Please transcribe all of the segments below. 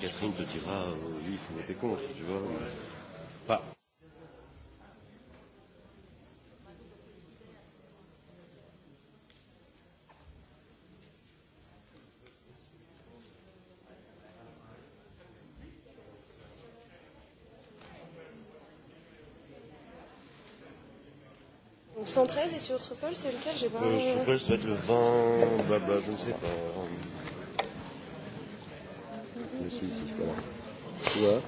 Catherine te dira, euh, oui, il faut voter contre, tu vois. Pas. Donc 113 et sur Truffle, c'est lequel J'ai pas. Euh, Truffle, ça va être le 20, Bah, bah, je ne sais pas je Voilà. Tu vois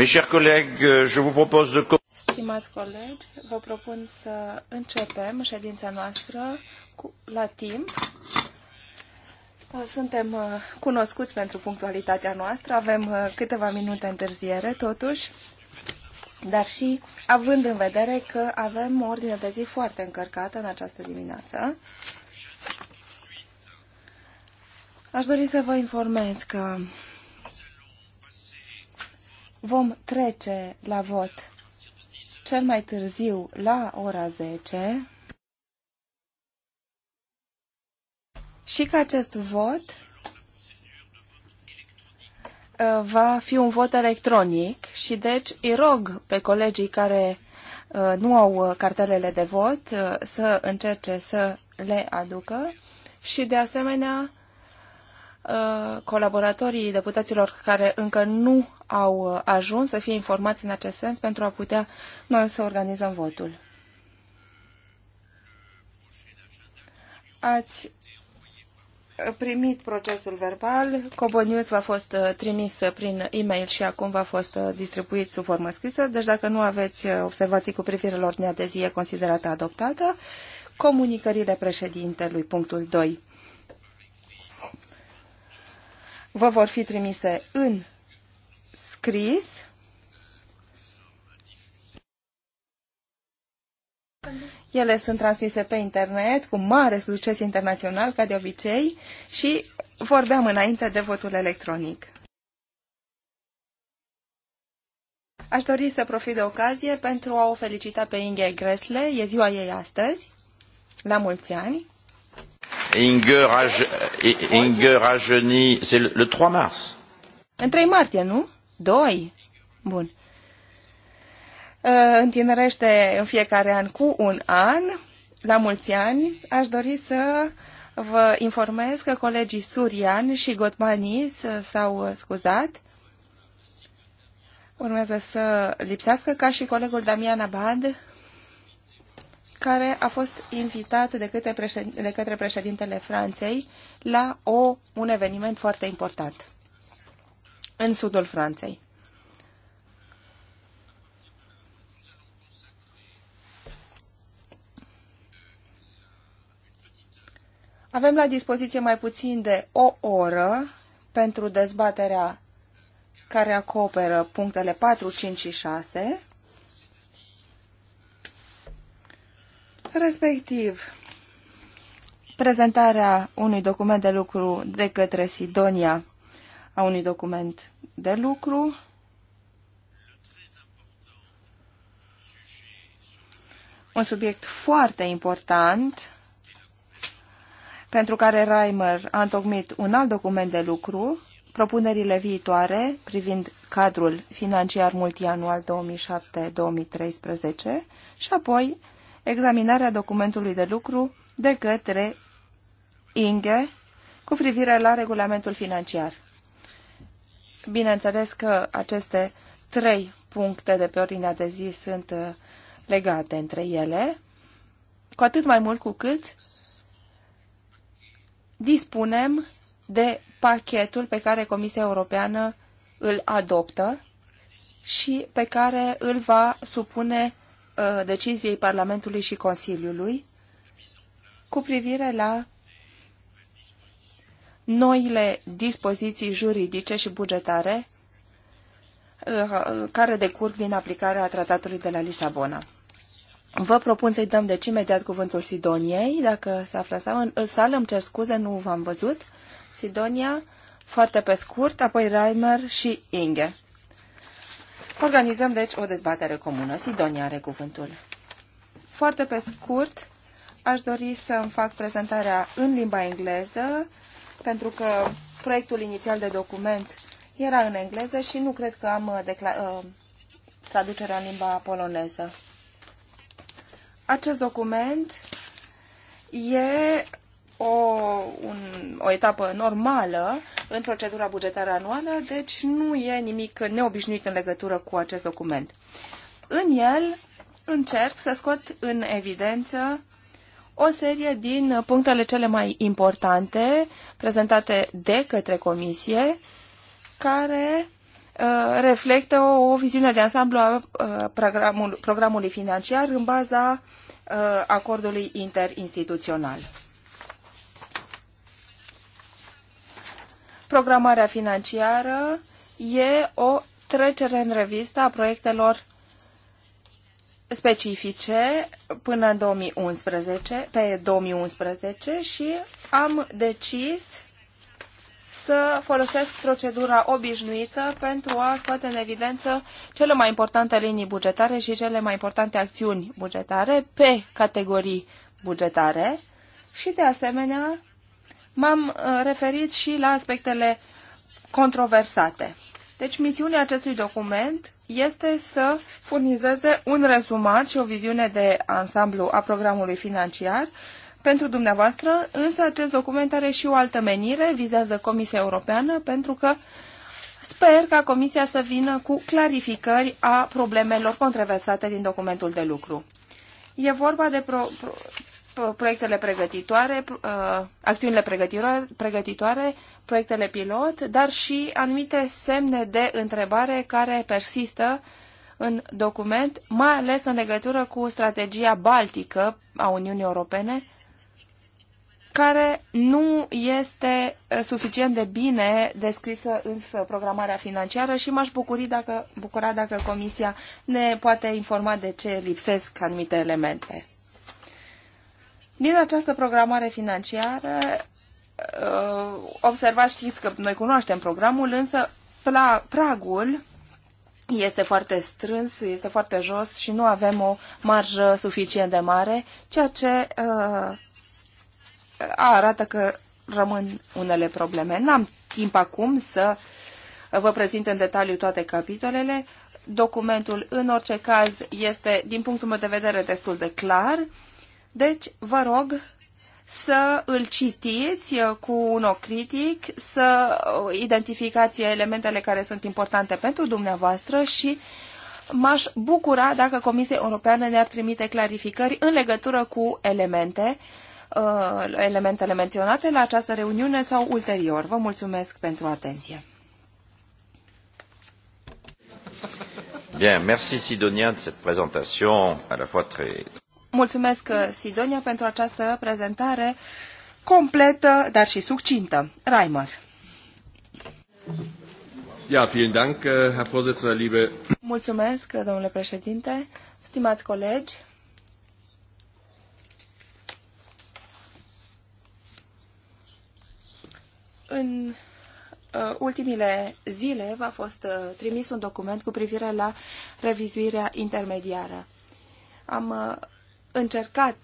Mes chers collègues, euh, je vous propose de... Stimați colegi, vă propun să începem ședința noastră cu, la timp. Suntem uh, cunoscuți pentru punctualitatea noastră, avem uh, câteva minute întârziere totuși, dar și având în vedere că avem o ordine de zi foarte încărcată în această dimineață, aș dori să vă informez că vom trece la vot cel mai târziu la ora 10 și că acest vot uh, va fi un vot electronic și deci îi rog pe colegii care uh, nu au uh, cartelele de vot să încerce să le aducă și de asemenea Uh, colaboratorii deputaților care încă nu au uh, ajuns să fie informați în acest sens pentru a putea noi să organizăm votul. Ați primit procesul verbal, Cobonius v-a fost uh, trimis prin e-mail și acum v-a fost distribuit sub formă scrisă, deci dacă nu aveți observații cu privire la ordinea de zi e considerată adoptată, comunicările președintelui, punctul 2 vă vor fi trimise în scris. Ele sunt transmise pe internet cu mare succes internațional, ca de obicei, și vorbeam înainte de votul electronic. Aș dori să profit de ocazie pentru a o felicita pe Inge Gresle, e ziua ei astăzi, la mulți ani. Inger, Inger c'est le, le 3 mars. În 3 martie, nu? 2. Bun. Ă, întinerește în fiecare an cu un an. La mulți ani aș dori să vă informez că colegii Surian și Gotmanis s-au scuzat. Urmează să lipsească ca și colegul Damian Abad care a fost invitat de către, președ... de către președintele Franței la o, un eveniment foarte important în sudul Franței. Avem la dispoziție mai puțin de o oră pentru dezbaterea care acoperă punctele 4, 5 și 6. Respectiv, prezentarea unui document de lucru de către Sidonia a unui document de lucru un subiect foarte important pentru care Reimer a întocmit un alt document de lucru, propunerile viitoare privind cadrul financiar multianual 2007-2013 și apoi examinarea documentului de lucru de către Inge cu privire la regulamentul financiar. Bineînțeles că aceste trei puncte de pe ordinea de zi sunt uh, legate între ele, cu atât mai mult cu cât dispunem de pachetul pe care Comisia Europeană îl adoptă și pe care îl va supune Uh, deciziei Parlamentului și Consiliului cu privire la noile dispoziții juridice și bugetare uh, care decurg din aplicarea tratatului de la Lisabona. Vă propun să-i dăm deci imediat cuvântul Sidoniei, dacă se află sau în sală, îmi cer scuze, nu v-am văzut. Sidonia, foarte pe scurt, apoi Reimer și Inge. Organizăm, deci, o dezbatere comună. Sidonia are cuvântul. Foarte pe scurt, aș dori să îmi fac prezentarea în limba engleză, pentru că proiectul inițial de document era în engleză și nu cred că am uh, uh, traducerea în limba poloneză. Acest document e o, un, o etapă normală în procedura bugetară anuală, deci nu e nimic neobișnuit în legătură cu acest document. În el încerc să scot în evidență o serie din punctele cele mai importante prezentate de către comisie, care uh, reflectă o, o viziune de ansamblu a uh, programul, programului financiar în baza uh, acordului interinstituțional. Programarea financiară e o trecere în revistă a proiectelor specifice până în 2011, pe 2011 și am decis să folosesc procedura obișnuită pentru a scoate în evidență cele mai importante linii bugetare și cele mai importante acțiuni bugetare pe categorii bugetare și, de asemenea, m-am uh, referit și la aspectele controversate. Deci misiunea acestui document este să furnizeze un rezumat și o viziune de ansamblu a programului financiar pentru dumneavoastră, însă acest document are și o altă menire, vizează Comisia Europeană, pentru că sper ca Comisia să vină cu clarificări a problemelor controversate din documentul de lucru. E vorba de pro, pro, proiectele pregătitoare, uh, acțiunile pregătitoare, proiectele pilot, dar și anumite semne de întrebare care persistă în document, mai ales în legătură cu strategia baltică a Uniunii Europene, care nu este uh, suficient de bine descrisă în programarea financiară și m-aș bucuri dacă, bucura dacă Comisia ne poate informa de ce lipsesc anumite elemente. Din această programare financiară, uh, observați, știți că noi cunoaștem programul, însă pragul este foarte strâns, este foarte jos și nu avem o marjă suficient de mare, ceea ce uh, arată că rămân unele probleme. N-am timp acum să vă prezint în detaliu toate capitolele. Documentul, în orice caz, este, din punctul meu de vedere, destul de clar. Uh, deci, vă rog să îl citiți cu un ochi critic, să identificați elementele care sunt importante pentru dumneavoastră și m-aș bucura dacă Comisia Europeană ne-ar trimite clarificări în legătură cu elemente, uh, elementele menționate la această reuniune sau ulterior. Vă mulțumesc pentru atenție. Bien, merci Sidonia de cette présentation à la fois très, Mulțumesc, uh, Sidonia, pentru această prezentare completă, dar și succintă. Reimer. Ja, vielen Dank, uh, Herr Vorsitzender, liebe... Mulțumesc, uh, domnule președinte, stimați colegi. În ultimile zile v-a fost trimis un document cu privire la revizuirea intermediară. Am încercat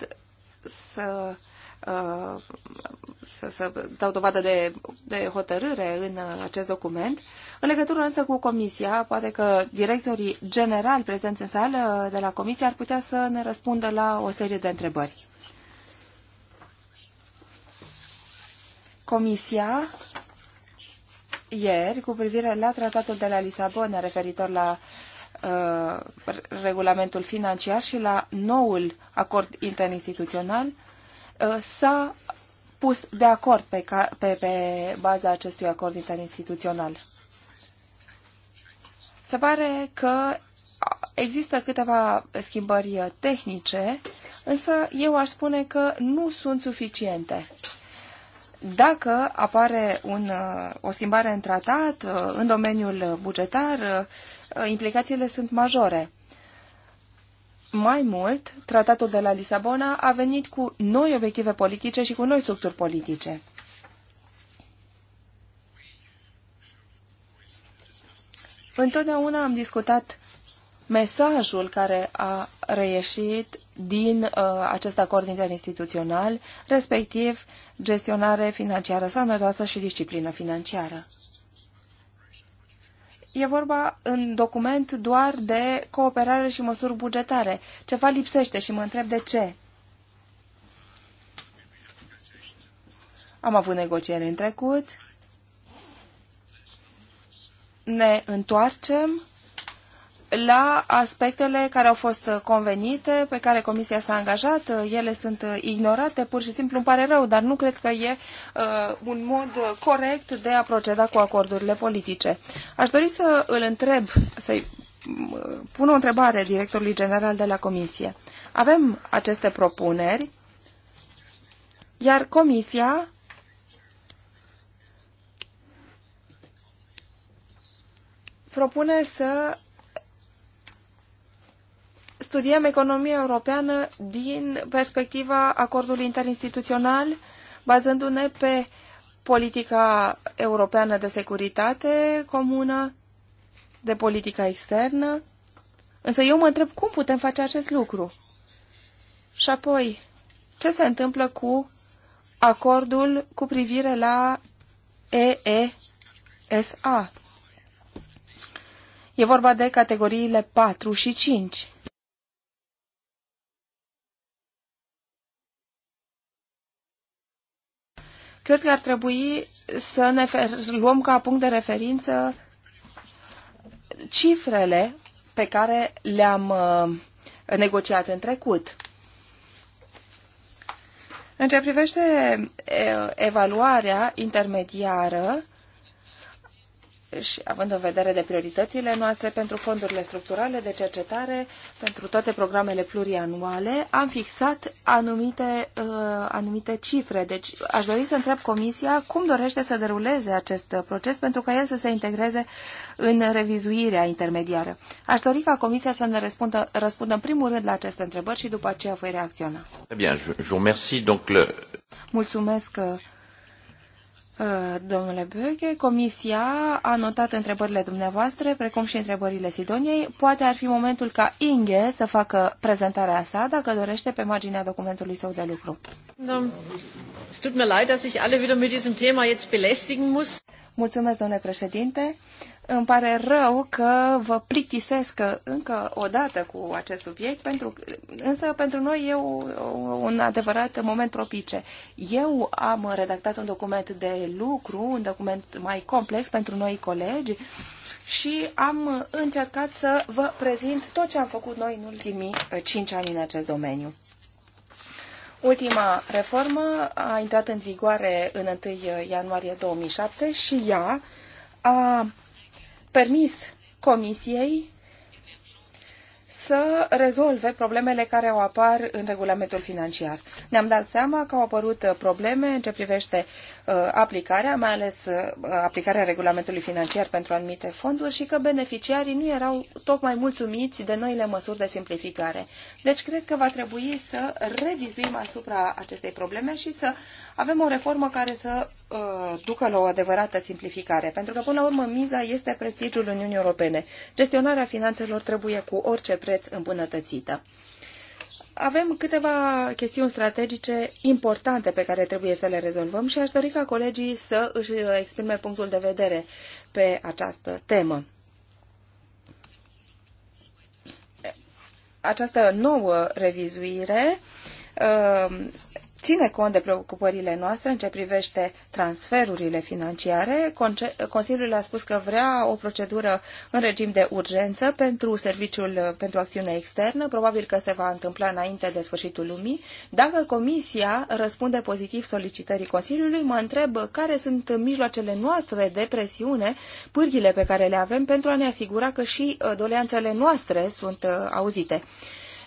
să, uh, să, să dau dovadă de, de hotărâre în uh, acest document. În legătură însă cu comisia, poate că directorii generali prezenți în sală de la comisie ar putea să ne răspundă la o serie de întrebări. Comisia ieri, cu privire la tratatul de la Lisabona referitor la uh, Uh, regulamentul financiar și la noul acord interinstituțional uh, s-a pus de acord pe, pe, pe baza acestui acord interinstituțional. Se pare că există câteva schimbări tehnice, însă eu aș spune că nu sunt suficiente dacă apare un, uh, o schimbare în tratat, uh, în domeniul bugetar, uh, implicațiile sunt majore. Mai mult, tratatul de la Lisabona a venit cu noi obiective politice și cu noi structuri politice. Întotdeauna am discutat Mesajul care a reieșit din uh, acest acord interinstituțional, respectiv gestionare financiară sănătoasă și disciplină financiară. E vorba în document doar de cooperare și măsuri bugetare. Ceva lipsește și mă întreb de ce. Am avut negocieri în trecut. Ne întoarcem la aspectele care au fost convenite, pe care Comisia s-a angajat. Ele sunt ignorate, pur și simplu îmi pare rău, dar nu cred că e uh, un mod corect de a proceda cu acordurile politice. Aș dori să îl întreb, să-i uh, pun o întrebare directorului general de la Comisie. Avem aceste propuneri, iar Comisia propune să studiem economia europeană din perspectiva acordului interinstituțional, bazându-ne pe politica europeană de securitate comună, de politica externă. Însă eu mă întreb cum putem face acest lucru. Și apoi, ce se întâmplă cu acordul cu privire la EESA? E vorba de categoriile 4 și 5. Cred că ar trebui să ne luăm ca punct de referință cifrele pe care le-am uh, negociat în trecut. În ce privește uh, evaluarea intermediară, și având în vedere de prioritățile noastre pentru fondurile structurale de cercetare, pentru toate programele plurianuale, am fixat anumite, uh, anumite cifre. Deci aș dori să întreb Comisia cum dorește să deruleze acest proces pentru ca el să se integreze în revizuirea intermediară. Aș dori ca Comisia să ne răspundă, răspundă în primul rând la aceste întrebări și după aceea voi reacționa. je, je donc le... Mulțumesc uh, Uh, domnule Böge, Comisia a notat întrebările dumneavoastră, precum și întrebările Sidoniei. Poate ar fi momentul ca Inge să facă prezentarea sa, dacă dorește, pe marginea documentului său de lucru. Es tut mir leid, dass ich alle wieder mit diesem Thema jetzt belästigen muss. Mulțumesc, domnule președinte. Îmi pare rău că vă plictisesc încă o dată cu acest subiect, pentru, însă pentru noi e un adevărat moment propice. Eu am redactat un document de lucru, un document mai complex pentru noi colegi și am încercat să vă prezint tot ce am făcut noi în ultimii cinci ani în acest domeniu. Ultima reformă a intrat în vigoare în 1 ianuarie 2007 și ea a permis Comisiei să rezolve problemele care au apar în regulamentul financiar. Ne-am dat seama că au apărut probleme în ce privește Uh, aplicarea, mai ales uh, aplicarea regulamentului financiar pentru anumite fonduri și că beneficiarii nu erau tocmai mulțumiți de noile măsuri de simplificare. Deci cred că va trebui să revizuim asupra acestei probleme și să avem o reformă care să uh, ducă la o adevărată simplificare, pentru că până la urmă miza este prestigiul Uniunii Europene. Gestionarea finanțelor trebuie cu orice preț îmbunătățită. Avem câteva chestiuni strategice importante pe care trebuie să le rezolvăm și aș dori ca colegii să își exprime punctul de vedere pe această temă. Această nouă revizuire uh, ține cont de preocupările noastre în ce privește transferurile financiare. Consiliul a spus că vrea o procedură în regim de urgență pentru Serviciul pentru Acțiune Externă. Probabil că se va întâmpla înainte de sfârșitul lumii. Dacă Comisia răspunde pozitiv solicitării Consiliului, mă întreb care sunt mijloacele noastre de presiune, pârghile pe care le avem pentru a ne asigura că și uh, doleanțele noastre sunt uh, auzite.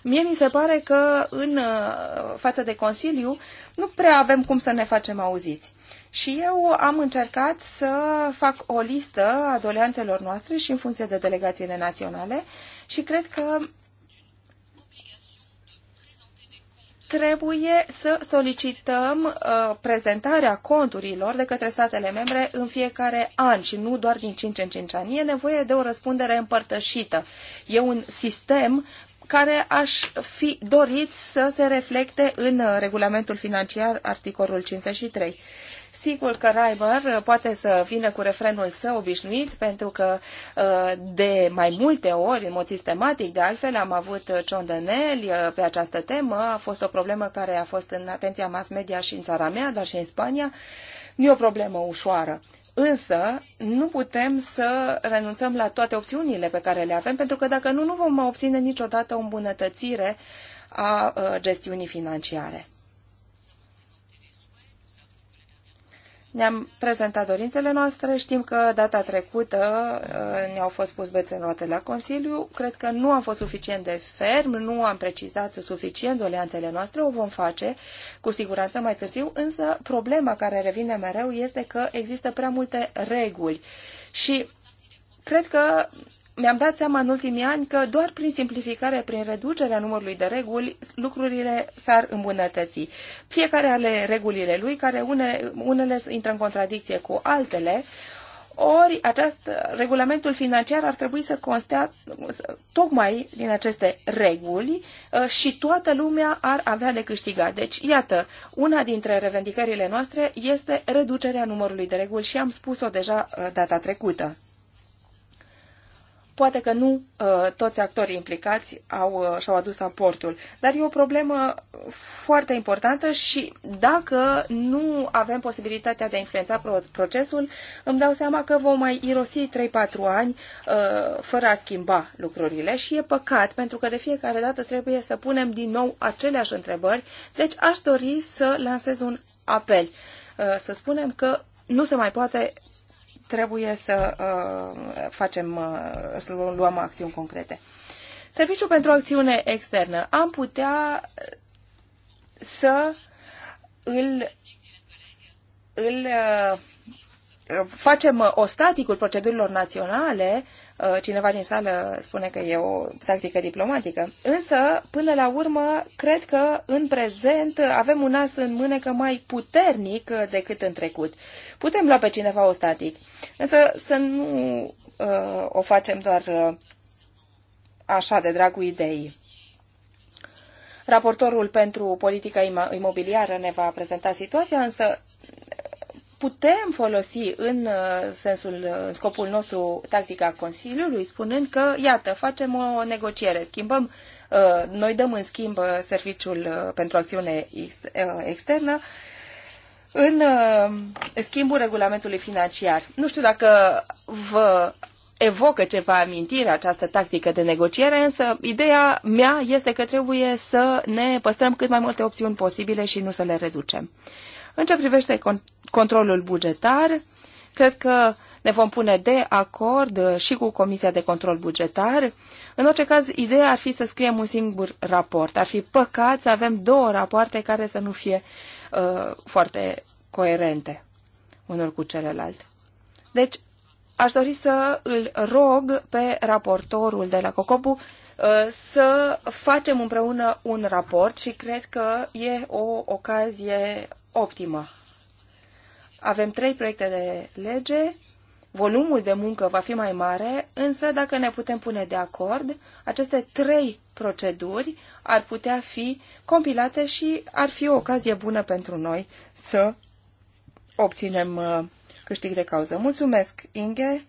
Mie mi se pare că în uh, față de Consiliu nu prea avem cum să ne facem auziți. Și eu am încercat să fac o listă a doleanțelor noastre și în funcție de delegațiile naționale și cred că trebuie să solicităm uh, prezentarea conturilor de către statele membre în fiecare an și nu doar din 5 în 5 ani. E nevoie de o răspundere împărtășită. E un sistem care aș fi dorit să se reflecte în uh, regulamentul financiar, articolul 53. Sigur că Reimer uh, poate să vină cu refrenul său obișnuit, pentru că uh, de mai multe ori, în mod sistematic, de altfel, am avut ciondăneli pe această temă. A fost o problemă care a fost în atenția mass media și în țara mea, dar și în Spania. Nu e o problemă ușoară. Însă, nu putem să renunțăm la toate opțiunile pe care le avem, pentru că dacă nu, nu vom obține niciodată o îmbunătățire a uh, gestiunii financiare. Ne-am prezentat dorințele noastre, știm că data trecută uh, ne-au fost pus bețe în roate la Consiliu, cred că nu am fost suficient de ferm, nu am precizat suficient doleanțele noastre, o vom face cu siguranță mai târziu, însă problema care revine mereu este că există prea multe reguli și cred că mi-am dat seama în ultimii ani că doar prin simplificare, prin reducerea numărului de reguli, lucrurile s-ar îmbunătăți. Fiecare are regulile lui, care une, unele intră în contradicție cu altele, ori acest regulamentul financiar ar trebui să constea tocmai din aceste reguli uh, și toată lumea ar avea de câștigat. Deci, iată, una dintre revendicările noastre este reducerea numărului de reguli și am spus-o deja uh, data trecută. Poate că nu uh, toți actorii implicați au, uh, și-au adus aportul, dar e o problemă foarte importantă și dacă nu avem posibilitatea de a influența procesul, îmi dau seama că vom mai irosi 3-4 ani uh, fără a schimba lucrurile și e păcat pentru că de fiecare dată trebuie să punem din nou aceleași întrebări, deci aș dori să lansez un apel. Să spunem că nu se mai poate trebuie să uh, facem, uh, să luăm acțiuni concrete. Serviciul pentru acțiune externă. Am putea să îl, îl uh, facem ostaticul procedurilor naționale Uh, cineva din sală spune că e o tactică diplomatică. Însă, până la urmă, cred că în prezent avem un as în mânecă mai puternic decât în trecut. Putem lua pe cineva o static, însă să nu uh, o facem doar uh, așa de dragul idei. Raportorul pentru politica imobiliară ne va prezenta situația, însă putem folosi în uh, sensul, uh, în scopul nostru tactica Consiliului, spunând că, iată, facem o negociere, schimbăm, uh, noi dăm în schimb serviciul pentru acțiune externă, în schimbul regulamentului financiar. Nu știu dacă vă evocă ceva amintire această tactică de negociere, însă ideea mea este că trebuie să ne păstrăm cât mai multe opțiuni posibile și nu să le reducem. În ce privește controlul bugetar, cred că ne vom pune de acord uh, și cu Comisia de Control Bugetar. În orice caz, ideea ar fi să scriem un singur raport. Ar fi păcat să avem două rapoarte care să nu fie uh, foarte coerente unul cu celălalt. Deci, aș dori să îl rog pe raportorul de la COCOPU uh, să facem împreună un raport și cred că e o ocazie optimă. Avem trei proiecte de lege, volumul de muncă va fi mai mare, însă dacă ne putem pune de acord, aceste trei proceduri ar putea fi compilate și ar fi o ocazie bună pentru noi să obținem uh, câștig de cauză. Mulțumesc, Inge,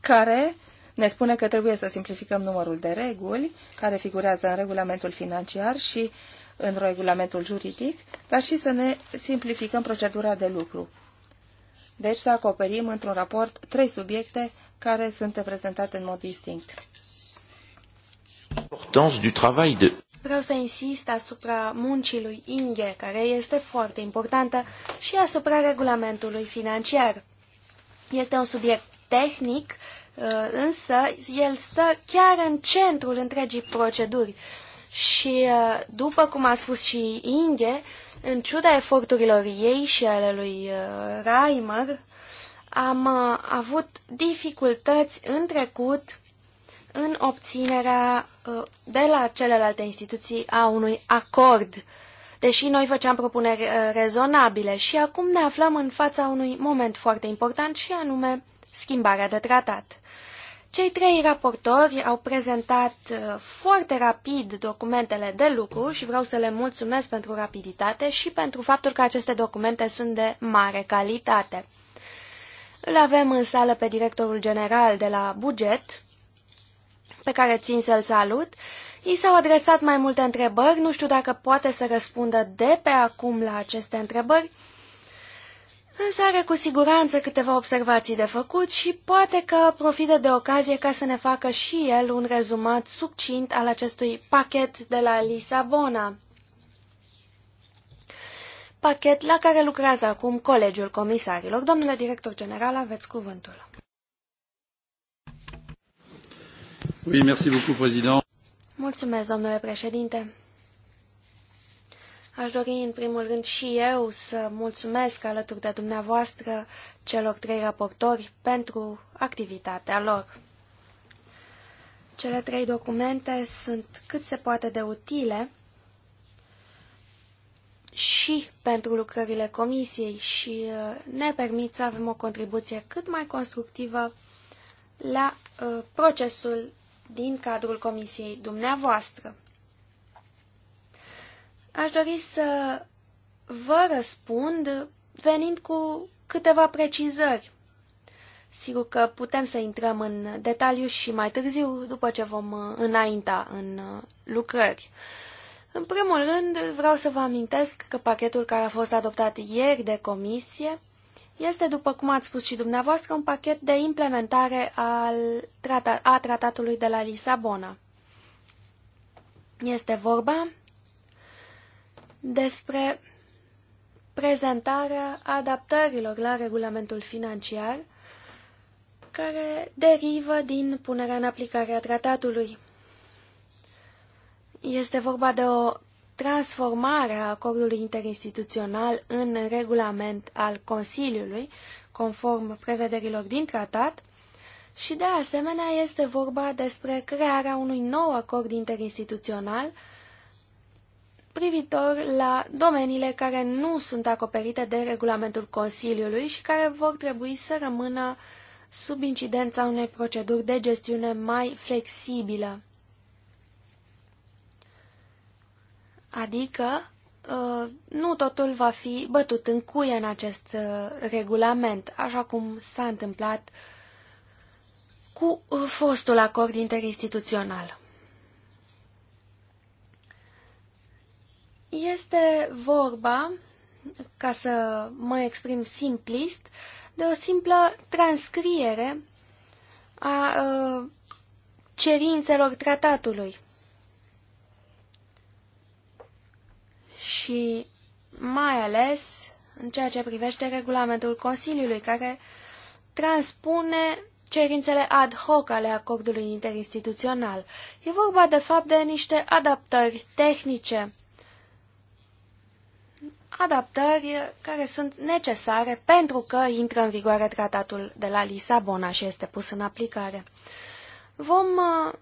care ne spune că trebuie să simplificăm numărul de reguli care figurează în regulamentul financiar și în regulamentul juridic, dar și să ne simplificăm procedura de lucru. Deci să acoperim într-un raport trei subiecte care sunt prezentate în mod distinct. Vreau să insist asupra muncii lui Inge, care este foarte importantă, și asupra regulamentului financiar. Este un subiect tehnic Uh, însă el stă chiar în centrul întregii proceduri. Și uh, după cum a spus și Inge, în ciuda eforturilor ei și ale lui uh, Reimer, am avut dificultăți în trecut în obținerea de la celelalte instituții a unui acord, deși noi făceam propuneri rezonabile și acum ne aflăm în fața unui moment foarte important și anume schimbarea de tratat. Cei trei raportori au prezentat uh, foarte rapid documentele de lucru și vreau să le mulțumesc pentru rapiditate și pentru faptul că aceste documente sunt de mare calitate. Îl avem în sală pe directorul general de la buget, pe care țin să-l salut. I s-au adresat mai multe întrebări, nu știu dacă poate să răspundă de pe acum la aceste întrebări, Însă are cu siguranță câteva observații de făcut și poate că profită de ocazie ca să ne facă și el un rezumat succint al acestui pachet de la Lisabona. Pachet la care lucrează acum Colegiul Comisarilor. Domnule Director General, aveți cuvântul. Oui, merci beaucoup, Mulțumesc, domnule președinte. Aș dori în primul rând și eu să mulțumesc alături de dumneavoastră celor trei raportori pentru activitatea lor. Cele trei documente sunt cât se poate de utile și pentru lucrările comisiei și uh, ne permit să avem o contribuție cât mai constructivă la uh, procesul din cadrul comisiei dumneavoastră. Aș dori să vă răspund venind cu câteva precizări. Sigur că putem să intrăm în detaliu și mai târziu, după ce vom uh, înainta în uh, lucrări. În primul rând, vreau să vă amintesc că pachetul care a fost adoptat ieri de comisie este, după cum ați spus și dumneavoastră, un pachet de implementare al trata a tratatului de la Lisabona. Este vorba despre prezentarea adaptărilor la regulamentul financiar care derivă din punerea în aplicare a tratatului. Este vorba de o transformare a acordului interinstituțional în regulament al Consiliului, conform prevederilor din tratat, și de asemenea este vorba despre crearea unui nou acord interinstituțional privitor la domeniile care nu sunt acoperite de regulamentul Consiliului și care vor trebui să rămână sub incidența unei proceduri de gestiune mai flexibilă. Adică, ă, nu totul va fi bătut în cuie în acest ă, regulament, așa cum s-a întâmplat cu fostul acord interinstituțional. Este vorba, ca să mă exprim simplist, de o simplă transcriere a ă, cerințelor tratatului. Și mai ales în ceea ce privește regulamentul Consiliului, care transpune cerințele ad hoc ale acordului interinstituțional. E vorba, de fapt, de niște adaptări tehnice adaptări care sunt necesare pentru că intră în vigoare tratatul de la Lisabona și este pus în aplicare. Vom uh,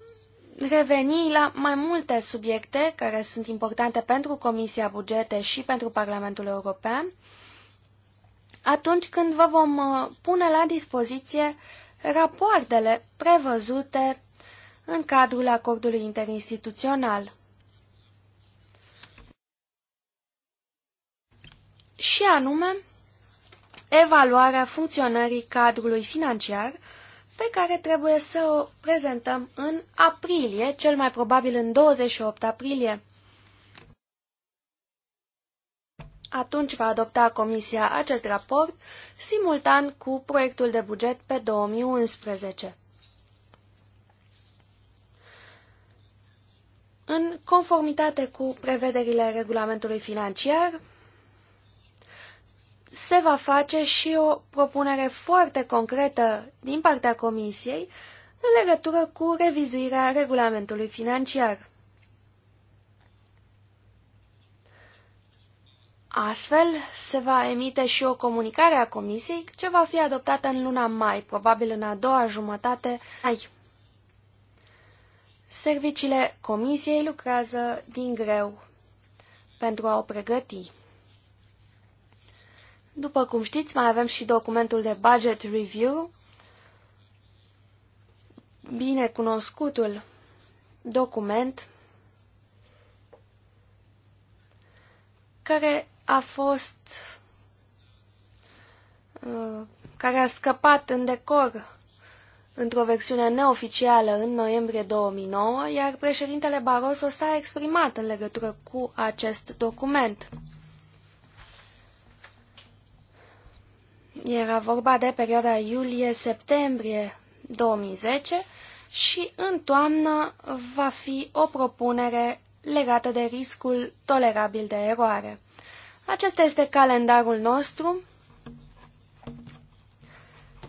reveni la mai multe subiecte care sunt importante pentru Comisia Bugete și pentru Parlamentul European atunci când vă vom uh, pune la dispoziție rapoartele prevăzute în cadrul acordului interinstituțional. și anume evaluarea funcționării cadrului financiar pe care trebuie să o prezentăm în aprilie, cel mai probabil în 28 aprilie. Atunci va adopta Comisia acest raport simultan cu proiectul de buget pe 2011. În conformitate cu prevederile regulamentului financiar, se va face și o propunere foarte concretă din partea Comisiei în legătură cu revizuirea regulamentului financiar. Astfel, se va emite și o comunicare a Comisiei ce va fi adoptată în luna mai, probabil în a doua jumătate mai. Serviciile Comisiei lucrează din greu pentru a o pregăti. După cum știți, mai avem și documentul de budget review, bine cunoscutul document care a fost uh, care a scăpat în decor într-o versiune neoficială în noiembrie 2009, iar președintele Barroso s-a exprimat în legătură cu acest document. Era vorba de perioada iulie-septembrie 2010 și în toamnă va fi o propunere legată de riscul tolerabil de eroare. Acesta este calendarul nostru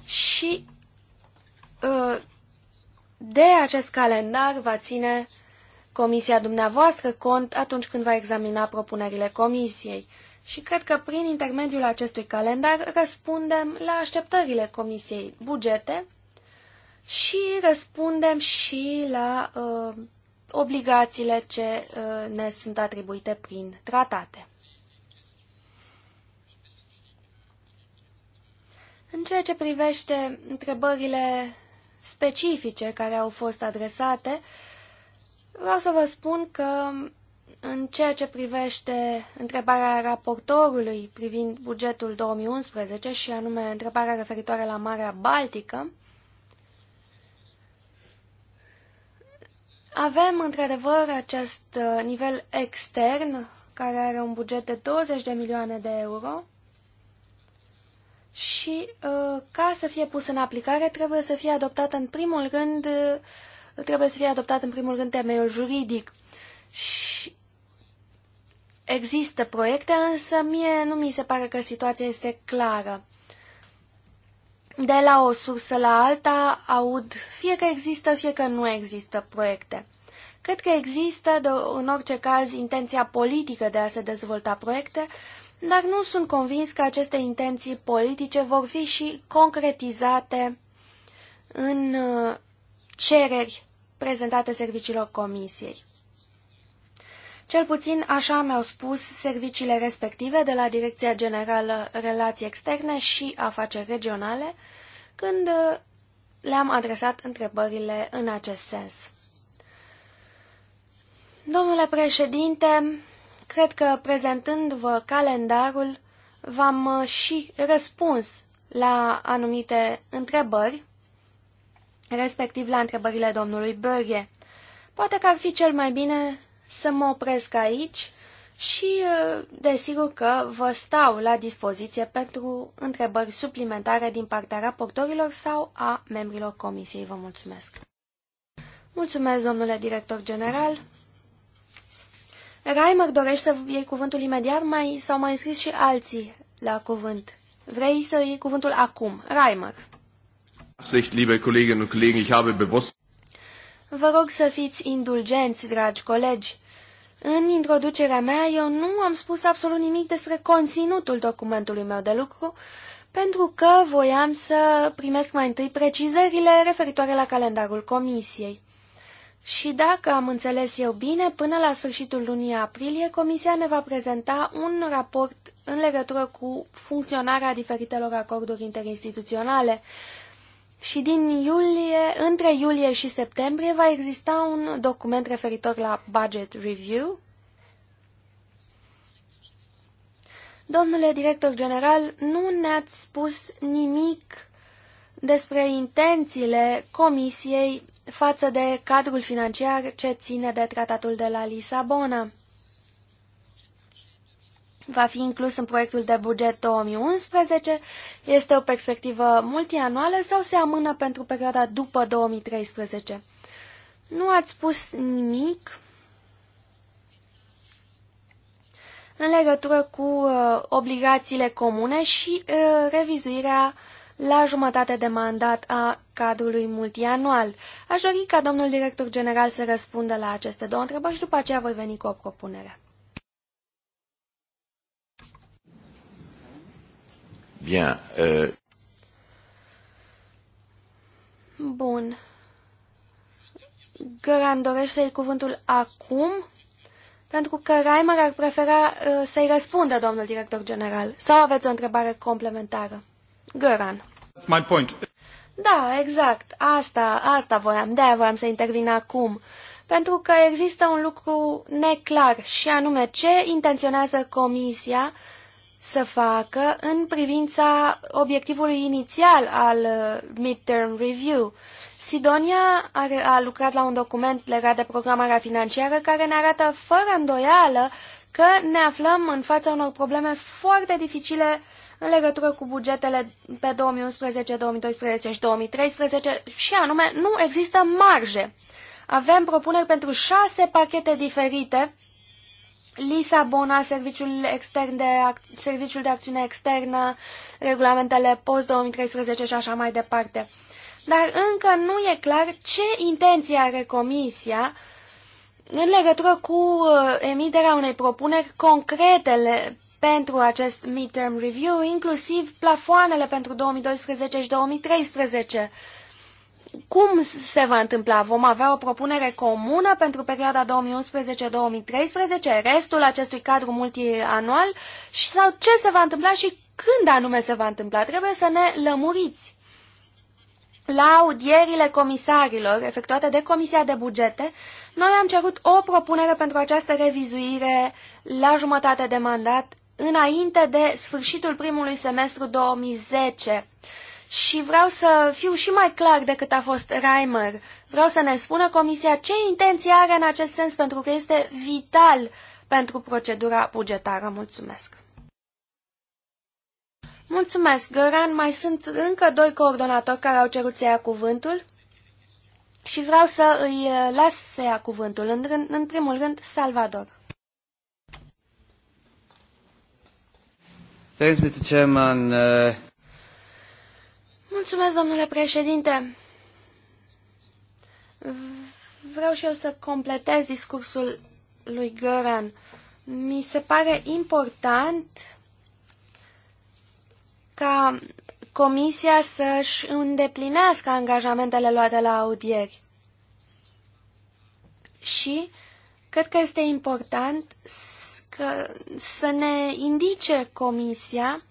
și ă, de acest calendar va ține comisia dumneavoastră cont atunci când va examina propunerile comisiei și cred că prin intermediul acestui calendar răspundem la așteptările Comisiei Bugete și răspundem și la uh, obligațiile ce uh, ne sunt atribuite prin tratate. În ceea ce privește întrebările specifice care au fost adresate, vreau să vă spun că în ceea ce privește întrebarea raportorului privind bugetul 2011 și anume întrebarea referitoare la Marea Baltică, avem într-adevăr acest uh, nivel extern care are un buget de 20 de milioane de euro și uh, ca să fie pus în aplicare trebuie să fie adoptat în primul rând uh, trebuie să fie adoptat în primul rând temeiul juridic și Există proiecte, însă mie nu mi se pare că situația este clară. De la o sursă la alta aud fie că există, fie că nu există proiecte. Cred că există, în orice caz, intenția politică de a se dezvolta proiecte, dar nu sunt convins că aceste intenții politice vor fi și concretizate în uh, cereri prezentate serviciilor comisiei. Cel puțin așa mi-au spus serviciile respective de la Direcția Generală Relații Externe și Afaceri Regionale când uh, le-am adresat întrebările în acest sens. Domnule președinte, cred că prezentându-vă calendarul v-am uh, și răspuns la anumite întrebări, respectiv la întrebările domnului Bărghe. Poate că ar fi cel mai bine să mă opresc aici și uh, desigur că vă stau la dispoziție pentru întrebări suplimentare din partea raportorilor sau a membrilor comisiei. Vă mulțumesc! Mulțumesc, domnule director general! Raimer dorești să iei cuvântul imediat? Mai, s-au mai înscris și alții la cuvânt. Vrei să iei cuvântul acum. Raimer! Vă rog să fiți indulgenți, dragi colegi. În introducerea mea, eu nu am spus absolut nimic despre conținutul documentului meu de lucru, pentru că voiam să primesc mai întâi precizările referitoare la calendarul comisiei. Și dacă am înțeles eu bine, până la sfârșitul lunii aprilie, Comisia ne va prezenta un raport în legătură cu funcționarea diferitelor acorduri interinstituționale, și din iulie, între iulie și septembrie va exista un document referitor la budget review. Domnule director general, nu ne-ați spus nimic despre intențiile comisiei față de cadrul financiar ce ține de tratatul de la Lisabona va fi inclus în proiectul de buget 2011? Este o perspectivă multianuală sau se amână pentru perioada după 2013? Nu ați spus nimic în legătură cu uh, obligațiile comune și uh, revizuirea la jumătate de mandat a cadrului multianual. Aș dori ca domnul director general să răspundă la aceste două întrebări și după aceea voi veni cu o propunere. Bien. Euh, Bun. Găran dorește să-i cuvântul acum, pentru că Reimer ar prefera uh, să-i răspundă, domnul director general. Sau aveți o întrebare complementară? Găran. That's my point. Da, exact. Asta, asta voiam. De-aia voiam să intervin acum. Pentru că există un lucru neclar și anume ce intenționează Comisia să facă în privința obiectivului inițial al uh, midterm review. Sidonia a lucrat la un document legat de programarea financiară care ne arată fără îndoială că ne aflăm în fața unor probleme foarte dificile în legătură cu bugetele pe 2011, 2012 și 2013 și anume nu există marge. Avem propuneri pentru șase pachete diferite Lisabona, Serviciul, extern de, Serviciul de Acțiune Externă, regulamentele post-2013 și așa mai departe. Dar încă nu e clar ce intenție are Comisia în legătură cu uh, emiterea unei propuneri concrete pentru acest midterm review, inclusiv plafoanele pentru 2012 și 2013 cum se va întâmpla? Vom avea o propunere comună pentru perioada 2011-2013, restul acestui cadru multianual și sau ce se va întâmpla și când anume se va întâmpla? Trebuie să ne lămuriți. La audierile comisarilor efectuate de Comisia de Bugete, noi am cerut o propunere pentru această revizuire la jumătate de mandat înainte de sfârșitul primului semestru 2010 și vreau să fiu și mai clar decât a fost Reimer. Vreau să ne spună Comisia ce intenție are în acest sens, pentru că este vital pentru procedura bugetară. Mulțumesc! Mulțumesc, Găran. Mai sunt încă doi coordonatori care au cerut să ia cuvântul și vreau să îi eh, las să ia cuvântul. În, rând, în primul rând, Salvador. Thanks, Mr. Chairman. Uh... Mulțumesc, domnule președinte. Vreau și eu să completez discursul lui Göran. Mi se pare important ca Comisia să-și îndeplinească angajamentele luate la audieri. Și cred că este important să ne indice Comisia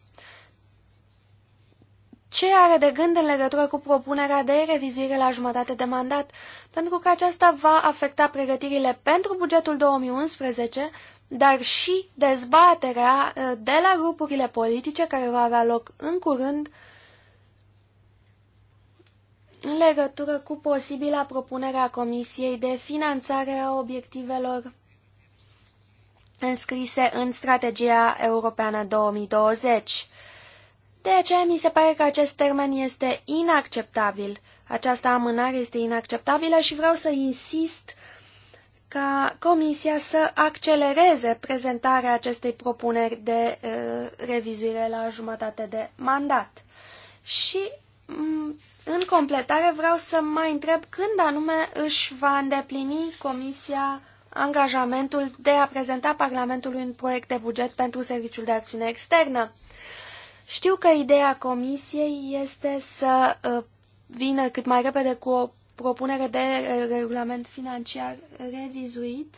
ce are de gând în legătură cu propunerea de revizuire la jumătate de mandat, pentru că aceasta va afecta pregătirile pentru bugetul 2011, dar și dezbaterea uh, de la grupurile politice care va avea loc în curând în legătură cu posibila propunerea Comisiei de finanțare a obiectivelor înscrise în strategia europeană 2020 de aceea mi se pare că acest termen este inacceptabil. Această amânare este inacceptabilă și vreau să insist ca Comisia să accelereze prezentarea acestei propuneri de uh, revizuire la jumătate de mandat. Și mm, în completare vreau să mai întreb când anume își va îndeplini Comisia angajamentul de a prezenta Parlamentului un proiect de buget pentru Serviciul de Acțiune Externă. Știu că ideea comisiei este să uh, vină cât mai repede cu o propunere de uh, regulament financiar revizuit,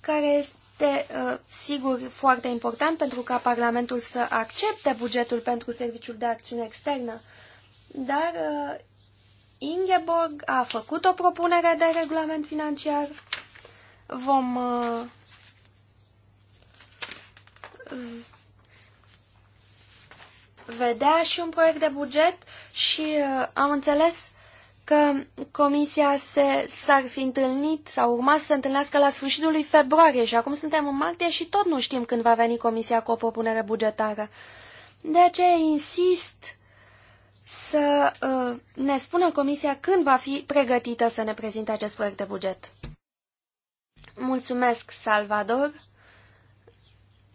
care este, uh, sigur, foarte important pentru ca Parlamentul să accepte bugetul pentru Serviciul de Acțiune Externă, dar Ingeborg a făcut o propunere de regulament financiar. Vom vedea și un proiect de buget și uh, am înțeles că comisia se, s-ar fi întâlnit sau urma să se întâlnească la sfârșitul lui februarie și acum suntem în martie și tot nu știm când va veni comisia cu o propunere bugetară. De aceea insist să uh, ne spună comisia când va fi pregătită să ne prezinte acest proiect de buget. Mulțumesc, Salvador.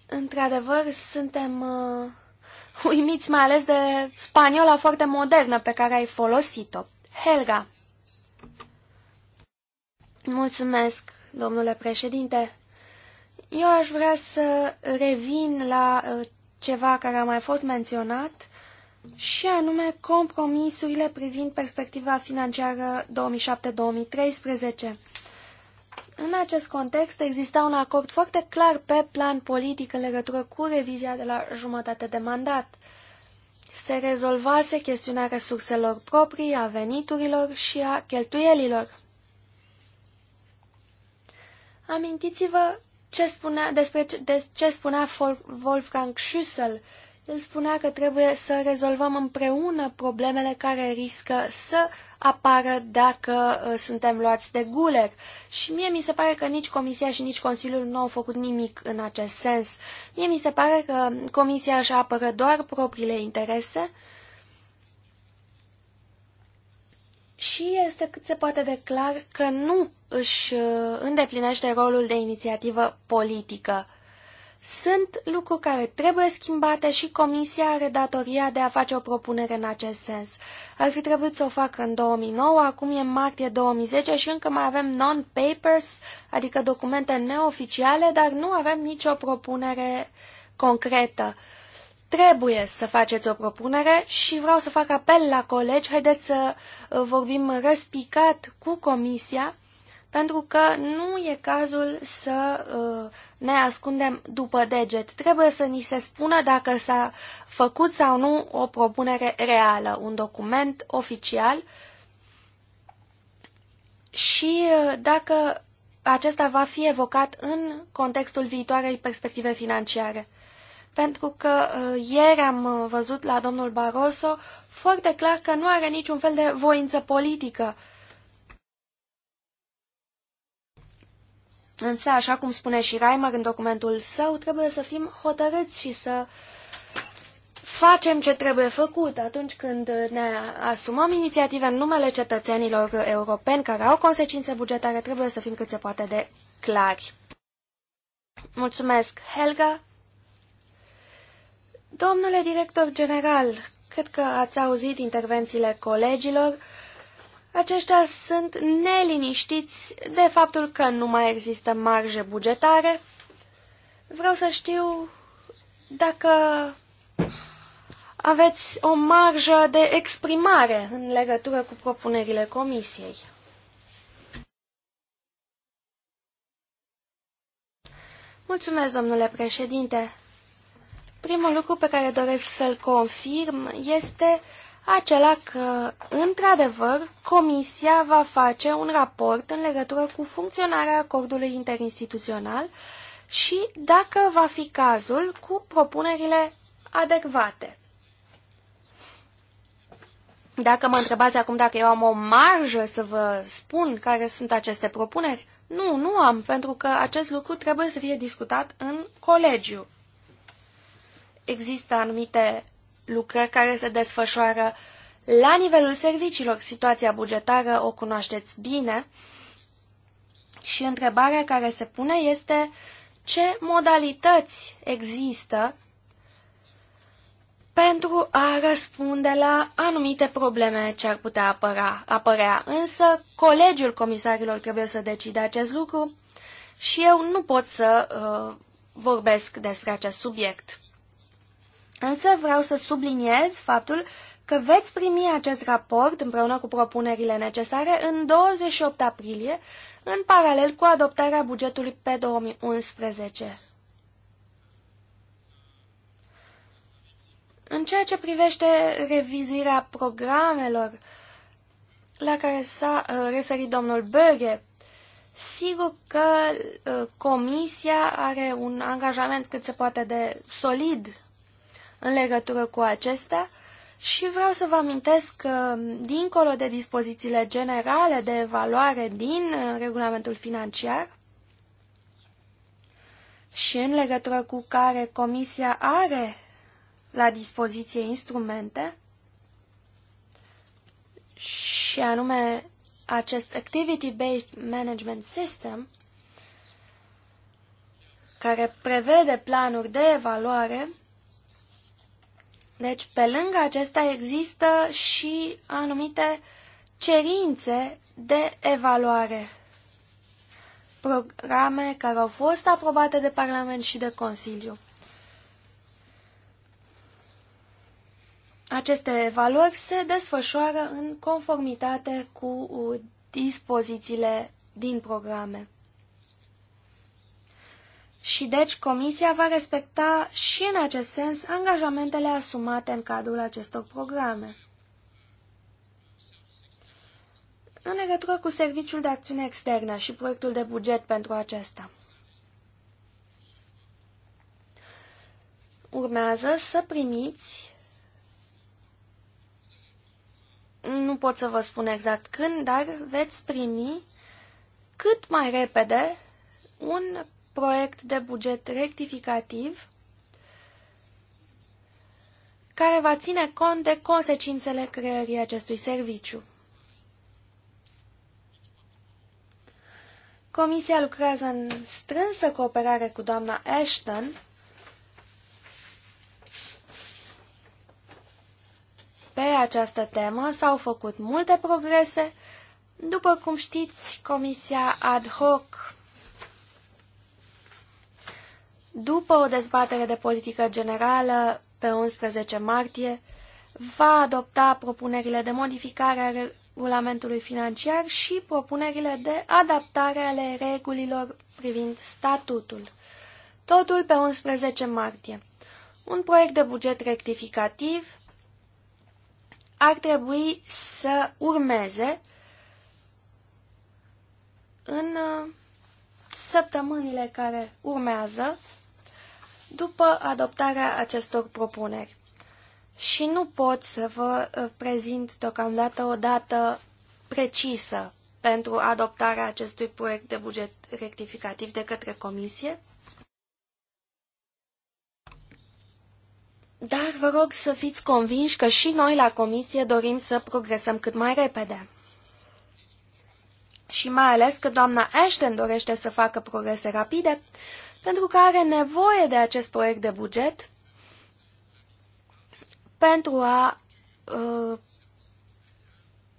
Într-adevăr, suntem... Uh uimiți mai ales de spaniola foarte modernă pe care ai folosit-o. Helga. Mulțumesc, domnule președinte. Eu aș vrea să revin la uh, ceva care a mai fost menționat și anume compromisurile privind perspectiva financiară 2007-2013. În acest context exista un acord foarte clar pe plan politic în legătură cu revizia de la jumătate de mandat. Se rezolvase chestiunea resurselor proprii, a veniturilor și a cheltuielilor. Amintiți-vă ce spunea, despre ce, de, ce spunea Wolfgang Schüssel spunea că trebuie să rezolvăm împreună problemele care riscă să apară dacă uh, suntem luați de guler. Și mie mi se pare că nici Comisia și nici Consiliul nu au făcut nimic în acest sens. Mie mi se pare că Comisia își apără doar propriile interese și este cât se poate de clar că nu își uh, îndeplinește rolul de inițiativă politică sunt lucruri care trebuie schimbate și Comisia are datoria de a face o propunere în acest sens. Ar fi trebuit să o facă în 2009, acum e martie 2010 și încă mai avem non-papers, adică documente neoficiale, dar nu avem nicio propunere concretă. Trebuie să faceți o propunere și vreau să fac apel la colegi, haideți să uh, vorbim răspicat cu Comisia pentru că nu e cazul să uh, ne ascundem după deget. Trebuie să ni se spună dacă s-a făcut sau nu o propunere reală, un document oficial și uh, dacă acesta va fi evocat în contextul viitoarei perspective financiare. Pentru că uh, ieri am uh, văzut la domnul Barroso foarte clar că nu are niciun fel de voință politică uh, Însă, așa cum spune și Reimer în documentul său, trebuie să fim hotărâți și să facem ce trebuie făcut atunci când ne asumăm inițiative în numele cetățenilor europeni care au consecințe bugetare, trebuie să fim cât se poate de clari. Mulțumesc, Helga. Domnule director general, cred că ați auzit intervențiile colegilor aceștia sunt neliniștiți de faptul că nu mai există marje bugetare. Vreau să știu dacă aveți o marjă de exprimare în legătură cu propunerile comisiei. Mulțumesc, domnule președinte. Primul lucru pe care doresc să-l confirm este acela că, într-adevăr, Comisia va face un raport în legătură cu funcționarea acordului interinstituțional și, dacă va fi cazul, cu propunerile adecvate. Dacă mă întrebați acum dacă eu am o marjă să vă spun care sunt aceste propuneri, nu, nu am, pentru că acest lucru trebuie să fie discutat în colegiu. Există anumite lucrări care se desfășoară la nivelul serviciilor. Situația bugetară o cunoașteți bine și întrebarea care se pune este ce modalități există pentru a răspunde la anumite probleme ce ar putea apăra, apărea. Însă, colegiul comisarilor trebuie să decide acest lucru și eu nu pot să uh, vorbesc despre acest subiect. Însă vreau să subliniez faptul că veți primi acest raport împreună cu propunerile necesare în 28 aprilie, în paralel cu adoptarea bugetului pe 2011. În ceea ce privește revizuirea programelor la care s-a uh, referit domnul Böge, sigur că uh, Comisia are un angajament cât se poate de solid în legătură cu acestea și vreau să vă amintesc că, dincolo de dispozițiile generale de evaluare din uh, regulamentul financiar, și în legătură cu care Comisia are la dispoziție instrumente, și anume acest Activity-Based Management System, care prevede planuri de evaluare, deci, pe lângă acesta există și anumite cerințe de evaluare. Programe care au fost aprobate de Parlament și de Consiliu. Aceste evaluări se desfășoară în conformitate cu uh, dispozițiile din programe. Și deci Comisia va respecta și în acest sens angajamentele asumate în cadrul acestor programe. În legătură cu Serviciul de Acțiune Externă și proiectul de buget pentru acesta. Urmează să primiți nu pot să vă spun exact când, dar veți primi cât mai repede un proiect de buget rectificativ care va ține cont de consecințele creării acestui serviciu. Comisia lucrează în strânsă cooperare cu doamna Ashton Pe această temă s-au făcut multe progrese. După cum știți, Comisia Ad Hoc după o dezbatere de politică generală pe 11 martie, va adopta propunerile de modificare a regulamentului financiar și propunerile de adaptare ale regulilor privind statutul. Totul pe 11 martie. Un proiect de buget rectificativ ar trebui să urmeze în uh, săptămânile care urmează după adoptarea acestor propuneri. Și nu pot să vă uh, prezint deocamdată o dată precisă pentru adoptarea acestui proiect de buget rectificativ de către Comisie, Dar vă rog să fiți convinși că și noi la comisie dorim să progresăm cât mai repede. Și mai ales că doamna Ashton dorește să facă progrese rapide, pentru că are nevoie de acest proiect de buget pentru a uh,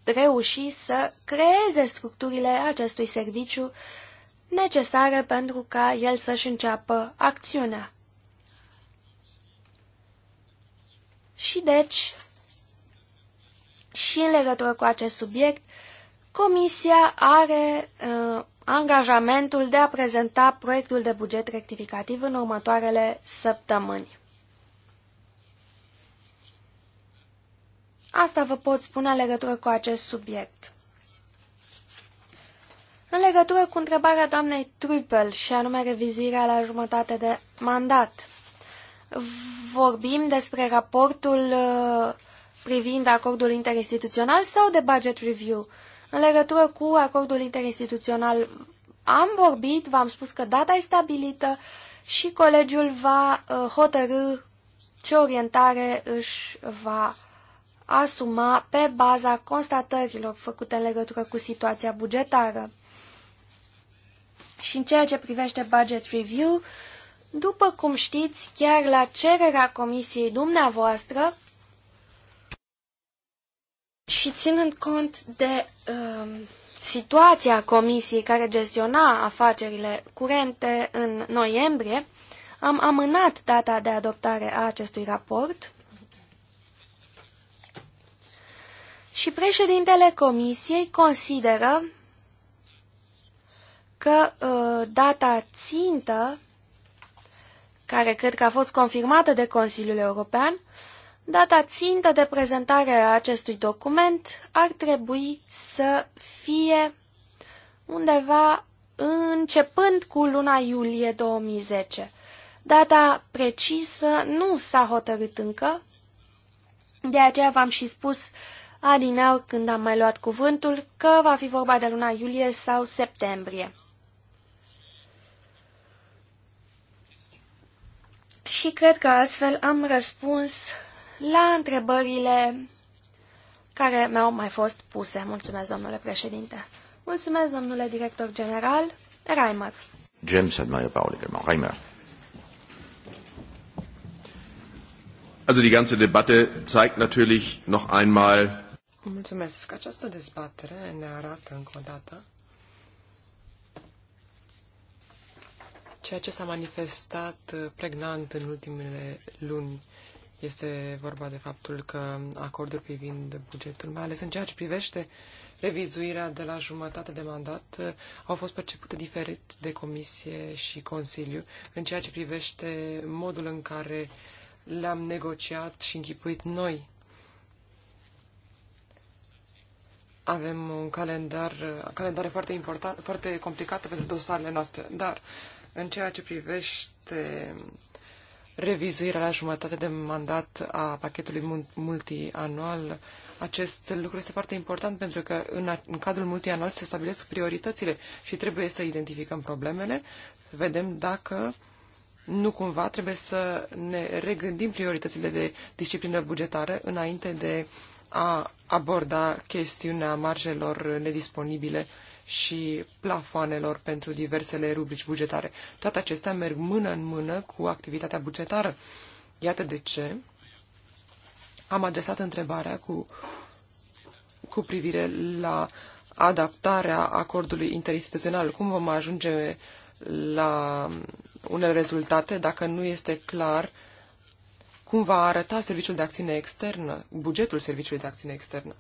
reuși să creeze structurile acestui serviciu necesare pentru ca el să-și înceapă acțiunea. Și deci, și în legătură cu acest subiect, Comisia are uh, angajamentul de a prezenta proiectul de buget rectificativ în următoarele săptămâni. Asta vă pot spune în legătură cu acest subiect. În legătură cu întrebarea doamnei Trupel și anume revizuirea la jumătate de mandat, vorbim despre raportul uh, privind acordul interinstituțional sau de budget review? În legătură cu acordul interinstituțional am vorbit, v-am spus că data e stabilită și colegiul va uh, hotărâ ce orientare își va asuma pe baza constatărilor făcute în legătură cu situația bugetară. Și în ceea ce privește budget review, după cum știți, chiar la cererea comisiei dumneavoastră, și ținând cont de um, situația comisiei care gestiona afacerile curente în noiembrie, am amânat data de adoptare a acestui raport și președintele comisiei consideră că uh, data țintă, care cred că a fost confirmată de Consiliul European, uh, Data țintă de prezentare a acestui document ar trebui să fie undeva începând cu luna iulie 2010. Data precisă nu s-a hotărât încă, de aceea v-am și spus adinau când am mai luat cuvântul că va fi vorba de luna iulie sau septembrie. Și cred că astfel am răspuns la întrebările care mi-au mai fost puse. Mulțumesc, domnule președinte. Mulțumesc, domnule director general. Reimer. James had mai parole Reimer. Also die ganze Debatte zeigt natürlich noch einmal Mulțumesc. Această dezbatere ne arată încă o dată ceea ce s-a manifestat pregnant în ultimele luni este vorba de faptul că acorduri privind bugetul, mai ales în ceea ce privește revizuirea de la jumătate de mandat, au fost percepute diferit de Comisie și Consiliu în ceea ce privește modul în care le-am negociat și închipuit noi. Avem un calendar, calendar foarte important, foarte complicat pentru dosarele noastre, dar în ceea ce privește revizuirea la jumătate de mandat a pachetului multianual. Acest lucru este foarte important pentru că în, în cadrul multianual se stabilesc prioritățile și trebuie să identificăm problemele, vedem dacă nu cumva trebuie să ne regândim prioritățile de disciplină bugetară înainte de a aborda chestiunea marjelor nedisponibile și plafoanelor pentru diversele rubrici bugetare. Toate acestea merg mână în mână cu activitatea bugetară. Iată de ce am adresat întrebarea cu, cu privire la adaptarea acordului interinstituțional. Cum vom ajunge la unele rezultate dacă nu este clar cum va arăta serviciul de acțiune externă, bugetul serviciului de acțiune externă.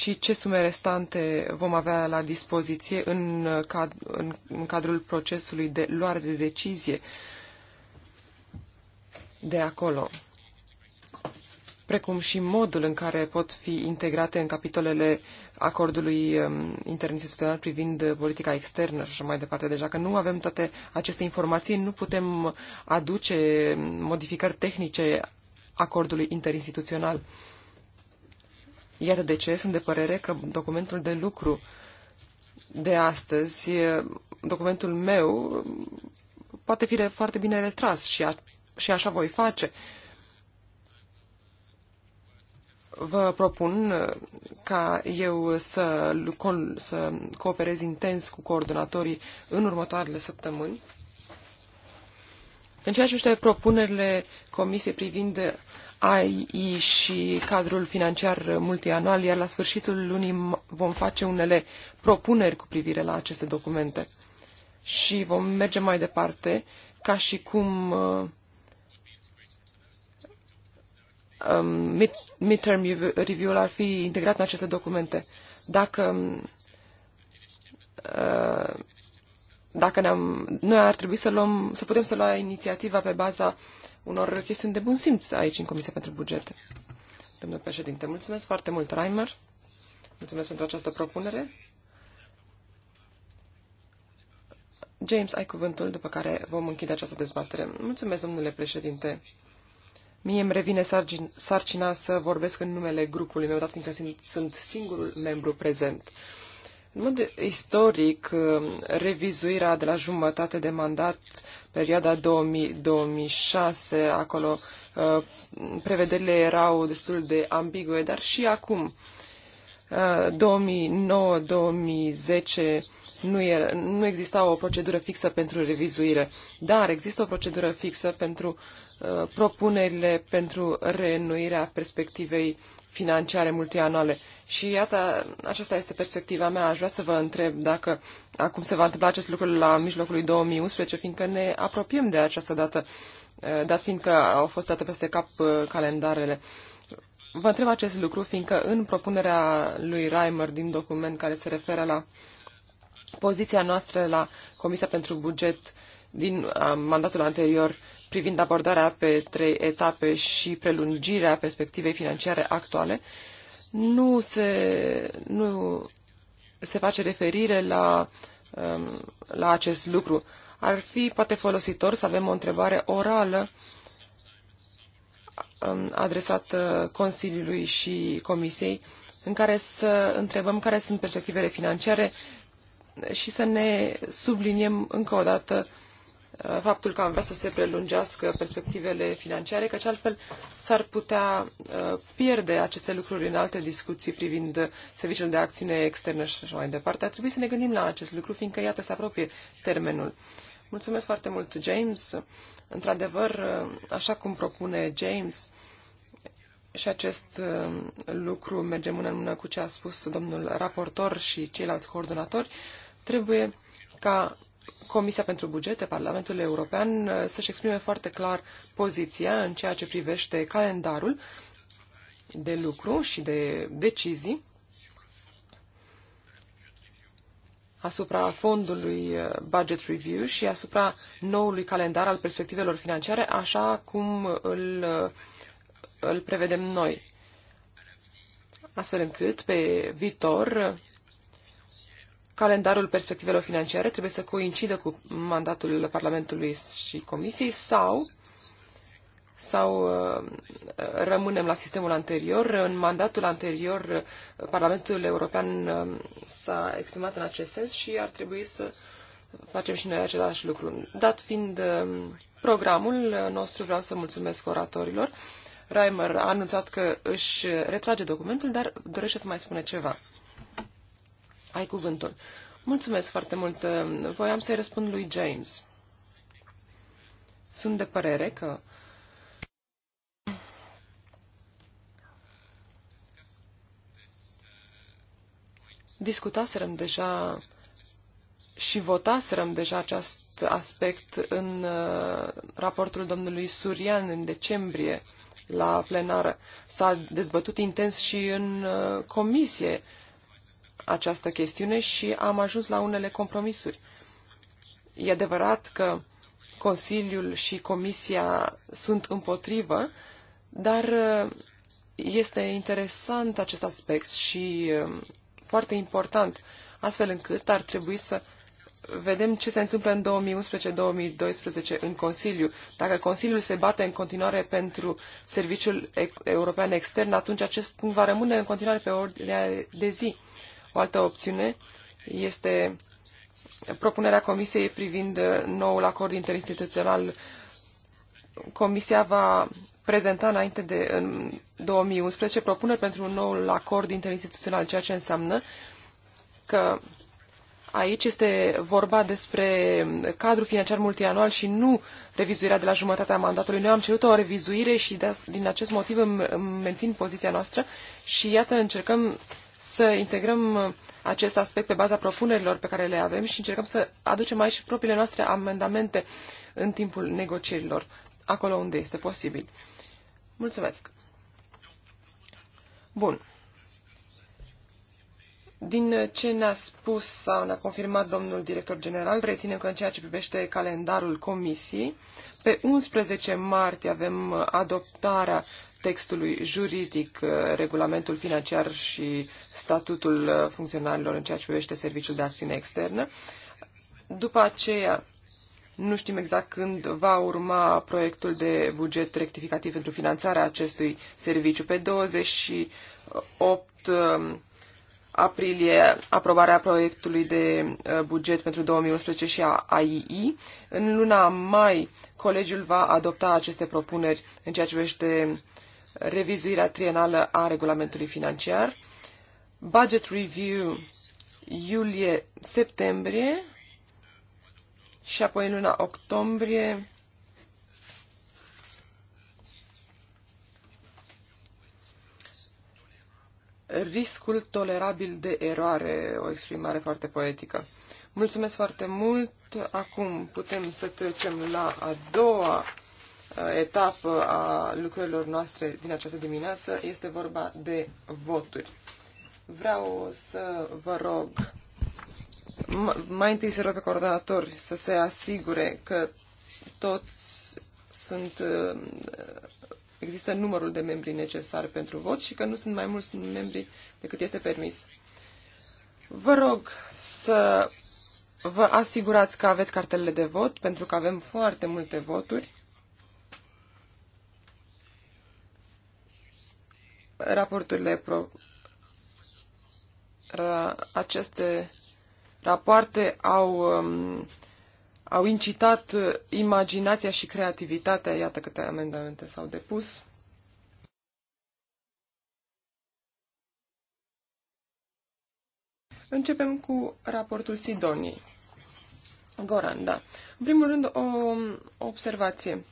și ce sume restante vom avea la dispoziție în, cad, în, în cadrul procesului de luare de decizie de acolo, precum și modul în care pot fi integrate în capitolele acordului um, interinstituțional privind politica externă și așa mai departe. Deja deci că nu avem toate aceste informații, nu putem aduce modificări tehnice acordului interinstituțional. Iată de ce sunt de părere că documentul de lucru de astăzi, documentul meu, poate fi foarte bine retras și, a, și așa voi face. Vă propun uh, ca eu să, să cooperez intens cu coordonatorii în următoarele săptămâni. În ceea ce propunerile Comisiei privind AI și cadrul financiar multianual, iar la sfârșitul lunii vom face unele propuneri cu privire la aceste documente. Și vom merge mai departe, ca și cum uh, um, mid-term midterm review-ul ar fi integrat în aceste documente. Dacă uh, dacă ne-am, noi ar trebui să luăm, să putem să luăm inițiativa pe baza uh, unor chestiuni de bun simț aici în Comisia pentru Bugete. Domnul președinte, mulțumesc foarte mult, Reimer. Mulțumesc pentru această propunere. James, ai cuvântul, după care vom închide această dezbatere. Mulțumesc, domnule președinte. Mie îmi revine sarcina să vorbesc în numele grupului meu, dat fiindcă sunt singurul membru prezent. În mod istoric, revizuirea de la jumătate de mandat perioada 2000-2006, acolo uh, prevederile erau destul de ambigue, dar și acum, 2009-2010, uh, nu, era, nu exista o procedură fixă pentru revizuire, dar există o procedură fixă pentru Uh, propunerile pentru reînnoirea perspectivei financiare multianuale. Și iată, aceasta este perspectiva mea. Aș vrea să vă întreb dacă acum se va întâmpla acest lucru la mijlocul lui 2011, fiindcă ne apropiem de această dată, uh, dat fiindcă au fost date peste cap uh, calendarele. Vă întreb acest lucru, fiindcă în propunerea lui Reimer din document care se referă la poziția noastră la Comisia pentru Buget din mandatul anterior, privind abordarea pe trei etape și prelungirea perspectivei financiare actuale, nu se, nu se face referire la, um, la acest lucru. Ar fi poate folositor să avem o întrebare orală um, adresată Consiliului și Comisiei, în care să întrebăm care sunt perspectivele financiare și să ne subliniem încă o dată uh, faptul că am vrea să se prelungească perspectivele financiare, căci altfel s-ar putea uh, pierde aceste lucruri în alte discuții privind serviciul de acțiune externă și așa mai departe. Ar trebui să ne gândim la acest lucru, fiindcă, iată, se apropie termenul. Mulțumesc foarte mult, James. Într-adevăr, uh, așa cum propune James, și acest uh, lucru merge mână în mână cu ce a spus domnul raportor și ceilalți coordonatori, trebuie ca Comisia pentru Bugete, Parlamentul European, uh, să-și exprime foarte clar poziția în ceea ce privește calendarul de lucru și de decizii asupra fondului uh, Budget Review și asupra noului calendar al perspectivelor financiare, așa cum îl, uh, îl prevedem noi. Astfel încât, pe viitor, calendarul perspectivelor financiare trebuie să coincidă cu mandatul Parlamentului și Comisiei sau sau uh, rămânem la sistemul anterior. În mandatul anterior, Parlamentul European uh, s-a exprimat în acest sens și ar trebui să facem și noi același lucru. Dat fiind uh, programul nostru, vreau să mulțumesc oratorilor. Reimer a anunțat că își retrage documentul, dar dorește să mai spune ceva. Ai cuvântul. Mulțumesc foarte mult. Voiam să-i răspund lui James. Sunt de părere că discutaserăm deja și votaserăm deja acest aspect în uh, raportul domnului Surian în decembrie la plenară. S-a dezbătut intens și în uh, comisie această chestiune și am ajuns la unele compromisuri. E adevărat că Consiliul și Comisia sunt împotrivă, dar uh, este interesant acest aspect și um, foarte important, astfel încât ar trebui să vedem ce se întâmplă în 2011-2012 în Consiliu. Dacă Consiliul se bate în continuare pentru Serviciul European Extern, atunci acest punct va rămâne în continuare pe ordinea de zi. O altă opțiune este propunerea Comisiei privind noul acord interinstituțional. Comisia va prezenta înainte de în 2011 propuneri pentru un noul acord interinstituțional, ceea ce înseamnă că aici este vorba despre cadrul financiar multianual și nu revizuirea de la jumătatea mandatului. Noi am cerut o revizuire și de, din acest motiv îmi, îmi mențin poziția noastră și iată încercăm să integrăm uh, acest aspect pe baza propunerilor pe care le avem și încercăm să aducem aici propriile noastre amendamente în timpul negocierilor, acolo unde este posibil. Mulțumesc! Bun. Din ce ne-a spus sau ne-a confirmat domnul director general, reținem că în ceea ce privește calendarul comisiei, pe 11 martie avem adoptarea textului juridic, uh, regulamentul financiar și statutul uh, funcționarilor în ceea ce privește serviciul de acțiune externă. După aceea, nu știm exact când va urma proiectul de buget rectificativ pentru finanțarea acestui serviciu. Pe 28 um, aprilie aprobarea proiectului de uh, buget pentru 2011 și a AII. În luna mai, colegiul va adopta aceste propuneri în ceea ce privește revizuirea trienală a regulamentului financiar, budget review iulie-septembrie și apoi luna octombrie riscul tolerabil de eroare, o exprimare foarte poetică. Mulțumesc foarte mult. Acum putem să trecem la a doua Uh, etapă a lucrurilor noastre din această dimineață este vorba de voturi. Vreau să vă rog, mai întâi să rog pe coordonatori să se asigure că toți sunt, uh, există numărul de membri necesar pentru vot și că nu sunt mai mulți membri decât este permis. Vă rog să vă asigurați că aveți cartelele de vot, pentru că avem foarte multe voturi raporturile pro... aceste rapoarte au, um, au incitat imaginația și creativitatea. Iată câte amendamente s-au depus. Începem cu raportul Sidonii. Goran, da. În primul rând, o observație.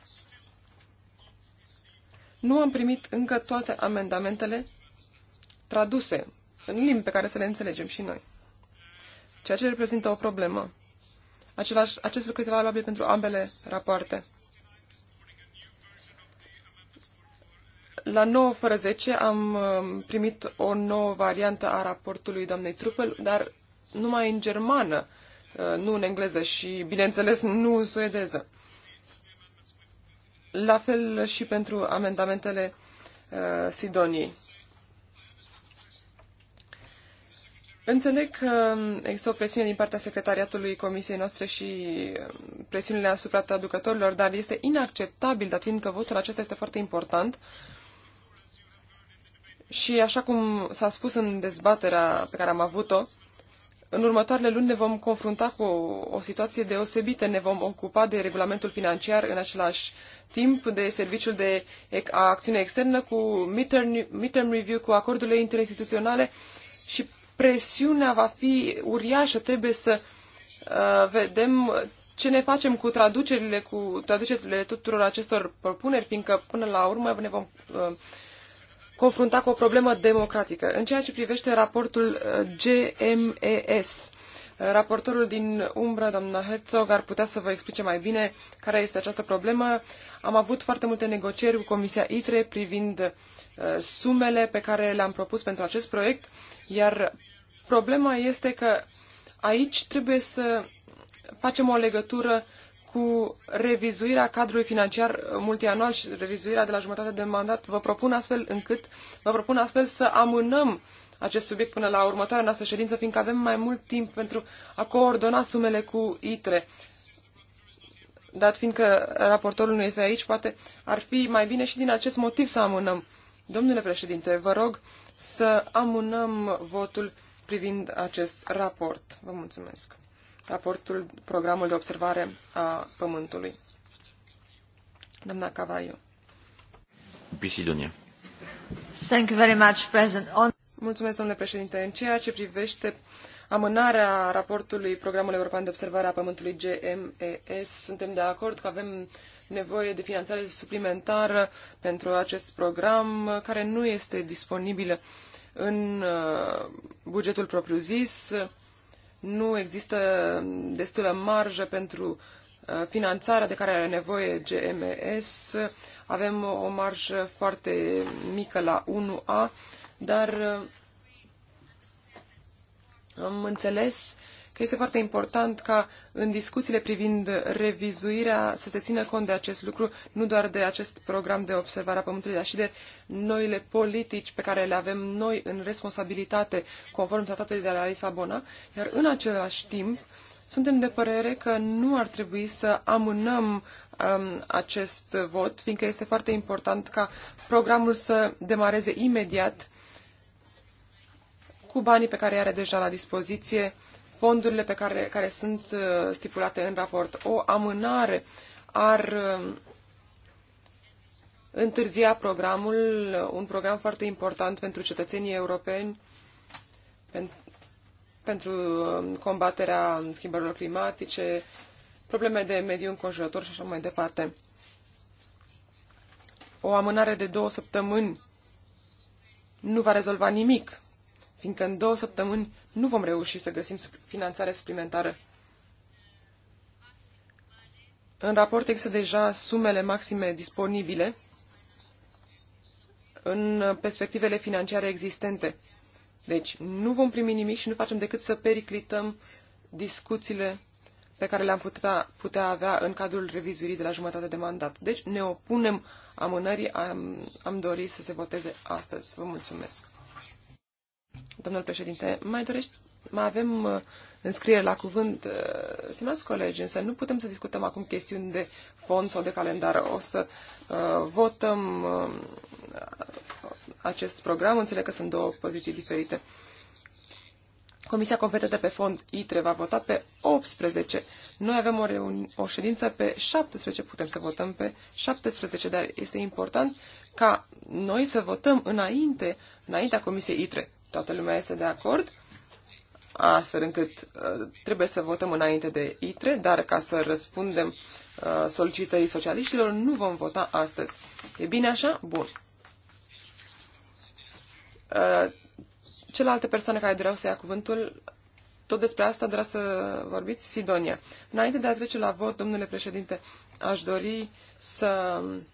Nu am primit încă toate amendamentele traduse în limbi pe care să le înțelegem și noi. Ceea ce reprezintă o problemă. Același, acest lucru este valabil pentru ambele rapoarte. La 9 fără 10 am um, primit o nouă variantă a raportului doamnei Trupel, dar numai în germană, uh, nu în engleză și, bineînțeles, nu în suedeză. La fel și pentru amendamentele uh, Sidoniei. Înțeleg că um, există o presiune din partea secretariatului comisiei noastre și um, presiunile asupra traducătorilor, dar este inacceptabil, dat fiindcă votul acesta este foarte important. Și așa cum s-a spus în dezbaterea pe care am avut-o, în următoarele luni ne vom confrunta cu o, o situație deosebită. Ne vom ocupa de regulamentul financiar în același timp, de serviciul de acțiune externă, cu midterm, midterm review, cu acordurile interinstituționale și presiunea va fi uriașă. Trebuie să uh, vedem ce ne facem cu traducerile, cu traducerile tuturor acestor propuneri, fiindcă până la urmă ne vom uh, confruntat cu o problemă democratică. În ceea ce privește raportul uh, GMES, uh, raportorul din umbră, doamna Herzog, ar putea să vă explice mai bine care este această problemă. Am avut foarte multe negocieri cu Comisia ITRE privind uh, sumele pe care le-am propus pentru acest proiect, iar problema este că aici trebuie să facem o legătură cu revizuirea cadrului financiar multianual și revizuirea de la jumătate de mandat, vă propun astfel încât, vă propun astfel să amânăm acest subiect până la următoarea noastră ședință, fiindcă avem mai mult timp pentru a coordona sumele cu ITRE. Dat fiindcă raportorul nu este aici, poate ar fi mai bine și din acest motiv să amânăm. Domnule președinte, vă rog să amânăm votul privind acest raport. Vă mulțumesc raportul, programul de observare a Pământului. Doamna Cavaiu. Pisidonia. Thank you very much, President. On... Mulțumesc, domnule președinte. În ceea ce privește amânarea raportului Programul European de Observare a Pământului GMES, suntem de acord că avem nevoie de finanțare suplimentară pentru acest program, care nu este disponibilă în uh, bugetul propriu-zis nu există destulă marjă pentru uh, finanțarea de care are nevoie GMS. Avem o marjă foarte mică la 1A, dar uh, am înțeles că este foarte important ca în discuțiile privind revizuirea să se țină cont de acest lucru, nu doar de acest program de observare a Pământului, dar și de noile politici pe care le avem noi în responsabilitate conform tratatului de la Lisabona, iar în același timp suntem de părere că nu ar trebui să amânăm um, acest vot, fiindcă este foarte important ca programul să demareze imediat cu banii pe care i-are deja la dispoziție fondurile pe care, care sunt uh, stipulate în raport. O amânare ar um, întârzia programul, uh, un program foarte important pentru cetățenii europeni, pentru, pentru um, combaterea schimbărilor climatice, probleme de mediu înconjurător și așa mai departe. O amânare de două săptămâni nu va rezolva nimic, fiindcă în două săptămâni nu vom reuși să găsim finanțare suplimentară. În raport există deja sumele maxime disponibile în perspectivele financiare existente. Deci nu vom primi nimic și nu facem decât să periclităm discuțiile pe care le-am putea, putea avea în cadrul revizuirii de la jumătate de mandat. Deci ne opunem amânării, am, am dorit să se voteze astăzi. Vă mulțumesc. Domnul președinte, mai dorești? Mai avem uh, înscriere la cuvânt, uh, stimați colegi, însă nu putem să discutăm acum chestiuni de fond sau de calendar. O să uh, votăm uh, acest program. Înțeleg că sunt două poziții diferite. Comisia competentă pe fond ITRE va vota pe 18. Noi avem o, reuni- o ședință pe 17, putem să votăm pe 17, dar este important ca noi să votăm înainte, înaintea Comisiei ITRE toată lumea este de acord, astfel încât uh, trebuie să votăm înainte de ITRE, dar ca să răspundem uh, solicitării socialiștilor, nu vom vota astăzi. E bine așa? Bun. Uh, celelalte persoane care doreau să ia cuvântul, tot despre asta doreau să vorbiți, Sidonia. Înainte de a trece la vot, domnule președinte, aș dori să um,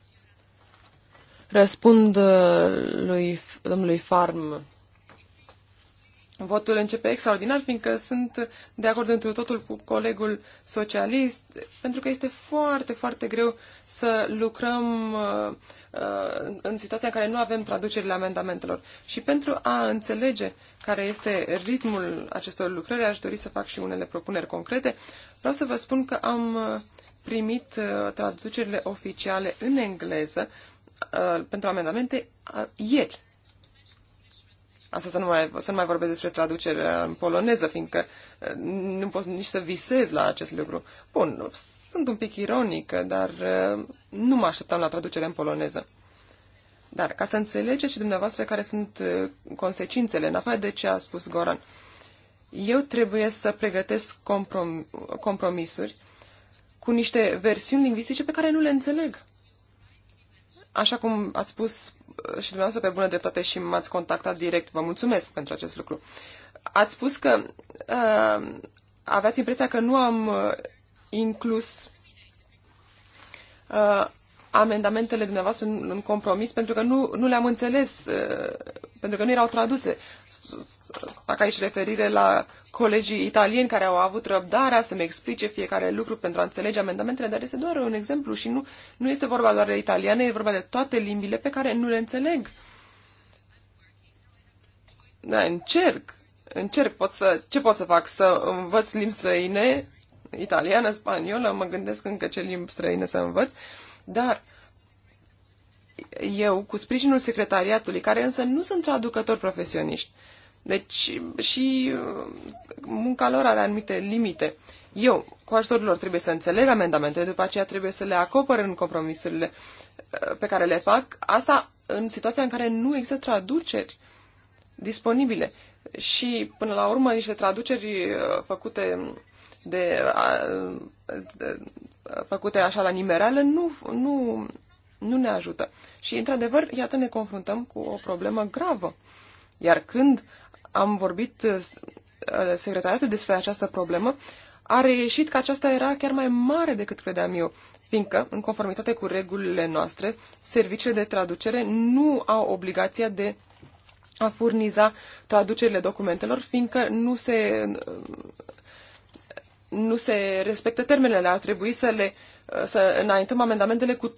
răspund uh, lui domnului Farm Votul începe extraordinar, fiindcă sunt de acord întru totul cu colegul socialist, pentru că este foarte, foarte greu să lucrăm uh, uh, în situația în care nu avem traducerile amendamentelor. Și pentru a înțelege care este ritmul acestor lucrări, aș dori să fac și unele propuneri concrete. Vreau să vă spun că am uh, primit uh, traducerile oficiale în engleză uh, pentru amendamente uh, ieri. Asta să nu mai, să nu mai vorbesc despre traducerea în poloneză, fiindcă eh, nu pot nici să visez la acest lucru. Bun, sunt un pic ironică, dar eh, nu mă așteptam la traducere în poloneză. Dar ca să înțelegeți și dumneavoastră care sunt eh, consecințele, în afară de ce a spus Goran, eu trebuie să pregătesc comprom- compromisuri cu niște versiuni lingvistice pe care nu le înțeleg. Așa cum a spus și dumneavoastră pe bună dreptate și m-ați contactat direct. Vă mulțumesc pentru acest lucru. Ați spus că uh, aveați impresia că nu am uh, inclus uh, amendamentele dumneavoastră în, în compromis pentru că nu, nu le-am înțeles, uh, pentru că nu erau traduse. Fac aici referire la colegii italieni care au avut răbdarea să-mi explice fiecare lucru pentru a înțelege amendamentele, dar este doar un exemplu și nu, nu este vorba doar de italiană, e vorba de toate limbile pe care nu le înțeleg. Da, încerc, încerc, pot să, ce pot să fac? Să învăț limbi străine, italiană, spaniolă, mă gândesc încă ce limbi străine să învăț, dar eu, cu sprijinul secretariatului, care însă nu sunt traducători profesioniști, deci și uh, munca lor are anumite limite. Eu, cu ajutorul lor, trebuie să înțeleg amendamentele, după aceea trebuie să le acopăr în compromisurile uh, pe care le fac. Asta în situația în care nu există traduceri disponibile. Și, până la urmă, niște traduceri uh, făcute de, de făcute așa la nimereală nu, nu, nu ne ajută. Și, într-adevăr, iată, ne confruntăm cu o problemă gravă. Iar când am vorbit uh, uh, secretariatul despre această problemă, a reieșit că aceasta era chiar mai mare decât credeam eu, fiindcă, în conformitate cu regulile noastre, serviciile de traducere nu au obligația de a furniza traducerile documentelor, fiindcă nu se uh, nu se respectă termenele. Ar trebui să le să înaintăm amendamentele cu 3-4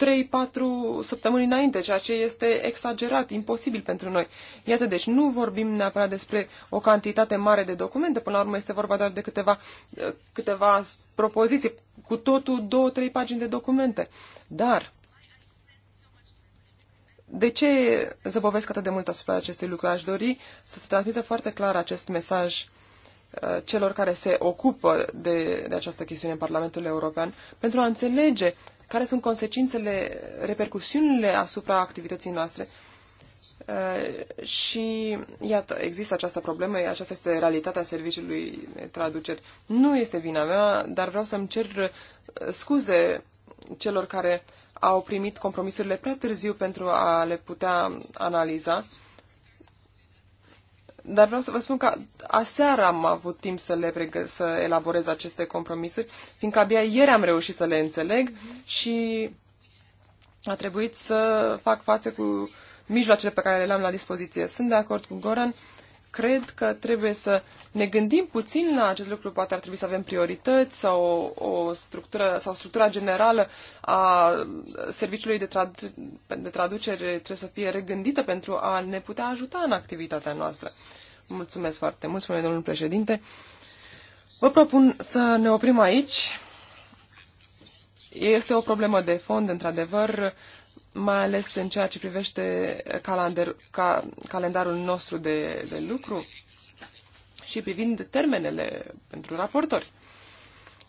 săptămâni înainte, ceea ce este exagerat, imposibil pentru noi. Iată, deci nu vorbim neapărat despre o cantitate mare de documente, până la urmă este vorba doar de câteva, câteva propoziții, cu totul 2-3 pagini de documente. Dar, de ce zăbovesc atât de mult asupra acestui lucru? Aș dori să se transmită foarte clar acest mesaj Uh, celor care se ocupă de, de această chestiune în Parlamentul European pentru a înțelege care sunt consecințele, repercusiunile asupra activității noastre. Uh, și iată, există această problemă, aceasta este realitatea serviciului de traduceri. Nu este vina mea, dar vreau să-mi cer uh, scuze celor care au primit compromisurile prea târziu pentru a le putea analiza dar vreau să vă spun că aseară am avut timp să le pregă- să elaborez aceste compromisuri, fiindcă abia ieri am reușit să le înțeleg și a trebuit să fac față cu mijloacele pe care le am la dispoziție. Sunt de acord cu Goran cred că trebuie să ne gândim puțin la acest lucru, poate ar trebui să avem priorități sau o structură sau structura generală a serviciului de, tradu- de traducere trebuie să fie regândită pentru a ne putea ajuta în activitatea noastră. Mulțumesc foarte mult, spune domnul președinte. Vă propun să ne oprim aici. Este o problemă de fond, într-adevăr mai ales în ceea ce privește calendar, ca, calendarul nostru de, de lucru și privind termenele pentru raportori.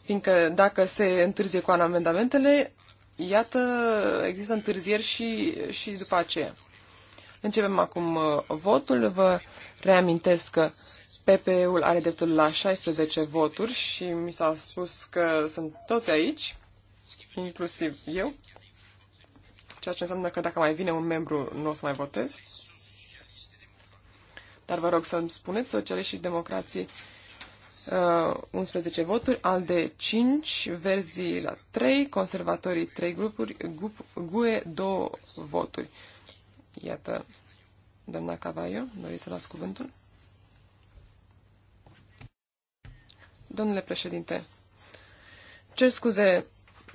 Fiindcă dacă se întârzie cu amendamentele, iată, există întârzieri și, și după aceea. Începem acum uh, votul. Vă reamintesc că PPE-ul are dreptul la 16 voturi și mi s-a spus că sunt toți aici, inclusiv eu ceea ce înseamnă că dacă mai vine un membru, nu o să mai votez. Dar vă rog să-mi spuneți, socialiști și democrații, uh, 11 voturi, al de 5, verzii la 3, conservatorii 3 grupuri, grup, GUE 2 voturi. Iată, doamna Cavaio, doriți să las cuvântul? Domnule președinte, cer scuze,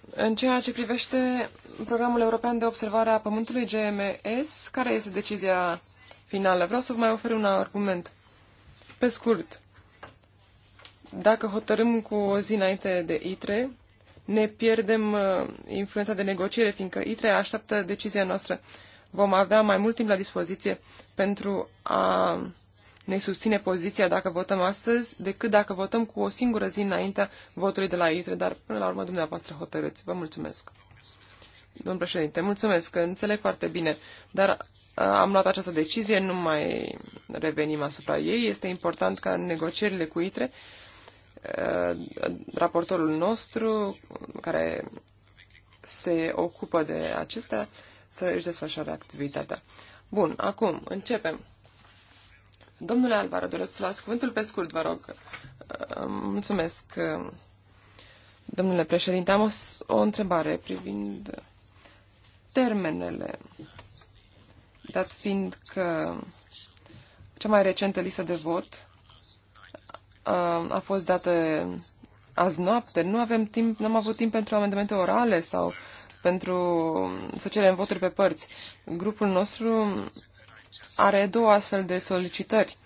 în ceea ce privește programul european de observare a pământului GMS, care este decizia finală? Vreau să vă mai ofer un argument. Pe scurt, dacă hotărâm cu o zi înainte de ITRE, ne pierdem uh, influența de negociere, fiindcă ITRE așteaptă decizia noastră. Vom avea mai mult timp la dispoziție pentru a ne susține poziția dacă votăm astăzi, decât dacă votăm cu o singură zi înaintea votului de la ITRE, dar până la urmă dumneavoastră hotărâți. Vă mulțumesc! Domnul președinte, mulțumesc, că înțeleg foarte bine, dar am luat această decizie, nu mai revenim asupra ei. Este important ca negocierile cu ITRE, raportorul nostru, care se ocupă de acestea, să își desfășoare activitatea. Bun, acum începem. Domnule Alvaro, doresc să las cuvântul pe scurt, vă rog. Mulțumesc, domnule președinte. Am o, o întrebare privind termenele, dat fiind că cea mai recentă listă de vot a, a fost dată azi noapte, nu avem timp, nu am avut timp pentru amendamente orale sau pentru să cerem voturi pe părți. Grupul nostru are două astfel de solicitări.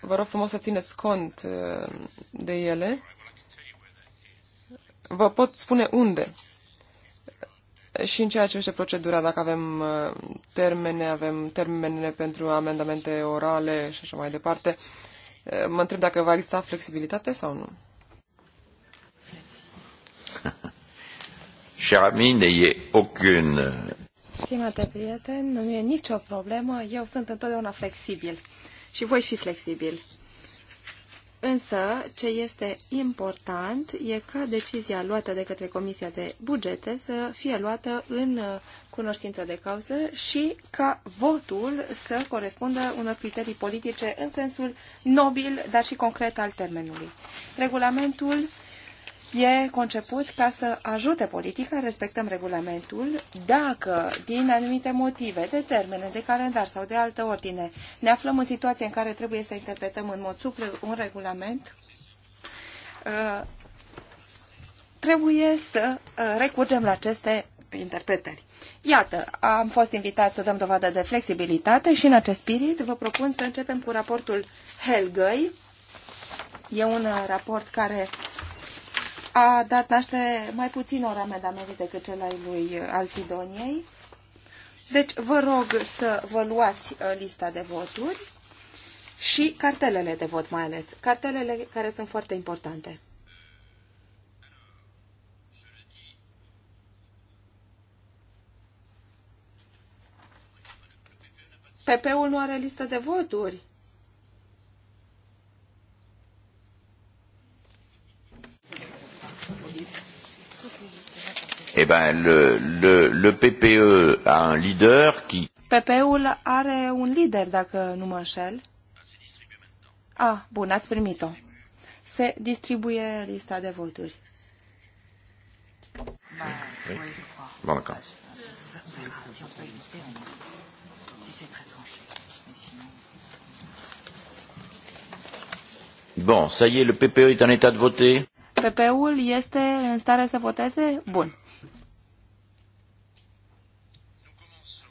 Vă rog frumos să țineți cont de ele. Vă pot spune unde. Și în ceea ce este procedura, dacă avem uh, termene, avem termene pentru amendamente orale și așa mai departe, uh, mă întreb dacă va exista flexibilitate sau nu. Cher ami, n'ayez aucune... Stimate prieteni, nu e nicio problemă, eu sunt întotdeauna flexibil și voi fi flexibil. Însă, ce este important e ca decizia luată de către Comisia de Bugete să fie luată în uh, cunoștință de cauză și ca votul să corespundă unor criterii politice în sensul nobil, dar și concret al termenului. Regulamentul e conceput ca să ajute politica, respectăm regulamentul, dacă din anumite motive, de termene, de calendar sau de altă ordine, ne aflăm în situație în care trebuie să interpretăm în mod suplu un regulament, uh, trebuie să uh, recurgem la aceste interpretări. Iată, am fost invitat să dăm dovadă de flexibilitate și în acest spirit vă propun să începem cu raportul Helgăi. E un raport care a dat naștere mai puțin o amendamente decât cel al lui al Sidoniei. Deci vă rog să vă luați uh, lista de voturi și cartelele de vot mai ales, cartelele care sunt foarte importante. PP-ul nu are listă de voturi. eh ben, le, le, le PPE a un leader qui... ppe ul are un lider, dacă nu mă înșel. Ah, bun, ați primit-o. Se distribuie lista de voturi. Oui. Bon, d'accord. Bon, ça y est, le PPE est en état de voter. ppe ul este în stare să voteze? Bun.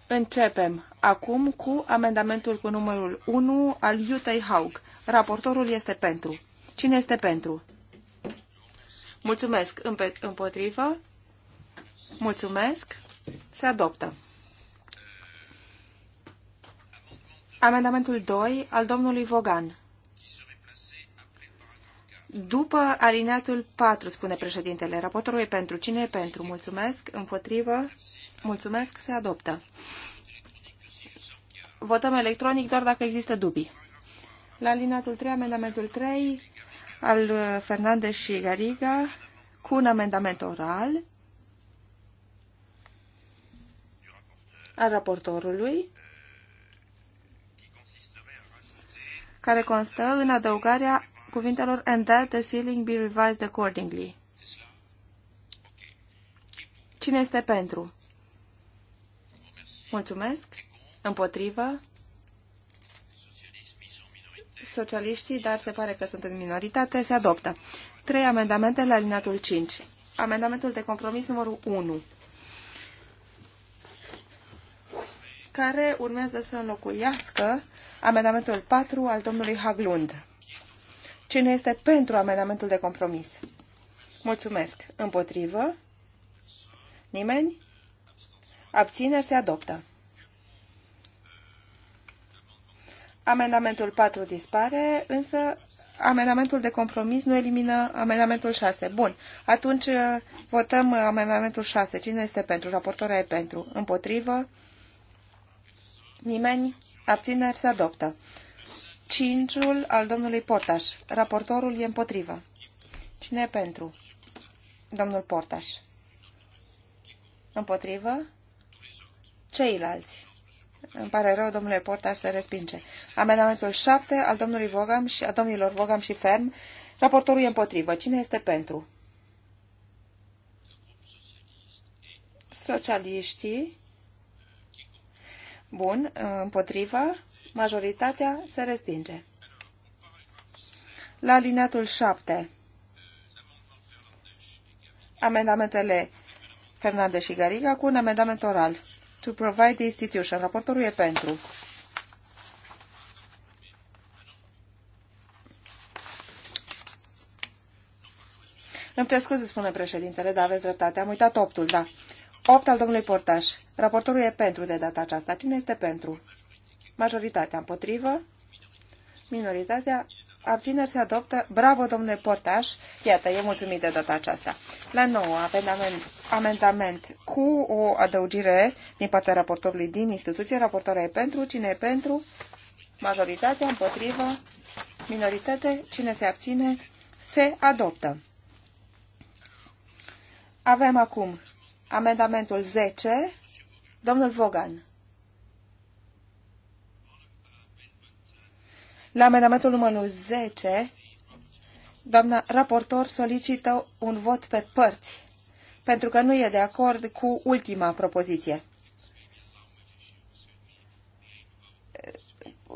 Începem acum cu amendamentul cu numărul 1 al Jutei Haug. Raportorul este pentru. Cine este pentru? Mulțumesc. Împotrivă? Mulțumesc. Se adoptă. Amendamentul 2 al domnului Vogan. După alineatul 4, spune președintele, raportorul e pentru. Cine pentru? Mulțumesc. Împotrivă. Mulțumesc. Se adoptă. Votăm electronic doar dacă există dubii. La alineatul 3, amendamentul 3 al uh, Fernandez și Gariga cu un amendament oral al raportorului care constă în adăugarea cuvintelor and that the ceiling be revised accordingly. Cine este pentru? Mulțumesc. Împotrivă. Socialiștii, dar se pare că sunt în minoritate, se adoptă. Trei amendamente la alineatul 5. Amendamentul de compromis numărul 1, care urmează să înlocuiască amendamentul 4 al domnului Haglund. Cine este pentru amendamentul de compromis? Mulțumesc. Împotrivă? Nimeni? Abțineri se adoptă. Amendamentul 4 dispare, însă amendamentul de compromis nu elimină amendamentul 6. Bun. Atunci uh, votăm uh, amendamentul 6. Cine este pentru? Raportoarea e pentru. Împotrivă? Nimeni? Abțineri se adoptă. 5 al domnului Portaș. Raportorul e împotrivă. Cine e pentru? Domnul Portaș. Împotrivă? Ceilalți. Îmi pare rău, domnule Portaș, se respinge. Amendamentul 7 al domnului Vogam și a domnilor Vogam și Ferm. Raportorul e împotrivă. Cine este pentru? Socialiștii. Bun, Împotrivă. Majoritatea se respinge. La alineatul 7, amendamentele Fernandez și Gariga cu un amendament oral. To provide the institution. Raportorul e pentru. Îmi cer scuze, spune președintele, dar aveți dreptate. Am uitat optul, da. 8 al domnului Portaș. Raportorul e pentru de data aceasta. Cine este pentru? Majoritatea împotrivă. Minoritatea. Abțineri se adoptă. Bravo, domnule Portaș. Iată, e mulțumit de data aceasta. La nou, avem amendament cu o adăugire din partea raportorului din instituție. Raportoarea e pentru. Cine e pentru? Majoritatea împotrivă. Minoritate. Cine se abține? Se adoptă. Avem acum amendamentul 10. Domnul Vogan. La amendamentul numărul 10, doamna raportor solicită un vot pe părți, pentru că nu e de acord cu ultima propoziție.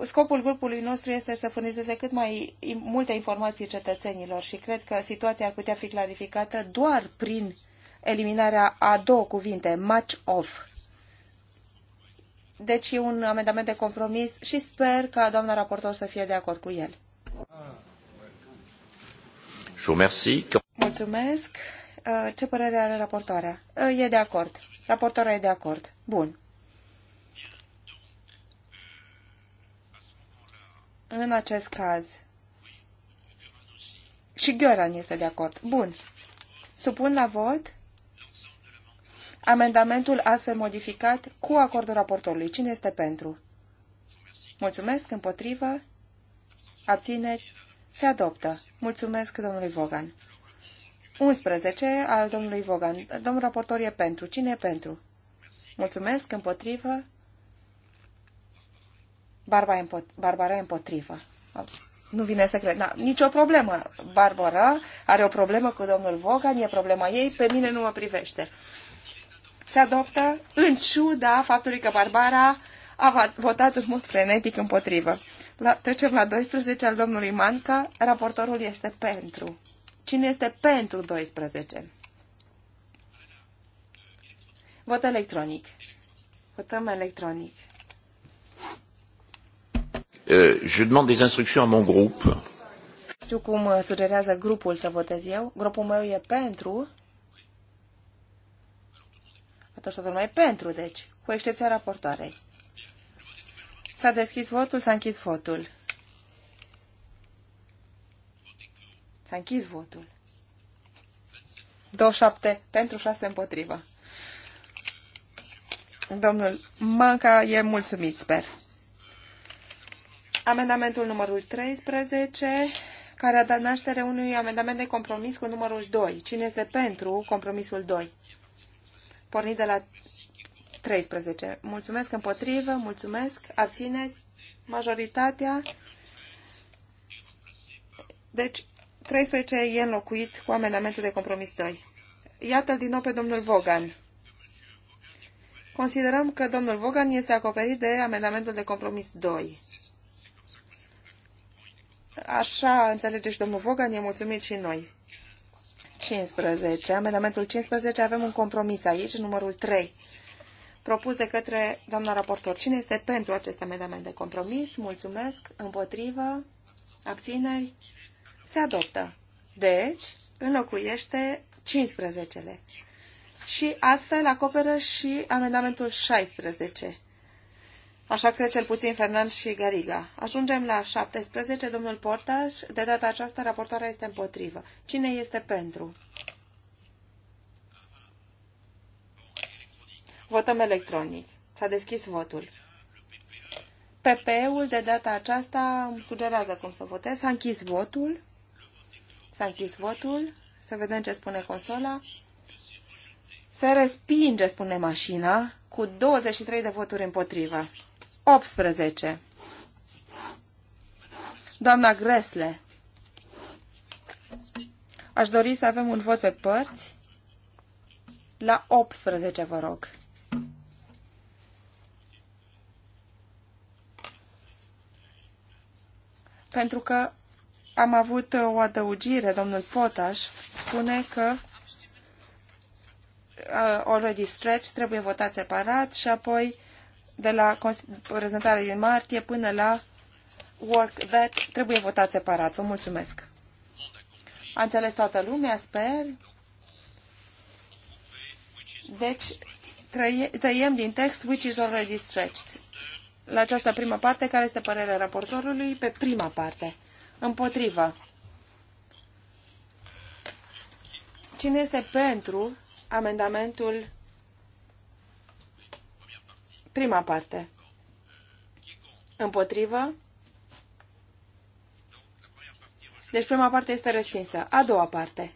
Scopul grupului nostru este să furnizeze cât mai multe informații cetățenilor și cred că situația ar putea fi clarificată doar prin eliminarea a două cuvinte, match off deci e un amendament de compromis și sper ca doamna raportor să fie de acord cu el. Mulțumesc. Uh, ce părere are raportoarea? Uh, e de acord. Raportoarea e de acord. Bun. În acest caz. Și Gheoran este de acord. Bun. Supun la vot Amendamentul astfel modificat cu acordul raportorului. Cine este pentru? Mulțumesc, împotrivă, abțineri, se adoptă. Mulțumesc domnului Vogan. 11 al domnului Vogan. Domnul raportor e pentru. Cine e pentru? Mulțumesc, împotrivă, Barba împot Barbara împotrivă. Nu vine să cred. Na, nicio problemă. Barbara are o problemă cu domnul Vogan, e problema ei, pe mine nu mă privește se adoptă în ciuda faptului că Barbara a votat în mod frenetic împotrivă. La, trecem la 12 al domnului Manca. Raportorul este pentru. Cine este pentru 12? Vot electronic. Votăm electronic. Uh, je demande des instructions à mon groupe. Știu cum uh, sugerează grupul să votez eu. Grupul meu e pentru. Atunci totul mai pentru, deci, cu excepția raportoarei. S-a deschis votul, s-a închis votul. S-a închis votul. 27 pentru 6 împotrivă. Domnul Manca e mulțumit, sper. Amendamentul numărul 13, care a dat naștere unui amendament de compromis cu numărul 2. Cine este pentru compromisul 2? pornit de la 13. Mulțumesc împotrivă, mulțumesc, abține majoritatea. Deci, 13 e înlocuit cu amendamentul de compromis 2. Iată-l din nou pe domnul Vogan. Considerăm că domnul Vogan este acoperit de amendamentul de compromis 2. Așa înțelegeți domnul Vogan, e mulțumit și noi. 15. Amendamentul 15. Avem un compromis aici, numărul 3, propus de către doamna raportor. Cine este pentru acest amendament de compromis? Mulțumesc. Împotrivă? Abțineri? Se adoptă. Deci, înlocuiește 15-le. Și astfel acoperă și amendamentul 16. Așa cred cel puțin Fernand și Gariga. Ajungem la 17. Domnul Portaș, de data aceasta raportarea este împotrivă. Cine este pentru? Votăm electronic. S-a deschis votul. PP-ul de data aceasta îmi sugerează cum să votez. S-a închis votul. S-a închis votul. Să vedem ce spune consola. Se respinge, spune mașina, cu 23 de voturi împotrivă. 18. Doamna Gresle, aș dori să avem un vot pe părți la 18, vă rog. Pentru că am avut o adăugire, domnul Potaș spune că uh, already stretched trebuie votat separat și apoi de la prezentarea din martie până la Work That trebuie votat separat. Vă mulțumesc. A înțeles toată lumea, sper. Deci, tăiem din text which is already stretched. La această primă parte, care este părerea raportorului pe prima parte? Împotrivă. Cine este pentru amendamentul Prima parte. Împotrivă. Deci prima parte este respinsă. A doua parte.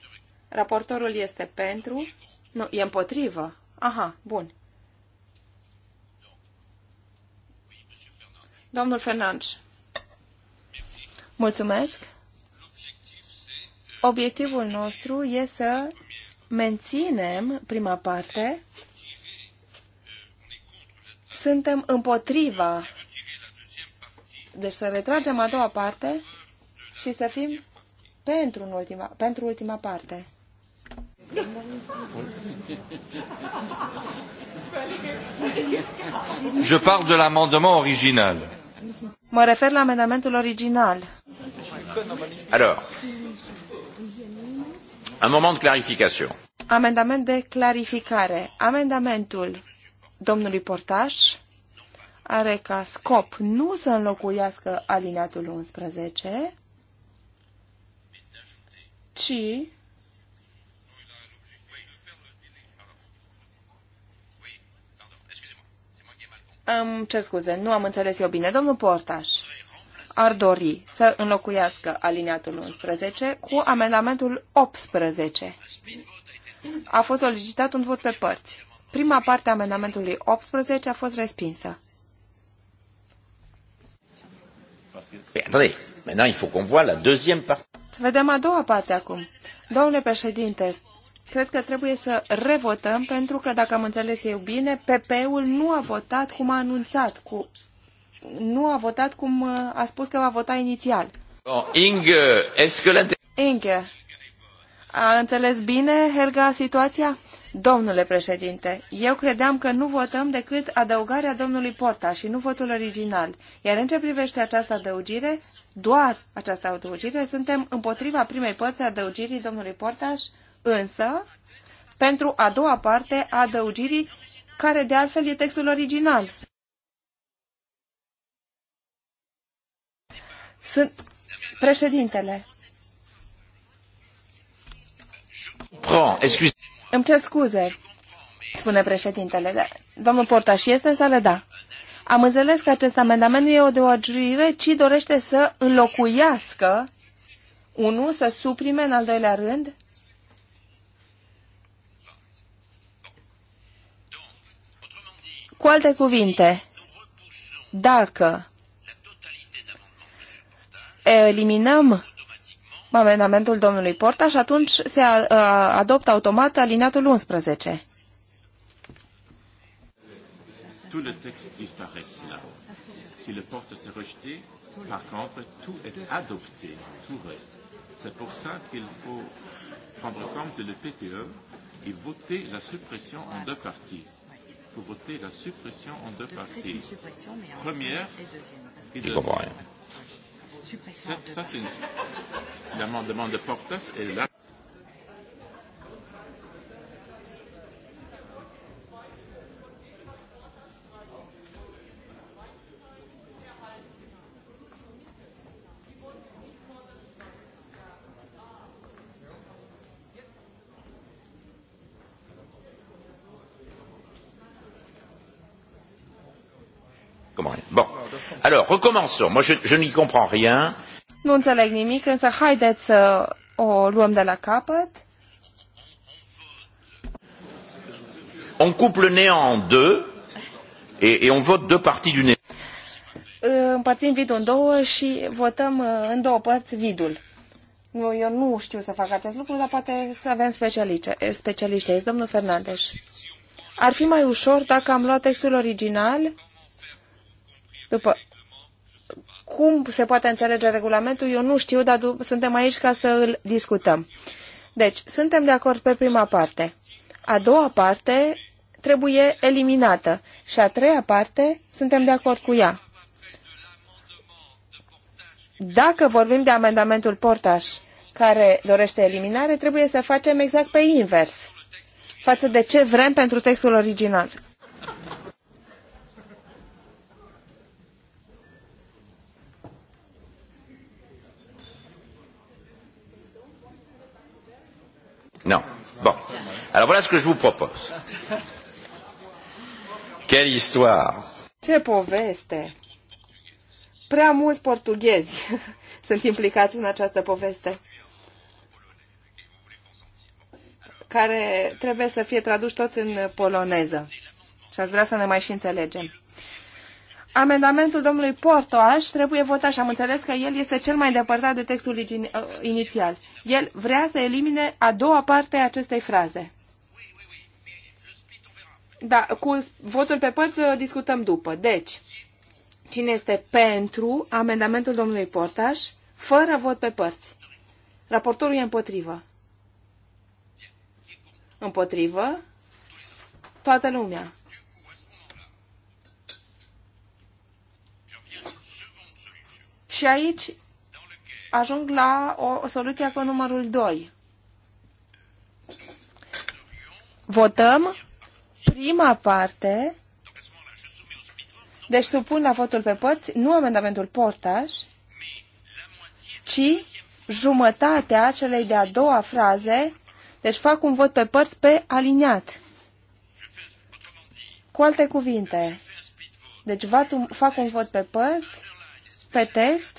Raportorul este pentru. Nu, e împotrivă. Aha, bun. Domnul Fernandes. Mulțumesc. Obiectivul nostru e să menținem prima parte suntem împotriva. Deci să retragem a doua parte și să fim pentru, în ultima, pentru ultima parte. Je parle de l'amendement original. Mă refer la amendamentul original. Alors, un moment de clarification. Amendament de clarificare. Amendamentul domnului Portaș are ca scop nu să înlocuiască alineatul 11, ci Îmi cer scuze, nu am înțeles eu bine. Domnul Portaș ar dori să înlocuiască alineatul 11 cu amendamentul 18. A fost solicitat un vot pe părți. Prima parte a amendamentului 18 a fost respinsă. Să vedem a doua parte acum. Domnule președinte, cred că trebuie să revotăm pentru că, dacă am înțeles eu bine, PP-ul nu a votat cum a anunțat, cu... nu a votat cum uh, a spus că va vota inițial. Inge, a înțeles bine, Helga, situația? Domnule președinte, eu credeam că nu votăm decât adăugarea domnului Porta și nu votul original, iar în ce privește această adăugire, doar această adăugire, suntem împotriva primei părți a adăugirii domnului Portaș, însă pentru a doua parte a adăugirii, care de altfel e textul original. Sunt președintele. Prend, excuse îmi cer scuze, spune președintele. Domnul Porta și este în sală? Da. Am înțeles că acest amendament nu e o deoarece, ci dorește să înlocuiască unul, să suprime în al doilea rând. Cu alte cuvinte, dacă eliminăm amendamentul domnului Porta și atunci se adoptă automat alineatul 11. Tout le texte disparaît Si le porte s'est rejeté, par contre, tout est adopté, tout reste. C'est pour ça qu'il faut prendre compte le PPE et voter la suppression en deux parties voter la suppression en deux parties. Première et deuxième suppression. Ça, ça c'est une... l'amendement de Portas est là. Alors, recommençons. Moi, je, je n'y comprends rien. Nu înțeleg nimic, însă haideți să o luăm de la capăt. On coupe le néant en deux et, et on vote deux parties du nez. Împărțim vidul în două și votăm uh, în două părți vidul. Nu, eu nu știu să fac acest lucru, dar poate să avem specialiști. specialiști. Este domnul Fernandez. Ar fi mai ușor dacă am luat textul original după cum se poate înțelege regulamentul, eu nu știu, dar suntem aici ca să îl discutăm. Deci, suntem de acord pe prima parte. A doua parte trebuie eliminată și a treia parte suntem de acord cu ea. Dacă vorbim de amendamentul Portaș, care dorește eliminare, trebuie să facem exact pe invers față de ce vrem pentru textul original. Non. Bon. Alors voilà ce que je vous propose. Quelle histoire Ce poveste Prea mulți portughezi sunt implicați în această poveste care trebuie să fie traduși toți în poloneză. Și aș vrea să ne mai și înțelegem. Amendamentul domnului Portoaș trebuie votat și am înțeles că el este cel mai îndepărtat de textul uh, inițial. El vrea să elimine a doua parte a acestei fraze. Da, cu votul pe părți uh, discutăm după. Deci, cine este pentru amendamentul domnului Portaș, fără vot pe părți? Raportorul e împotrivă. Împotrivă? Toată lumea. Și aici ajung la o, soluție cu numărul 2. Votăm prima parte, deci supun la votul pe părți, nu amendamentul portaș, ci jumătatea celei de-a doua fraze, deci fac un vot pe părți pe aliniat. Cu alte cuvinte, deci fac un vot pe părți pe text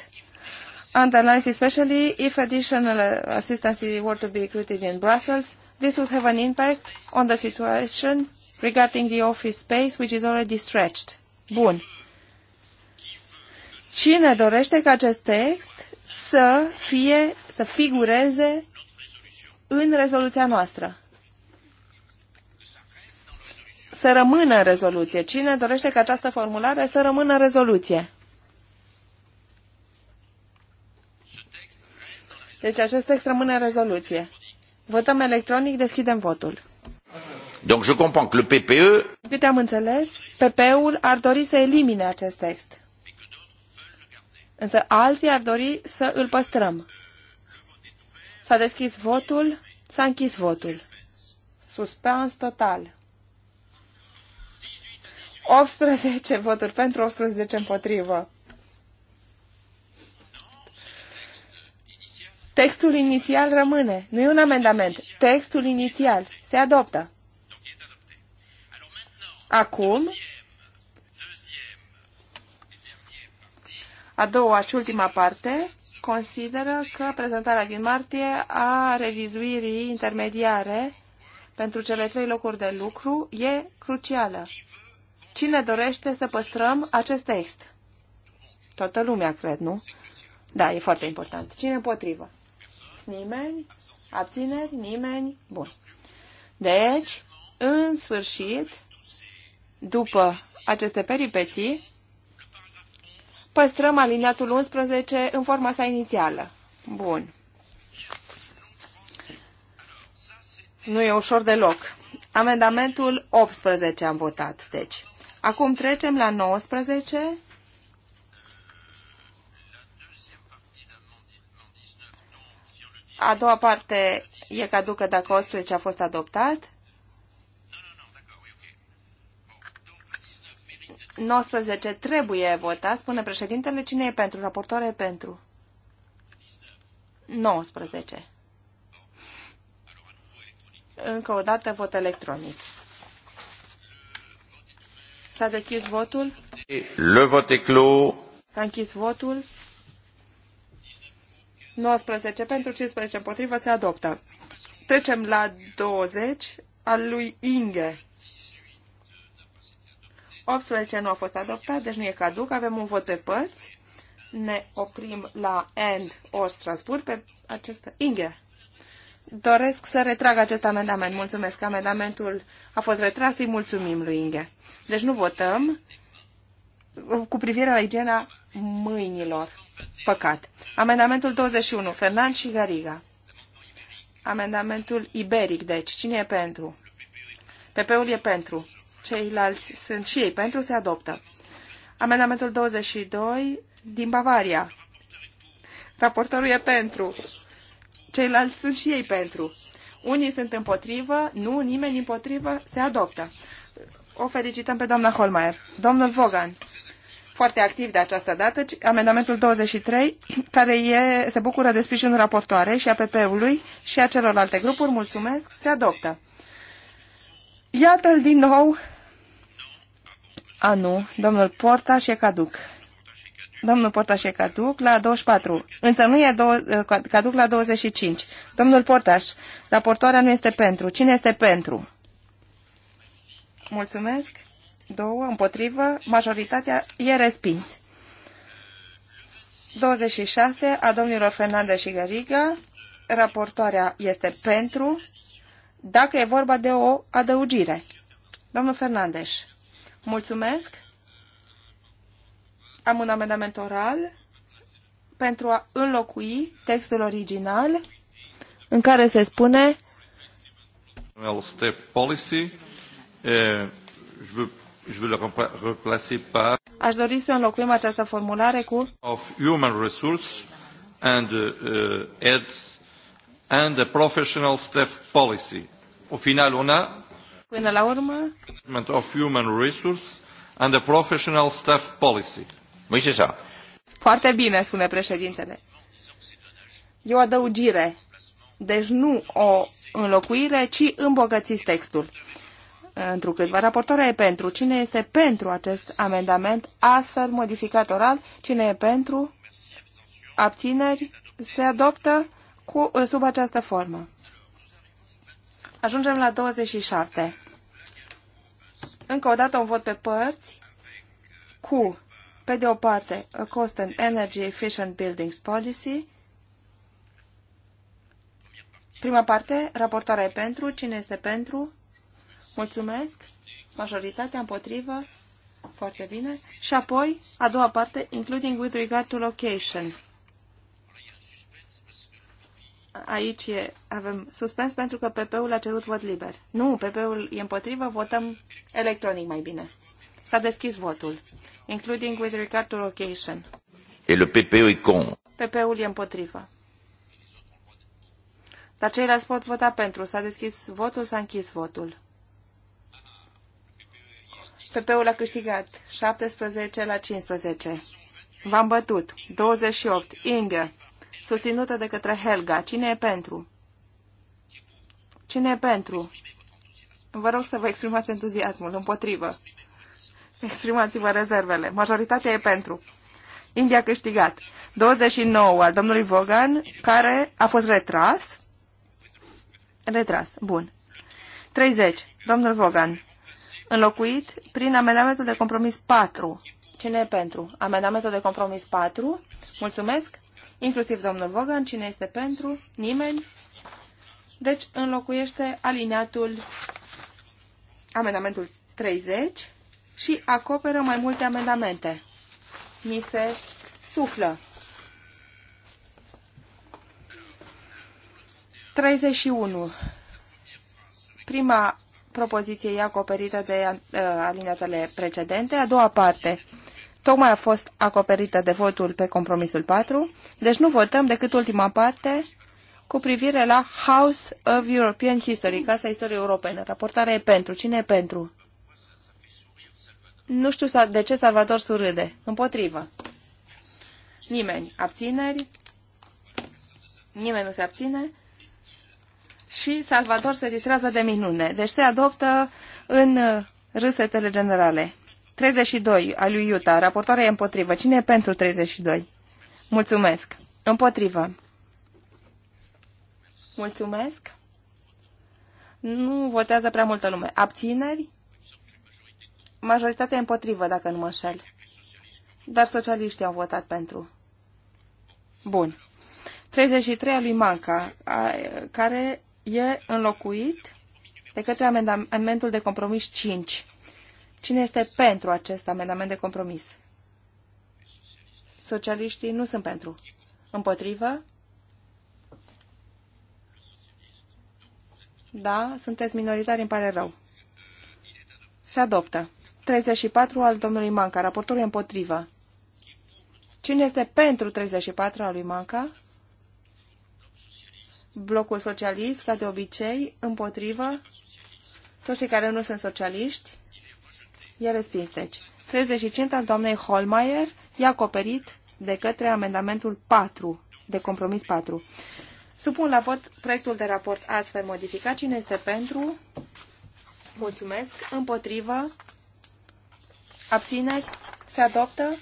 underlines especially if additional uh, assistance were to be recruited in Brussels, this would have an impact on the situation regarding the office space which is already stretched. Bun. Cine dorește ca acest text să fie, să figureze în rezoluția noastră? Să rămână în rezoluție. Cine dorește ca această formulare să rămână în rezoluție? Deci acest text rămâne în rezoluție. Votăm electronic, deschidem votul. Donc je comprends que le PPE... Câte am înțeles, PPE-ul ar dori să elimine acest text. Însă alții ar dori să îl păstrăm. S-a deschis votul, s-a închis votul. Suspans total. 18 voturi pentru, 18 împotrivă. Textul inițial rămâne. Nu e un amendament. Textul inițial se adoptă. Acum, a doua și ultima parte consideră că prezentarea din martie a revizuirii intermediare pentru cele trei locuri de lucru e crucială. Cine dorește să păstrăm acest text? Toată lumea, cred, nu? Da, e foarte important. Cine împotrivă? Nimeni? Abțineri? Nimeni? Bun. Deci, în sfârșit, după aceste peripeții, păstrăm aliniatul 11 în forma sa inițială. Bun. Nu e ușor deloc. Amendamentul 18 am votat, deci. Acum trecem la 19 A doua parte e caducă dacă ce a fost adoptat. 19 trebuie votat, spune președintele. Cine e pentru? Raportoare e pentru. 19. Încă o dată vot electronic. S-a deschis votul. Le vot e clos. S-a închis votul. 19 pentru 15 împotrivă se adoptă. Trecem la 20 al lui Inge. 18 nu a fost adoptat, deci nu e caduc. Avem un vot de părți. Ne oprim la End or Strasbourg pe acesta. Inge. Doresc să retrag acest amendament. Mulțumesc. Amendamentul a fost retras. Îi mulțumim lui Inge. Deci nu votăm cu privire la igiena mâinilor. Păcat. Amendamentul 21. Fernand și Gariga. Amendamentul iberic, deci. Cine e pentru? PP-ul e pentru. Ceilalți sunt și ei pentru, se adoptă. Amendamentul 22 din Bavaria. Raportorul e pentru. Ceilalți sunt și ei pentru. Unii sunt împotrivă, nu, nimeni împotrivă, se adoptă. O felicităm pe doamna Holmeier. Domnul Vogan foarte activ de această dată, amendamentul 23, care e, se bucură de sprijinul raportoare și a PP-ului și a celorlalte grupuri, mulțumesc, se adoptă. Iată-l din nou. A, nu, domnul Porta și caduc. Domnul Porta și caduc la 24, însă nu e caduc la 25. Domnul Portaș, raportoarea nu este pentru. Cine este pentru? Mulțumesc. 2 împotrivă, majoritatea e respins. 26 a domnilor Fernandez și Gariga, raportoarea este pentru, dacă e vorba de o adăugire. Domnul Fernandez, mulțumesc. Am un amendament oral pentru a înlocui textul original în care se spune step policy. Uh, je veux Aș dori să înlocuim această formulare cu of human resource and uh, ed and a professional staff policy. Au final una Până la urmă of human resource and a professional staff policy. Oui, Foarte bine, spune președintele. E o adăugire. Deci nu o înlocuire, ci îmbogățiți textul întrucâtva. Raportoarea e pentru. Cine este pentru acest amendament astfel modificat oral? Cine e pentru? Abțineri? Se adoptă cu, sub această formă. Ajungem la 27. Încă o dată un vot pe părți cu, pe de o parte, a Cost and Energy Efficient Buildings Policy. Prima parte, raportarea e pentru. Cine este pentru? Mulțumesc. Majoritatea împotrivă. Foarte bine. Și apoi, a doua parte, including with regard to location. Aici e, avem suspens pentru că PP-ul a cerut vot liber. Nu, PP-ul e împotrivă, votăm electronic mai bine. S-a deschis votul. Including with regard to location. Et le PPE e con. PP-ul e împotrivă. Dar ceilalți pot vota pentru. S-a deschis votul, s-a închis votul. PP-ul a câștigat. 17 la 15. V-am bătut. 28. Inge. Susținută de către Helga. Cine e pentru? Cine e pentru? Vă rog să vă exprimați entuziasmul. Împotrivă. Exprimați-vă rezervele. Majoritatea e pentru. India a câștigat. 29 al domnului Vogan, care a fost retras. Retras. Bun. 30. Domnul Vogan înlocuit prin amendamentul de compromis 4. Cine e pentru? Amendamentul de compromis 4. Mulțumesc. Inclusiv domnul Vogan. Cine este pentru? Nimeni. Deci înlocuiește alineatul amendamentul 30 și acoperă mai multe amendamente. Mi se suflă. 31. Prima propoziției acoperită de uh, alinatele precedente. A doua parte tocmai a fost acoperită de votul pe compromisul 4, deci nu votăm decât ultima parte cu privire la House of European History, Casa Istoriei Europene. Raportarea e pentru. Cine e pentru? Nu știu de ce Salvador surâde. Împotrivă. Nimeni. Abțineri? Nimeni nu se abține și Salvador se distrează de minune. Deci se adoptă în uh, râsetele generale. 32 al lui Iuta. Raportoarea e împotrivă. Cine e pentru 32? Mulțumesc. Împotrivă. Mulțumesc. Nu votează prea multă lume. Abțineri? Majoritatea e împotrivă, dacă nu mă înșel. Dar socialiștii au votat pentru. Bun. 33 a lui Manca, care e înlocuit de către amendamentul de compromis 5. Cine este pentru acest amendament de compromis? Socialiștii nu sunt pentru. Împotrivă? Da, sunteți minoritari, îmi pare rău. Se adoptă. 34 al domnului Manca. Raportorul împotrivă. Cine este pentru 34 al lui Manca? blocul socialist, ca de obicei, împotrivă, toți cei care nu sunt socialiști, a respins, deci. 35 al doamnei Holmeier a acoperit de către amendamentul 4, de compromis 4. Supun la vot proiectul de raport astfel modificat. Cine este pentru? Mulțumesc. Împotrivă? Abțineri? Se adoptă?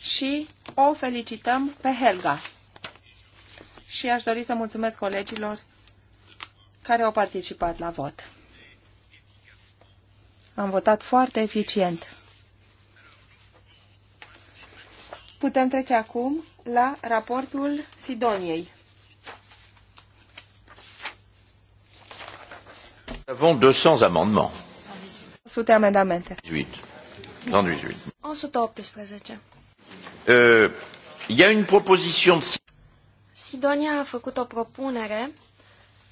Și o felicităm pe Helga și aș dori să mulțumesc colegilor care au participat la vot. Am votat foarte eficient. Putem trece acum la raportul Sidoniei. Avem 200 amendements. 100 amendamente. 18. 118. Euh, y a une proposition de Sidonia a făcut o propunere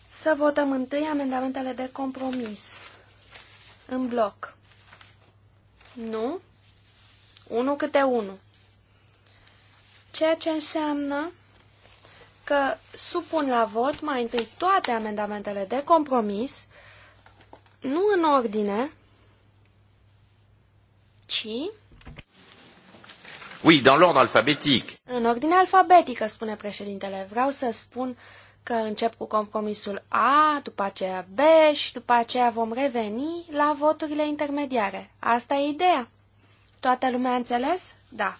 să votăm întâi amendamentele de compromis în bloc. Nu? Unu câte unu. Ceea ce înseamnă că supun la vot mai întâi toate amendamentele de compromis, nu în ordine, ci Oui, dans l'ordre alphabétique. În ordine alfabetică, spune președintele. Vreau să spun că încep cu compromisul A, după aceea B și după aceea vom reveni la voturile intermediare. Asta e ideea. Toată lumea a înțeles? Da.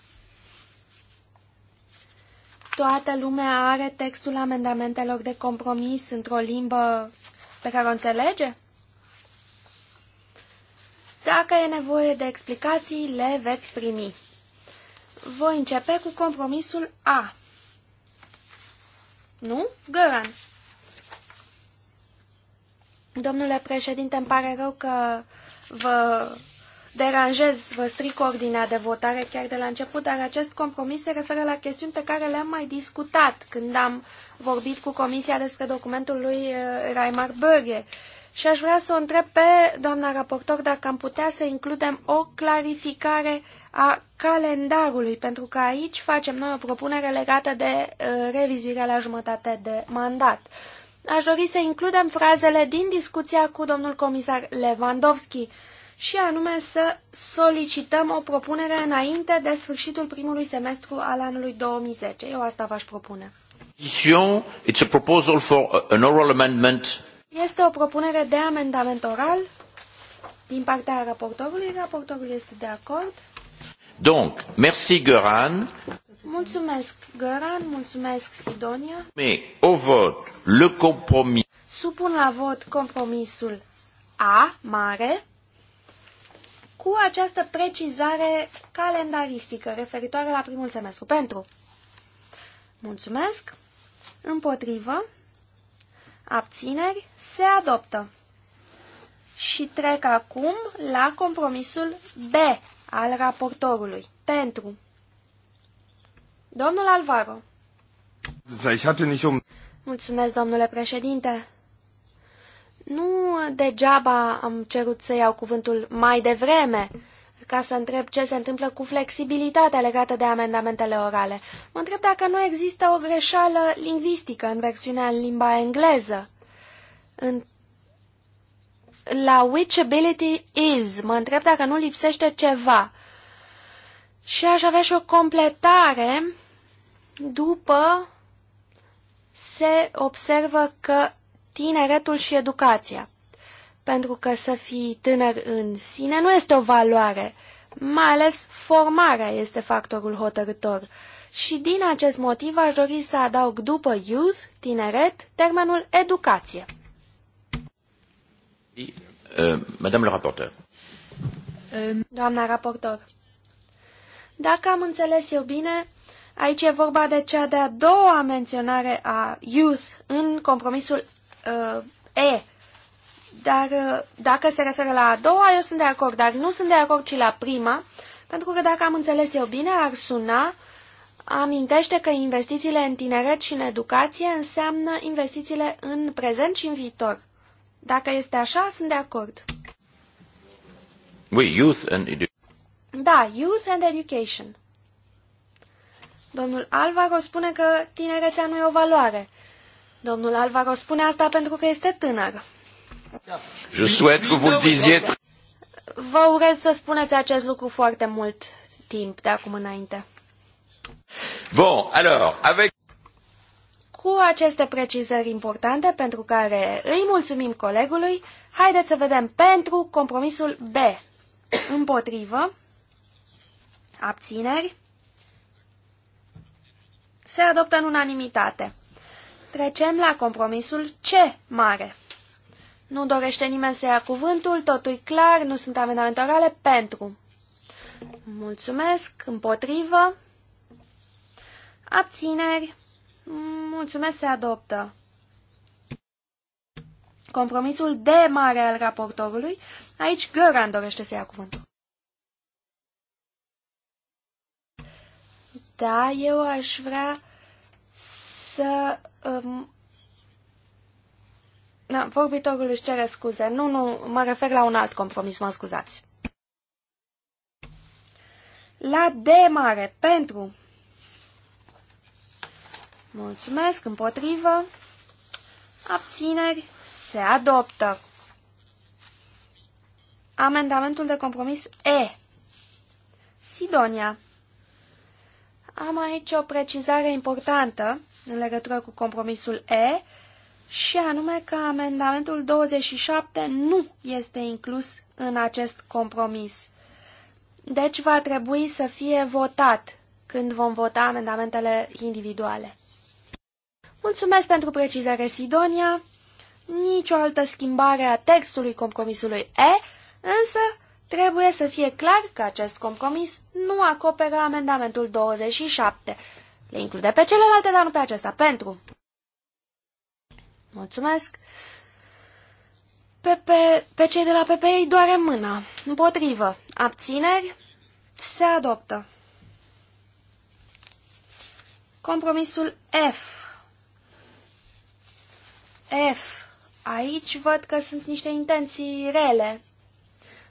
Toată lumea are textul amendamentelor de compromis într-o limbă pe care o înțelege? Dacă e nevoie de explicații, le veți primi. Voi începe cu compromisul A. Nu? Găran. Domnule președinte, îmi pare rău că vă deranjez, vă stric ordinea de votare chiar de la început, dar acest compromis se referă la chestiuni pe care le-am mai discutat când am vorbit cu comisia despre documentul lui eh, Raimar Böge. Și aș vrea să o întreb pe doamna raportor dacă am putea să includem o clarificare a calendarului, pentru că aici facem noi o propunere legată de uh, revizuirea la jumătate de mandat. Aș dori să includem frazele din discuția cu domnul comisar Lewandowski și anume să solicităm o propunere înainte de sfârșitul primului semestru al anului 2010. Eu asta v-aș propune. It's a proposal for an oral amendment. Este o propunere de amendament oral din partea raportorului. Raportorul este de acord. Donc, merci Göran. Mulțumesc, Göran, mulțumesc, Sidonia. Mais au vote, le compromis. Supun la vot compromisul A, mare, cu această precizare calendaristică referitoare la primul semestru. Pentru. Mulțumesc. Împotrivă. Abțineri. Se adoptă. Și trec acum la compromisul B, al raportorului. Pentru. Domnul Alvaro. Mulțumesc, domnule președinte. Nu degeaba am cerut să iau cuvântul mai devreme ca să întreb ce se întâmplă cu flexibilitatea legată de amendamentele orale. Mă întreb dacă nu există o greșeală lingvistică în versiunea în limba engleză. În la which ability is. Mă întreb dacă nu lipsește ceva. Și aș avea și o completare după se observă că tineretul și educația. Pentru că să fii tânăr în sine nu este o valoare, mai ales formarea este factorul hotărător. Și din acest motiv aș dori să adaug după youth, tineret, termenul educație. Euh, Madame le euh, Doamna raportor. Dacă am înțeles eu bine, aici e vorba de cea de-a doua menționare a youth în compromisul uh, E. Dar uh, dacă se referă la a doua, eu sunt de acord, dar nu sunt de acord ci la prima, pentru că dacă am înțeles eu bine, ar suna amintește că investițiile în tineret și în educație înseamnă investițiile în prezent și în viitor. Dacă este așa, sunt de acord. Oui, youth and da, youth and education. Domnul Alvaro spune că tinerețea nu e o valoare. Domnul Alvaro spune asta pentru că este tânăr. Je souhaite que vous disiez. Vă urez să spuneți acest lucru foarte mult timp de acum înainte. Bun, alors, avec... Cu aceste precizări importante pentru care îi mulțumim colegului, haideți să vedem pentru compromisul B. Împotrivă. Abțineri. Se adoptă în unanimitate. Trecem la compromisul C mare. Nu dorește nimeni să ia cuvântul, totul clar, nu sunt amendamente orale, pentru. Mulțumesc, împotrivă, abțineri, Mulțumesc, se adoptă. Compromisul de mare al raportorului. Aici Găran dorește să ia cuvântul. Da, eu aș vrea să... Um, da, vorbitorul își cere scuze. Nu, nu, mă refer la un alt compromis, mă scuzați. La D mare, pentru Mulțumesc. Împotrivă. Abțineri. Se adoptă. Amendamentul de compromis E. Sidonia. Am aici o precizare importantă în legătură cu compromisul E și anume că amendamentul 27 nu este inclus în acest compromis. Deci va trebui să fie votat când vom vota amendamentele individuale. Mulțumesc pentru precizare, Sidonia. Nici o altă schimbare a textului compromisului E, însă trebuie să fie clar că acest compromis nu acoperă amendamentul 27. Le include pe celelalte, dar nu pe acesta. Pentru. Mulțumesc. Pe, pe, pe cei de la PPI doare mâna. Împotrivă. Abțineri. Se adoptă. Compromisul F F. Aici văd că sunt niște intenții rele.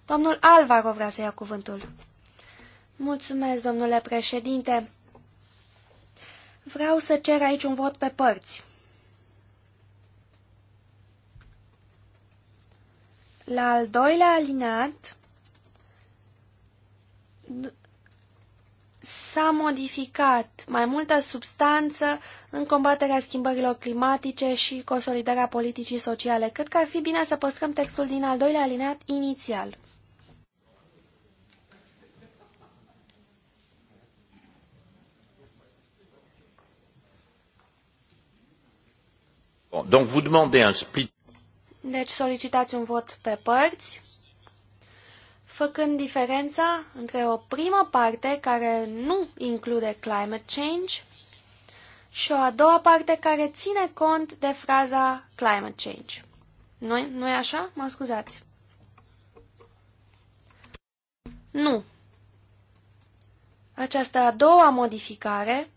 Domnul Alvaro vrea să ia cuvântul. Mulțumesc, domnule președinte. Vreau să cer aici un vot pe părți. La al doilea alineat s-a modificat mai multă substanță în combaterea schimbărilor climatice și consolidarea politicii sociale. Cred că ar fi bine să păstrăm textul din al doilea alineat inițial. Deci solicitați un vot pe părți făcând diferența între o primă parte care nu include climate change și o a doua parte care ține cont de fraza climate change. Nu, nu e așa? Mă scuzați. Nu. Această a doua modificare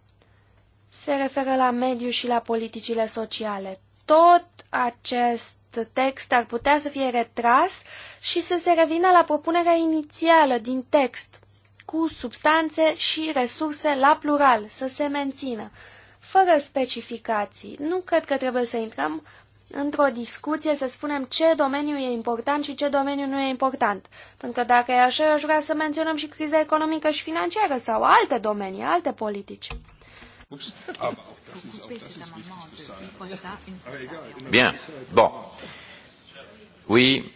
se referă la mediu și la politicile sociale tot acest text ar putea să fie retras și să se revină la propunerea inițială din text, cu substanțe și resurse la plural, să se mențină, fără specificații. Nu cred că trebuie să intrăm într-o discuție să spunem ce domeniu e important și ce domeniu nu e important. Pentru că dacă e așa, aș vrea să menționăm și criza economică și financiară sau alte domenii, alte politici. Ups, ah, Bien. Bon. Oui.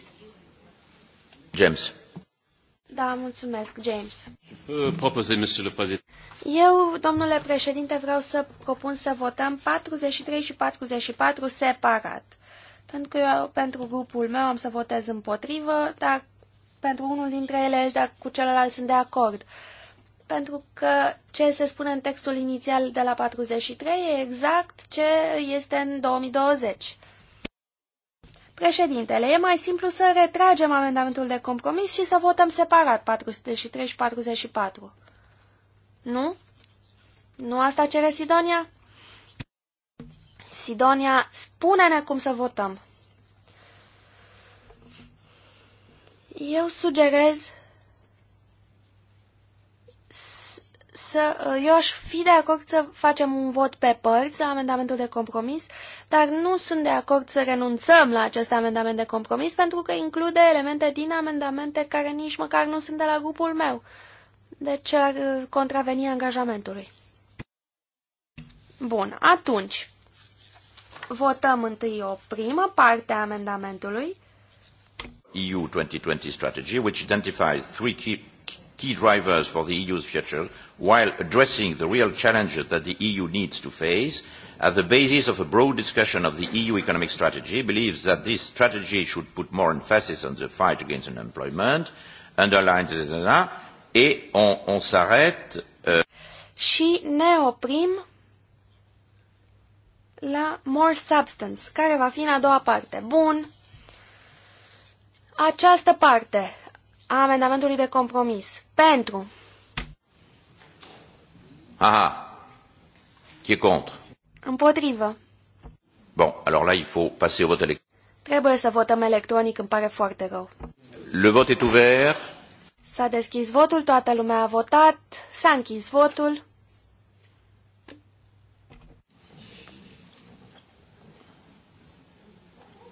James. Da, mulțumesc, James. Eu, domnule președinte, vreau să propun să votăm 43 și 44 separat. Pentru că eu, pentru grupul meu, am să votez împotrivă, dar pentru unul dintre ele, dar cu celălalt sunt de acord. Uh, pentru că ce se spune în textul inițial de la 43 e exact ce este în 2020. Președintele, e mai simplu să retragem amendamentul de compromis și să votăm separat 43 și 44. Nu? Nu asta cere Sidonia? Sidonia, spune-ne cum să votăm. Eu sugerez să, uh, eu aș fi de acord să facem un vot pe părți la amendamentul de compromis, dar nu sunt de acord să renunțăm la acest amendament de compromis pentru că include elemente din amendamente care nici măcar nu sunt de la grupul meu. Deci ar uh, contraveni angajamentului. Bun, atunci votăm întâi o primă parte a amendamentului. EU 2020 strategy which identifies three key key drivers for the EU's future while addressing the real challenges that the EU needs to face at the basis of a broad discussion of the EU economic strategy, believes that this strategy should put more emphasis on the fight against unemployment, underlines, etc., et on, on s'arrête... Uh... Și ne oprim la More Substance, care va fi în a doua parte. Bun, această parte a amendamentului de compromis pentru. Aha. Ah. Qui est contre? Împotrivă. Bon, alors là, il faut passer au vote électronique. Trebuie să votăm electronic, îmi pare foarte rău. Le vot est ouvert. S-a deschis votul, toată lumea a votat, s-a închis votul.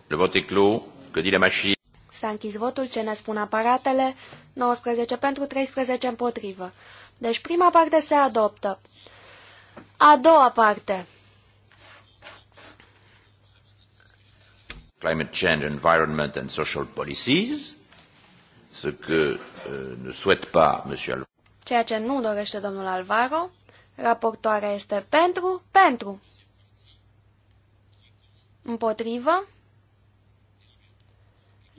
Le vote est clos. Que dit la machine? S-a închis votul, ce ne spun aparatele, 19 pentru, 13 împotrivă. Deci prima parte se adoptă. A doua parte. Climate change, environment and social policies, ce că nu euh, ne souhaite pas monsieur Alvaro. Ceea ce nu dorește domnul Alvaro, raportoarea este pentru, pentru. Împotrivă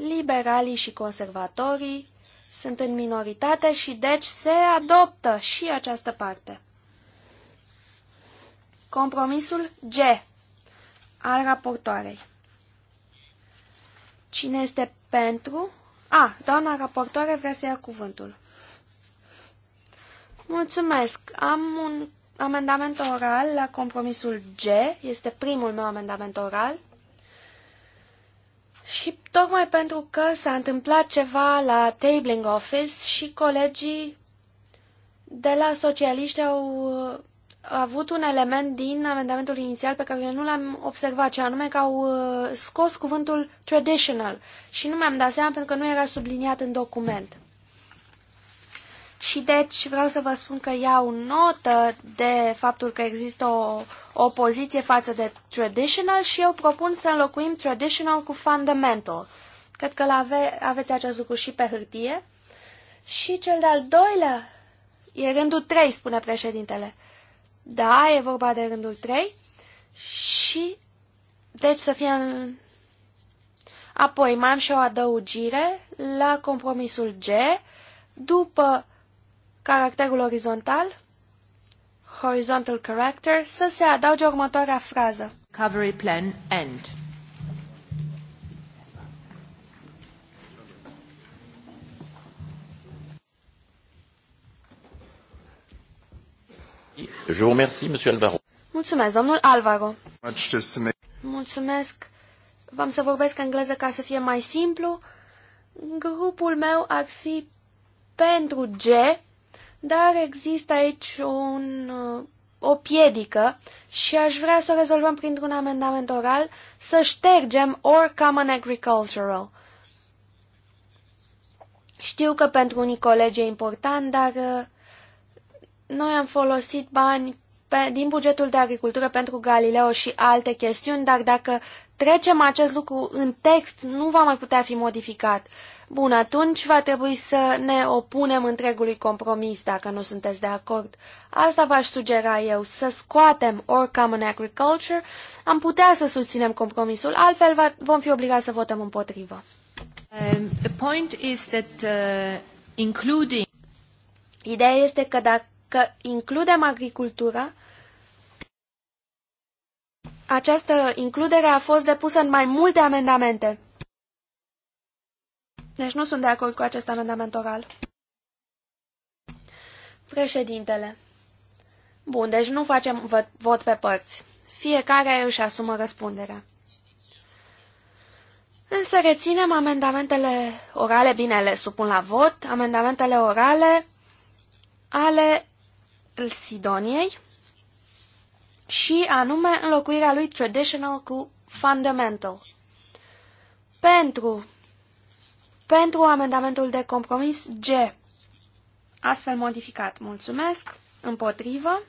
liberalii și conservatorii sunt în minoritate și deci se adoptă și această parte. Compromisul G al raportoarei. Cine este pentru? A, doamna raportoare vrea să ia cuvântul. Mulțumesc. Am un amendament oral la compromisul G. Este primul meu amendament oral. Și tocmai pentru că s-a întâmplat ceva la tabling office și colegii de la socialiști au uh, avut un element din amendamentul inițial pe care eu nu l-am observat, ce anume că au uh, scos cuvântul traditional și nu mi-am dat seama pentru că nu era subliniat în document. Și deci vreau să vă spun că iau notă de faptul că există o o poziție față de traditional și eu propun să înlocuim traditional cu fundamental. Cred că ave aveți acest lucru și pe hârtie. Și cel de-al doilea e rândul 3, spune președintele. Da, e vorba de rândul 3 și deci să fie în... Apoi mai am și o adăugire la compromisul G după caracterul orizontal horizontal character, să se adauge următoarea frază. Recovery plan end. Je vous remercie, monsieur Alvaro. Mulțumesc, domnul Alvaro. Mulțumesc. V-am să vorbesc engleză ca să fie mai simplu. Grupul meu ar fi pentru G, dar există aici un, uh, o piedică și aș vrea să o rezolvăm printr-un amendament oral, să ștergem or common agricultural. Știu că pentru unii colegi e important, dar uh, noi am folosit bani pe, din bugetul de agricultură pentru Galileo și alte chestiuni, dar dacă trecem acest lucru în text, nu va mai putea fi modificat. Bun, atunci va trebui să ne opunem întregului compromis, dacă nu sunteți de acord. Asta v-aș sugera eu, să scoatem Or Common Agriculture, am putea să susținem compromisul, altfel va, vom fi obligați să votăm împotrivă. Um, the point is that, uh, including... Ideea este că dacă includem agricultura, această includere a fost depusă în mai multe amendamente. Deci nu sunt de acord cu acest amendament oral. Președintele. Bun, deci nu facem vot pe părți. Fiecare își asumă răspunderea. Însă reținem amendamentele orale, bine, le supun la vot, amendamentele orale ale Sidoniei și anume înlocuirea lui traditional cu fundamental. Pentru, pentru amendamentul de compromis G, astfel modificat, mulțumesc, împotrivă,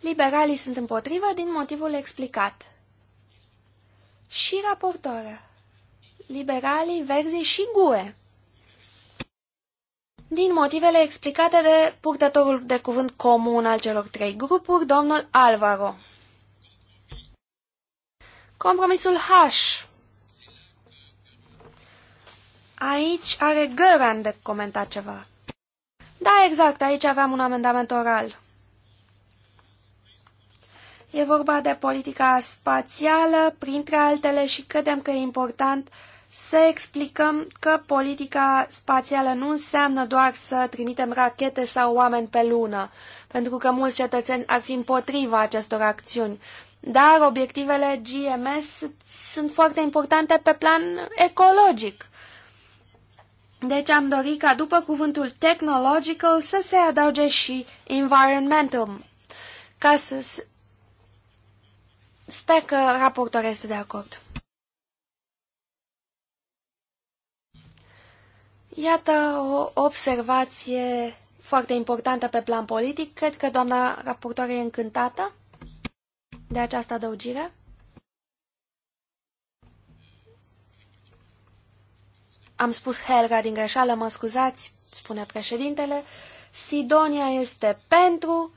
liberalii sunt împotrivă din motivul explicat. Și raportoarea, liberalii, verzii și GUE din motivele explicate de purtătorul de cuvânt comun al celor trei grupuri, domnul Alvaro. Compromisul H. Aici are Găran de comentat ceva. Da, exact, aici aveam un amendament oral. E vorba de politica spațială, printre altele, și credem că e important uh, să explicăm că politica spațială nu înseamnă doar să trimitem rachete sau oameni pe lună, pentru că mulți cetățeni ar fi împotriva acestor acțiuni. Dar obiectivele GMS sunt foarte importante pe plan ecologic. Deci am dorit ca după cuvântul technological să se adauge și environmental, ca să... Sper că raportorul este de acord. Iată o observație foarte importantă pe plan politic. Cred că doamna raportoare e încântată de această adăugire. Am spus Helga din greșeală, mă scuzați, spune președintele. Sidonia este pentru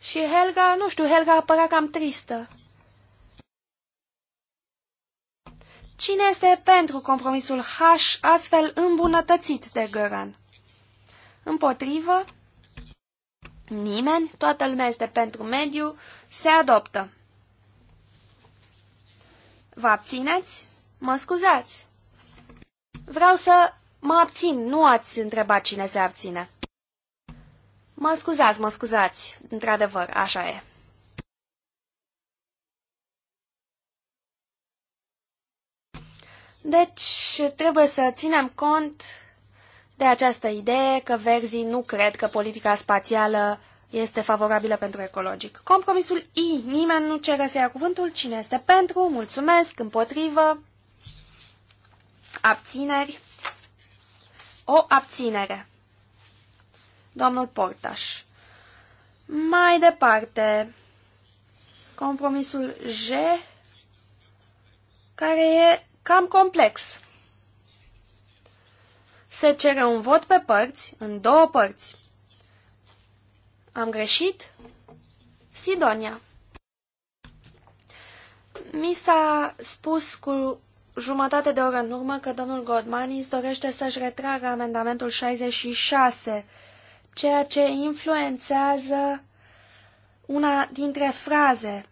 și Helga, nu știu, Helga apărea cam tristă. Cine este pentru compromisul H, astfel îmbunătățit de Găran? Împotrivă? Nimeni, toată lumea este pentru mediu, se adoptă. Vă abțineți? Mă scuzați. Vreau să mă abțin, nu ați întrebat cine se abține. Mă scuzați, mă scuzați, într-adevăr, așa e. Deci trebuie să ținem cont de această idee că verzii nu cred că politica spațială este favorabilă pentru ecologic. Compromisul I. Nimeni nu cere să ia cuvântul. Cine este pentru? Mulțumesc. Împotrivă. Abțineri. O abținere. Domnul Portaș. Mai departe. Compromisul J. Care e cam complex. Se cere un vot pe părți, în două părți. Am greșit? Sidonia. Mi s-a spus cu jumătate de oră în urmă că domnul Godmanis dorește să-și retragă amendamentul 66, ceea ce influențează una dintre fraze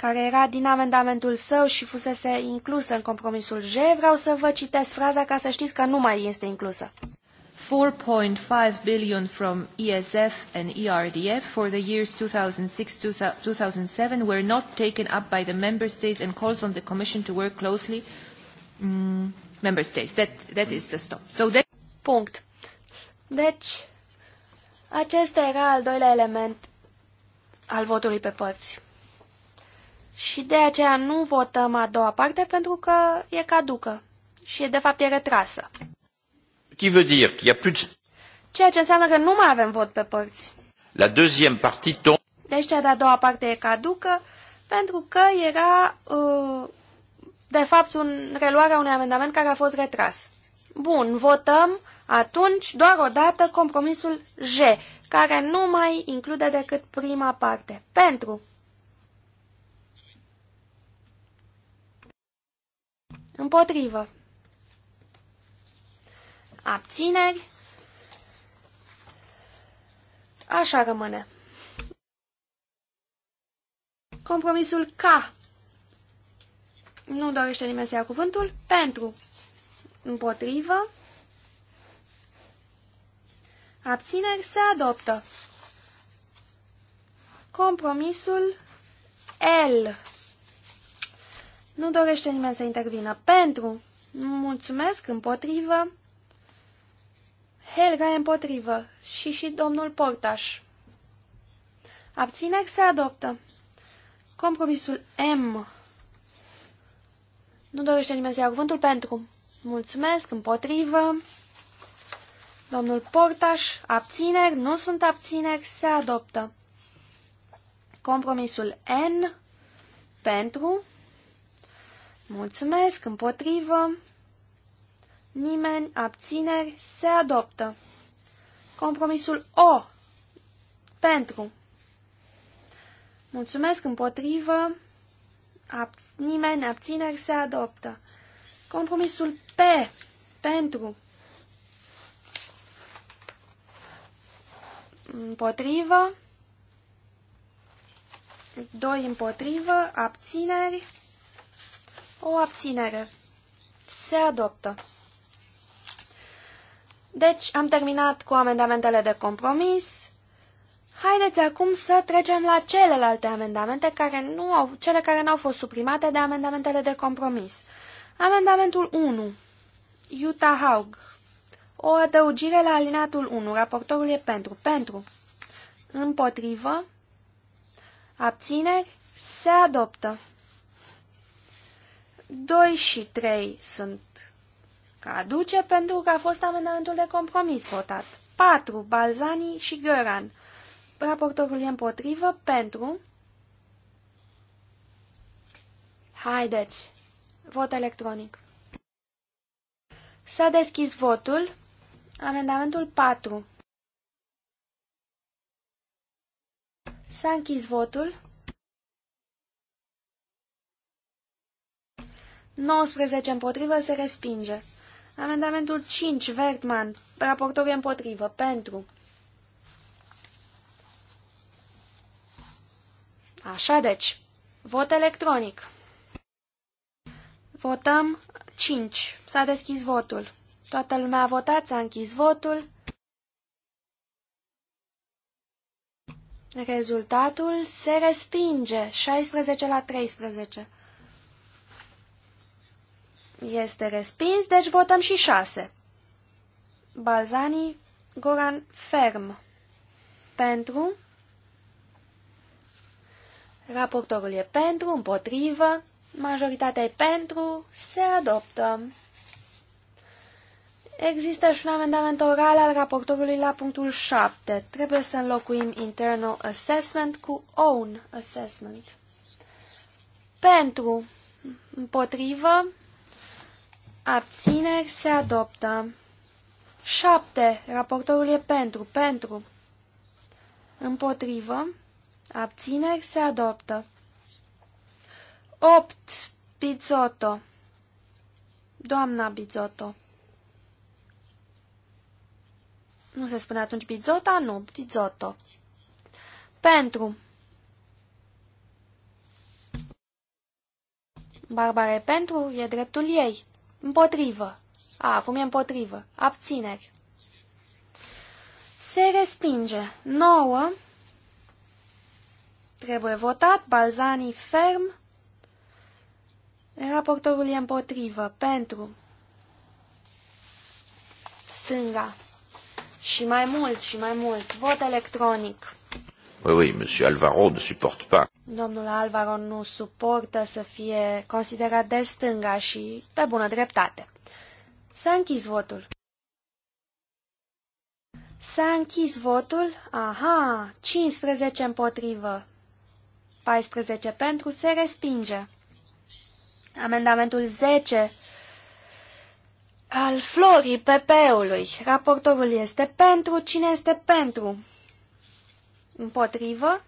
care era din amendamentul său și fusese inclusă în compromisul J, vreau să vă citesc fraza ca să știți că nu mai este inclusă. 4.5 billion from ESF and ERDF for the years 2006-2007 were not taken up by the member states and calls on the commission to work closely mm, member states. That, that is the stop. So that... Punct. Deci, acesta era al doilea element al votului pe părți. Și de aceea nu votăm a doua parte pentru că e caducă și de fapt e retrasă. Qui veut dire qu'il y a plus de... Ceea ce înseamnă că nu mai avem vot pe părți. La deuxième partie tombe. Deci cea de-a doua parte e caducă pentru că era uh, de fapt un reluare a unui amendament care a fost retras. Bun, votăm atunci doar o dată compromisul J, care nu mai include decât prima parte. Pentru Împotrivă. Abțineri. Așa rămâne. Compromisul K. Nu dorește nimeni să ia cuvântul. Pentru. Împotrivă. Abțineri se adoptă. Compromisul L. Nu dorește nimeni să intervină pentru. Mulțumesc, împotrivă. Helga e împotrivă și și domnul Portaș. Abține se adoptă. Compromisul M. Nu dorește nimeni să ia cuvântul pentru. Mulțumesc, împotrivă. Domnul Portaș, abțineri, nu sunt abțineri, se adoptă. Compromisul N, pentru, Mulțumesc, împotrivă. Nimeni, abțineri, se adoptă. Compromisul O. Pentru. Mulțumesc, împotrivă. Ab nimeni, abțineri, se adoptă. Compromisul P. Pentru. Împotrivă. doi împotrivă, abțineri, o abținere. Se adoptă. Deci, am terminat cu amendamentele de compromis. Haideți acum să trecem la celelalte amendamente care nu au, cele care nu au fost suprimate de amendamentele de compromis. Amendamentul 1. Utah Haug. O adăugire la alineatul 1. Raportorul e pentru. Pentru. Împotrivă. Abțineri. Se adoptă. 2 și 3 sunt caduce pentru că a fost amendamentul de compromis votat. 4. Balzani și Găran. Raportorul e împotrivă pentru... Haideți! Vot electronic. S-a deschis votul. Amendamentul 4. S-a închis votul. 19 împotrivă se respinge. Amendamentul 5, Vertman, raportorul împotrivă, pentru. Așa deci, vot electronic. Votăm 5. S-a deschis votul. Toată lumea a votat, s-a închis votul. Rezultatul se respinge, 16 la 13. Este respins, deci votăm și șase. Balzani, Goran, ferm. Pentru. Raportorul e pentru, împotrivă. Majoritatea e pentru, se adoptă. Există și un amendament oral al raportorului la punctul 7. Trebuie să înlocuim internal assessment cu own assessment. Pentru, împotrivă, abțineri, se adoptă. 7. Raportorul e pentru, pentru. Împotrivă, abțineri, se adoptă. 8. Bizotto. Doamna Bizotto. Nu se spune atunci bizota, nu, bizotto. Pentru. Barbara e pentru, e dreptul ei. Împotrivă. A, acum e împotrivă. Abțineri. Se respinge. 9. Trebuie votat. Balzani ferm. Raportorul e împotrivă. Pentru. Stânga. Și mai mult, și mai mult. Vot electronic. Oui, oui, monsieur Alvaro ne supporte pas. Domnul Alvaro nu suportă să fie considerat de stânga și pe bună dreptate. S-a închis votul. S-a închis votul. Aha, 15 împotrivă. 14 pentru se respinge. Amendamentul 10 al florii PP-ului. Raportorul este pentru. Cine este pentru? Împotrivă?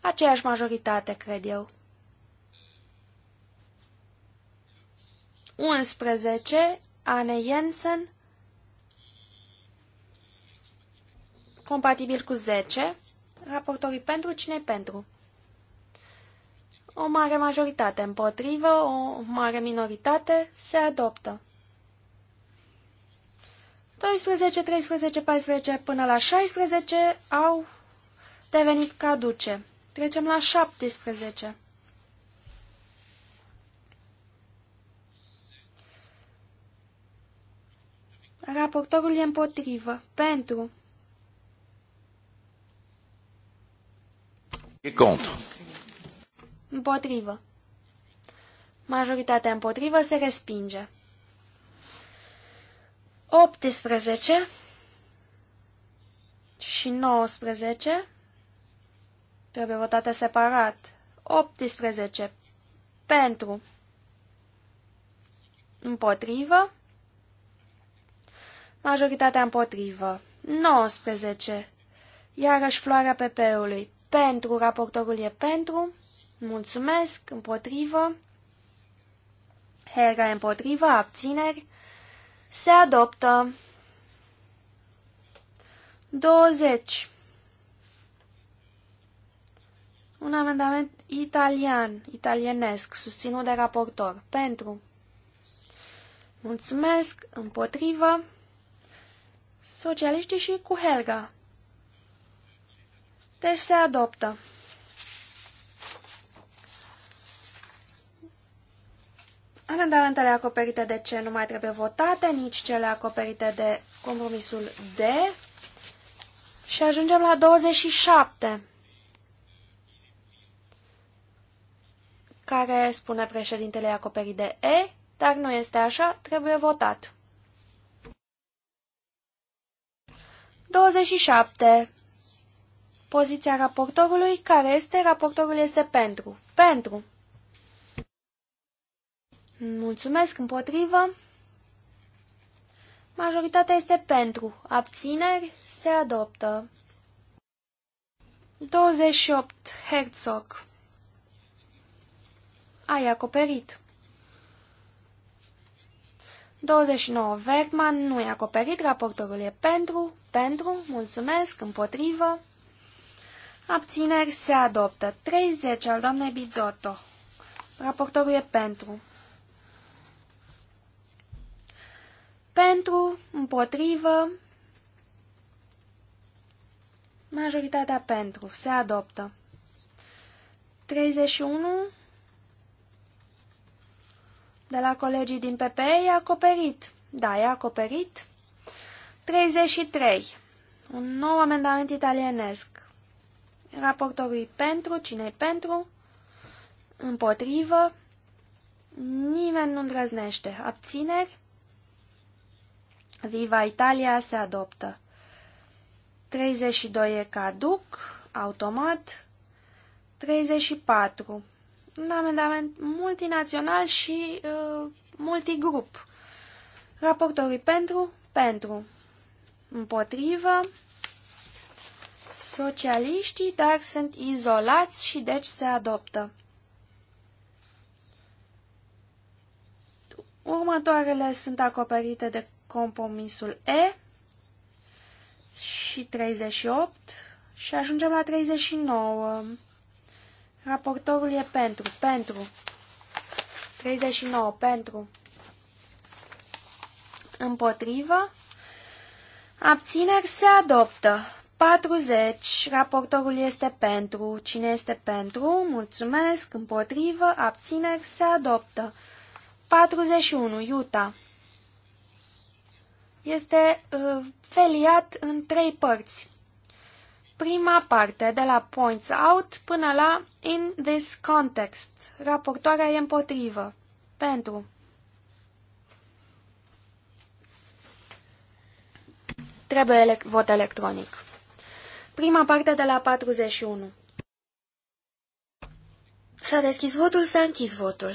Aceeași majoritate, cred eu. 11. Anne Jensen Compatibil cu 10. Raportorii pentru cine pentru? O mare majoritate împotrivă, o mare minoritate se adoptă. 12, 13, 14 până la 16 au devenit caduce. Trecem la 17. Raportorul e împotrivă. Pentru. E contra. Împotrivă. Majoritatea împotrivă se respinge. 18 și 19 trebuie votate separat. 18 pentru împotrivă, majoritatea împotrivă. 19 iarăși floarea PP-ului. Pentru, raportorul e pentru, mulțumesc, împotrivă, Helga împotrivă, abțineri, se adoptă 20. Un amendament italian, italienesc, susținut de raportor. Pentru. Mulțumesc, împotrivă. Socialiștii și cu Helga. Deci se adoptă. Amendamentele acoperite de C nu mai trebuie votate, nici cele acoperite de compromisul D. Și ajungem la 27, care spune președintele acoperit de E, dar nu este așa, trebuie votat. 27. Poziția raportorului, care este? Raportorul este pentru. Pentru. Mulțumesc împotrivă. Majoritatea este pentru. Abțineri se adoptă. 28. Herzog. Ai acoperit. 29. Verman nu e acoperit, raportorul e pentru, pentru, mulțumesc, împotrivă. Abțineri se adoptă. 30 al doamnei Bizotto. Raportorul e pentru, Pentru, împotrivă, majoritatea pentru, se adoptă. 31 de la colegii din PP e acoperit. Da, e acoperit. 33. Un nou amendament italienesc. Raportorului pentru, cine pentru, împotrivă, nimeni nu îndrăznește. Abțineri, Viva Italia se adoptă. 32 e caduc, automat. 34. Un amendament multinațional și uh, multigrup. Raportorii pentru, pentru. Împotrivă, socialiștii, dar sunt izolați și deci se adoptă. Următoarele sunt acoperite de compromisul E și 38 și ajungem la 39. Raportorul e pentru, pentru, 39, pentru, împotrivă, abțineri se adoptă, 40, raportorul este pentru, cine este pentru, mulțumesc, împotrivă, abțineri se adoptă, 41, Iuta este uh, feliat în trei părți. Prima parte, de la points out până la in this context. Raportoarea e împotrivă. Pentru. Trebuie ele vot electronic. Prima parte de la 41. S-a deschis votul, s-a închis votul.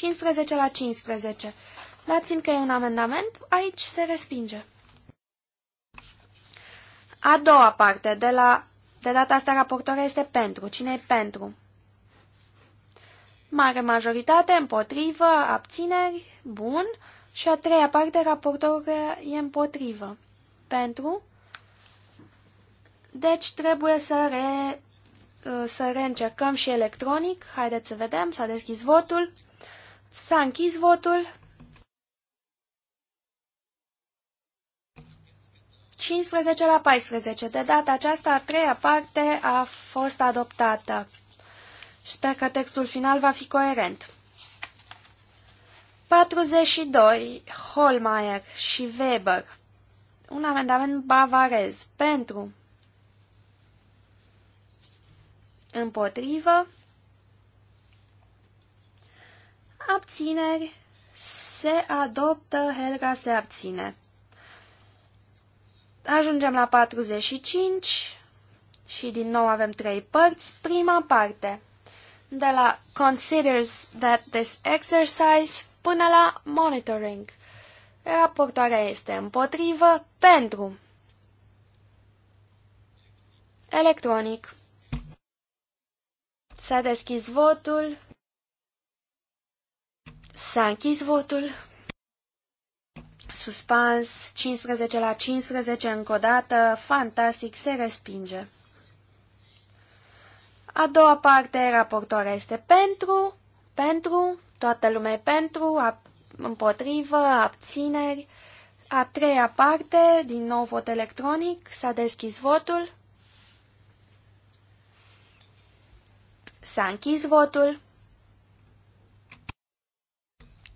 15 la 15. Dat fiindcă e un amendament, aici se respinge. A doua parte, de, la, de data asta raportoarea este pentru. cine e pentru? Mare majoritate, împotrivă, abțineri, bun. Și a treia parte, raportoarea e împotrivă. Pentru. Deci trebuie să, re, să reîncercăm și electronic. Haideți să vedem, s-a deschis votul. S-a închis votul. 15 la 14. De data aceasta, a treia parte a fost adoptată. Sper că textul final va fi coerent. 42. Holmeier și Weber. Un amendament bavarez. Pentru. Împotrivă. Abțineri. Se adoptă. Helga se abține. Ajungem la 45 și din nou avem trei părți. Prima parte, de la considers that this exercise până la monitoring. Raportoarea este împotrivă pentru electronic. S-a deschis votul. S-a închis votul. Suspans 15 la 15 încă o dată. Fantastic, se respinge. A doua parte, raportoarea este pentru, pentru, toată lumea e pentru, a, împotrivă, abțineri. A treia parte, din nou vot electronic, s-a deschis votul. S-a închis votul.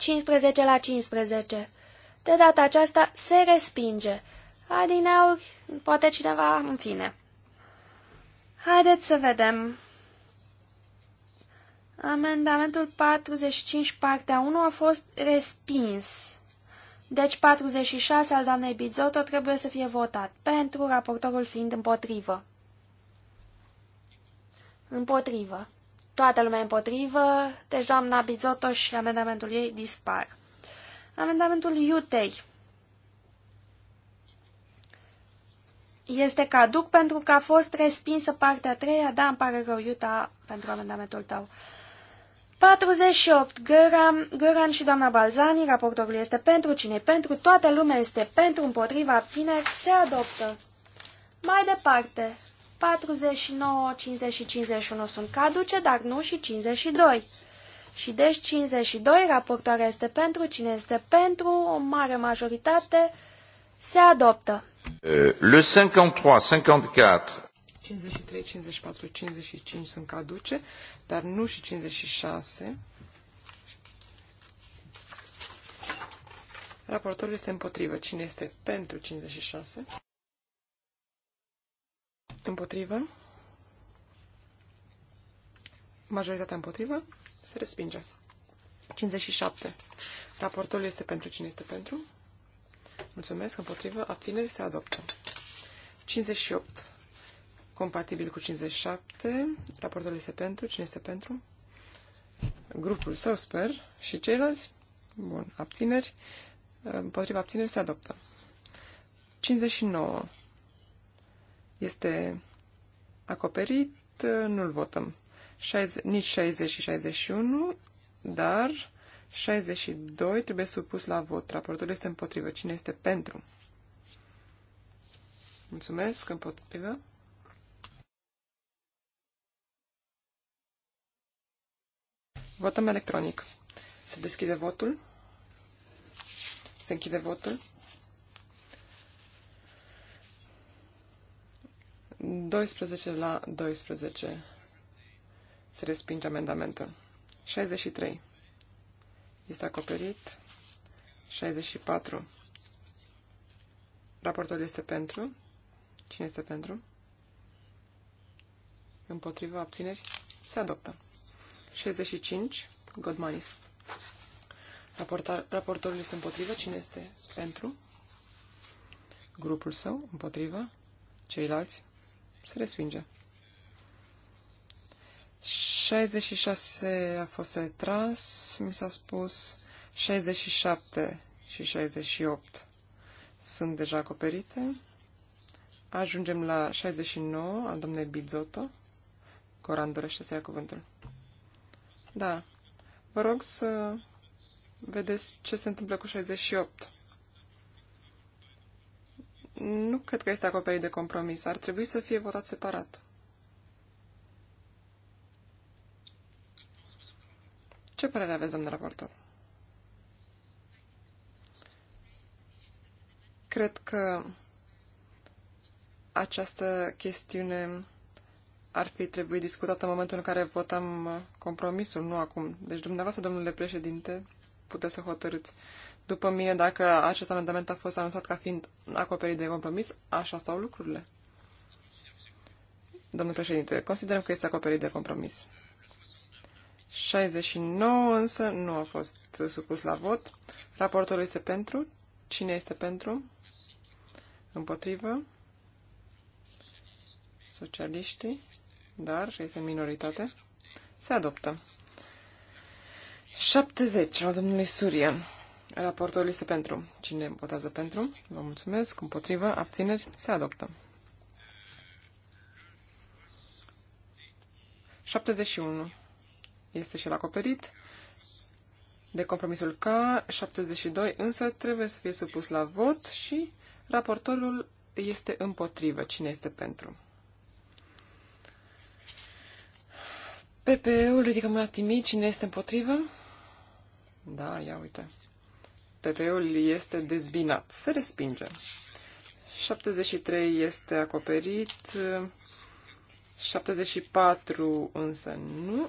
15 la 15. De data aceasta se respinge. Adineauri, poate cineva, în fine. Haideți să vedem. Amendamentul 45, partea 1, a fost respins. Deci 46 al doamnei Bizotto trebuie să fie votat, pentru raportorul fiind împotrivă. Împotrivă toată lumea împotrivă, deci doamna Bizotto și amendamentul ei dispar. Amendamentul Iutei este caduc pentru că a fost respinsă partea a treia, da, îmi pare rău, Iuta, pentru amendamentul tău. 48. Găran, Găran și doamna Balzani, raportorul este pentru cine pentru, toată lumea este pentru, împotriva, abțineri, se adoptă. Mai departe, 49, 50 și 51 sunt caduce, dar nu și 52. Și deci 52, raportoarea este pentru, cine este pentru, o mare majoritate se adoptă. Uh, le 53, 54. 53, 54, 55 sunt caduce, dar nu și 56. Raportorul este împotrivă. Cine este pentru 56? Împotrivă. Majoritatea împotrivă. Se respinge. 57. Raportul este pentru cine este pentru. Mulțumesc. Împotrivă. Abțineri se adoptă. 58. Compatibil cu 57. Raportul este pentru. Cine este pentru? Grupul său, sper, și ceilalți. Bun. Abțineri. Împotriva abțineri se adoptă. 59 este acoperit, nu-l votăm. 60, nici 60 și 61, dar 62 trebuie supus la vot. Raportul este împotrivă. Cine este pentru? Mulțumesc, împotrivă. Votăm electronic. Se deschide votul. Se închide votul. 12 la 12 se respinge amendamentul. 63 este acoperit. 64 raportul este pentru. Cine este pentru? Împotriva abțineri? Se adoptă. 65 Godmanis. Raportar, raportorul este împotrivă. Cine este pentru? Grupul său împotrivă. Ceilalți se respinge. 66 a fost retras, mi s-a spus 67 și 68 sunt deja acoperite. Ajungem la 69 a domnului Bizotto. Coran dorește să ia cuvântul. Da. Vă rog să vedeți ce se întâmplă cu 68 nu cred că este acoperit de compromis. Ar trebui să fie votat separat. Ce părere aveți, domnul raportor? Cred că această chestiune ar fi trebuit discutată în momentul în care votam compromisul, nu acum. Deci, dumneavoastră, domnule președinte, puteți să hotărâți după mine, dacă acest amendament a fost anunțat ca fiind acoperit de compromis, așa stau lucrurile. Domnul președinte, considerăm că este acoperit de compromis. 69 însă nu a fost supus la vot. Raportul este pentru. Cine este pentru? Împotrivă? Socialiștii? Dar este minoritate. Se adoptă. 70 al domnului Surian. Raportul este pentru. Cine votează pentru? Vă mulțumesc. Împotrivă. Abțineri. Se adoptă. 71. Este și el acoperit de compromisul K. 72 însă trebuie să fie supus la vot și raportorul este împotrivă. Cine este pentru? PPE-ul ridică mâna timid. Cine este împotrivă? Da, ia uite. PP-ul este dezbinat. Se respinge. 73 este acoperit. 74 însă nu.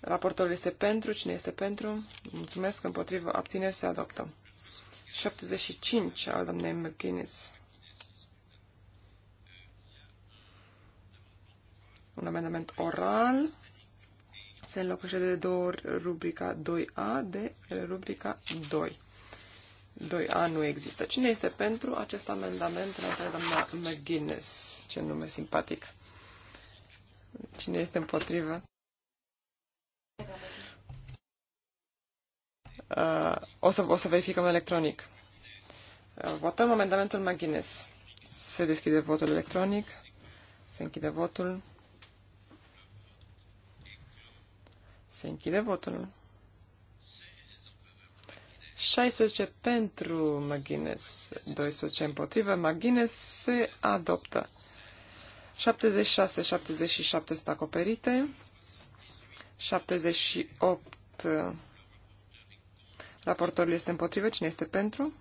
Raportorul este pentru. Cine este pentru? Mulțumesc. Împotrivă. Abțineri se adoptă. 75 al doamnei McGuinness. Un amendament oral se înlocuiește de două ori rubrica 2A de rubrica 2. 2A nu există. Cine este pentru acest amendament înainte doamna McGuinness? Ce nume simpatic. Cine este împotrivă? Uh, o, să, o să verificăm electronic. Uh, votăm amendamentul McGuinness. Se deschide votul electronic. Se închide votul. Se închide votul. 16 pentru McGuinness, 12 împotrivă. McGuinness se adoptă. 76, 77 sunt acoperite. 78 Raportorul este împotrivă. Cine este pentru?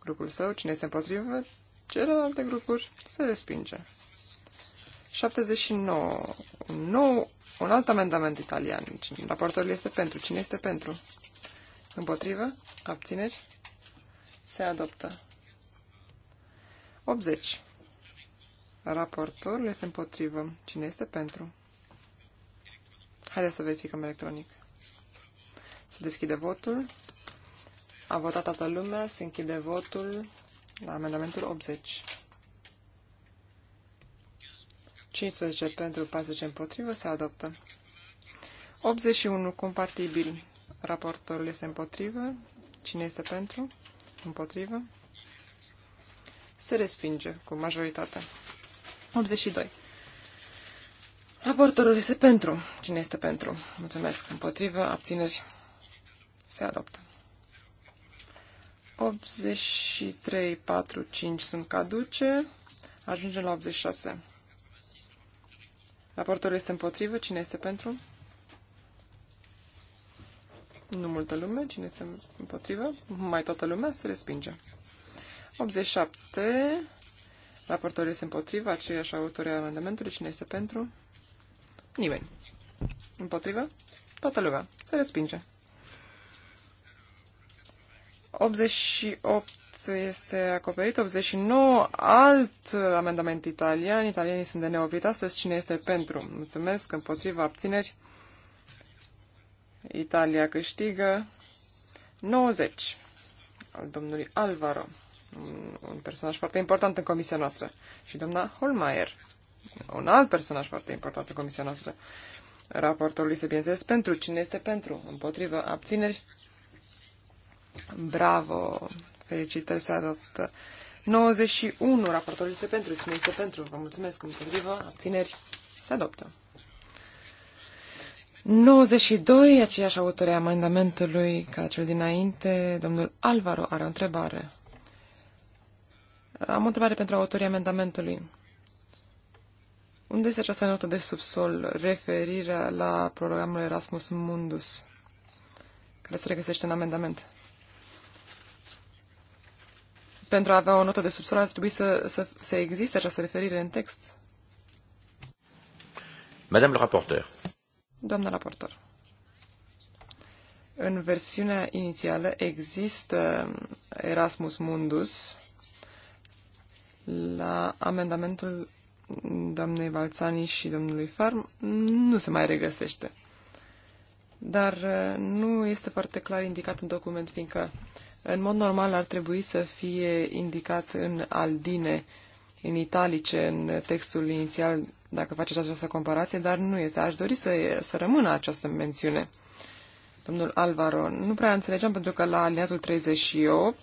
Grupul său. Cine este împotrivă? Celelalte grupuri se respinge. 79. Un nou, un alt amendament italian. Raportorul este pentru. Cine este pentru? Împotrivă? Abțineri? Se adoptă. 80. Raportorul este împotrivă. Cine este pentru? Haideți să verificăm electronic. Se deschide votul. A votat toată lumea. Se închide votul la amendamentul 80. 15 pentru 14 împotrivă se adoptă. 81 compatibil. Raportorul este împotrivă. Cine este pentru? Împotrivă. Se respinge cu majoritatea. 82. Raportorul este pentru. Cine este pentru? Mulțumesc. Împotrivă. Abțineri. Se adoptă. 83, 4, 5 sunt caduce. Ajungem la 86. Raportorul este împotrivă. Cine este pentru? Nu multă lume. Cine este împotrivă? Mai toată lumea se respinge. 87. Raportorul este împotrivă. Aceiași autori amendamentului. Cine este pentru? Nimeni. Împotrivă? Toată lumea. Se respinge. 88 este acoperit. 89, alt amendament italian. Italienii sunt de neoprit astăzi. Cine este pentru? Mulțumesc. Împotriva abțineri. Italia câștigă. 90. Al domnului Alvaro. Un, personaj foarte important în comisia noastră. Și doamna Holmeier. Un alt personaj foarte important în comisia noastră. Raportorul se bineînțeles, pentru. Cine este pentru? Împotrivă abțineri. Bravo! Felicitări se adoptă. 91. Raportorul este pentru. Cine este pentru? Vă mulțumesc. Împotrivă. Abțineri. Se adoptă. 92. Aceeași autori a amendamentului ca cel dinainte. Domnul Alvaro are o întrebare. Am o întrebare pentru autorii amendamentului. Unde este această notă de subsol, referirea la programul Erasmus Mundus, care se regăsește în amendament? pentru a avea o notă de subsol ar trebui să, să, să existe această referire în text. Madame le rapporteur. Doamna raportor. În versiunea inițială există Erasmus Mundus la amendamentul doamnei Balțani și domnului Farm nu se mai regăsește. Dar uh, nu este foarte clar indicat în document, fiindcă în mod normal ar trebui să fie indicat în aldine, în italice, în textul inițial, dacă faceți această comparație, dar nu este. Aș dori să, să rămână această mențiune. Domnul Alvaro, nu prea înțelegeam pentru că la aliniatul 38,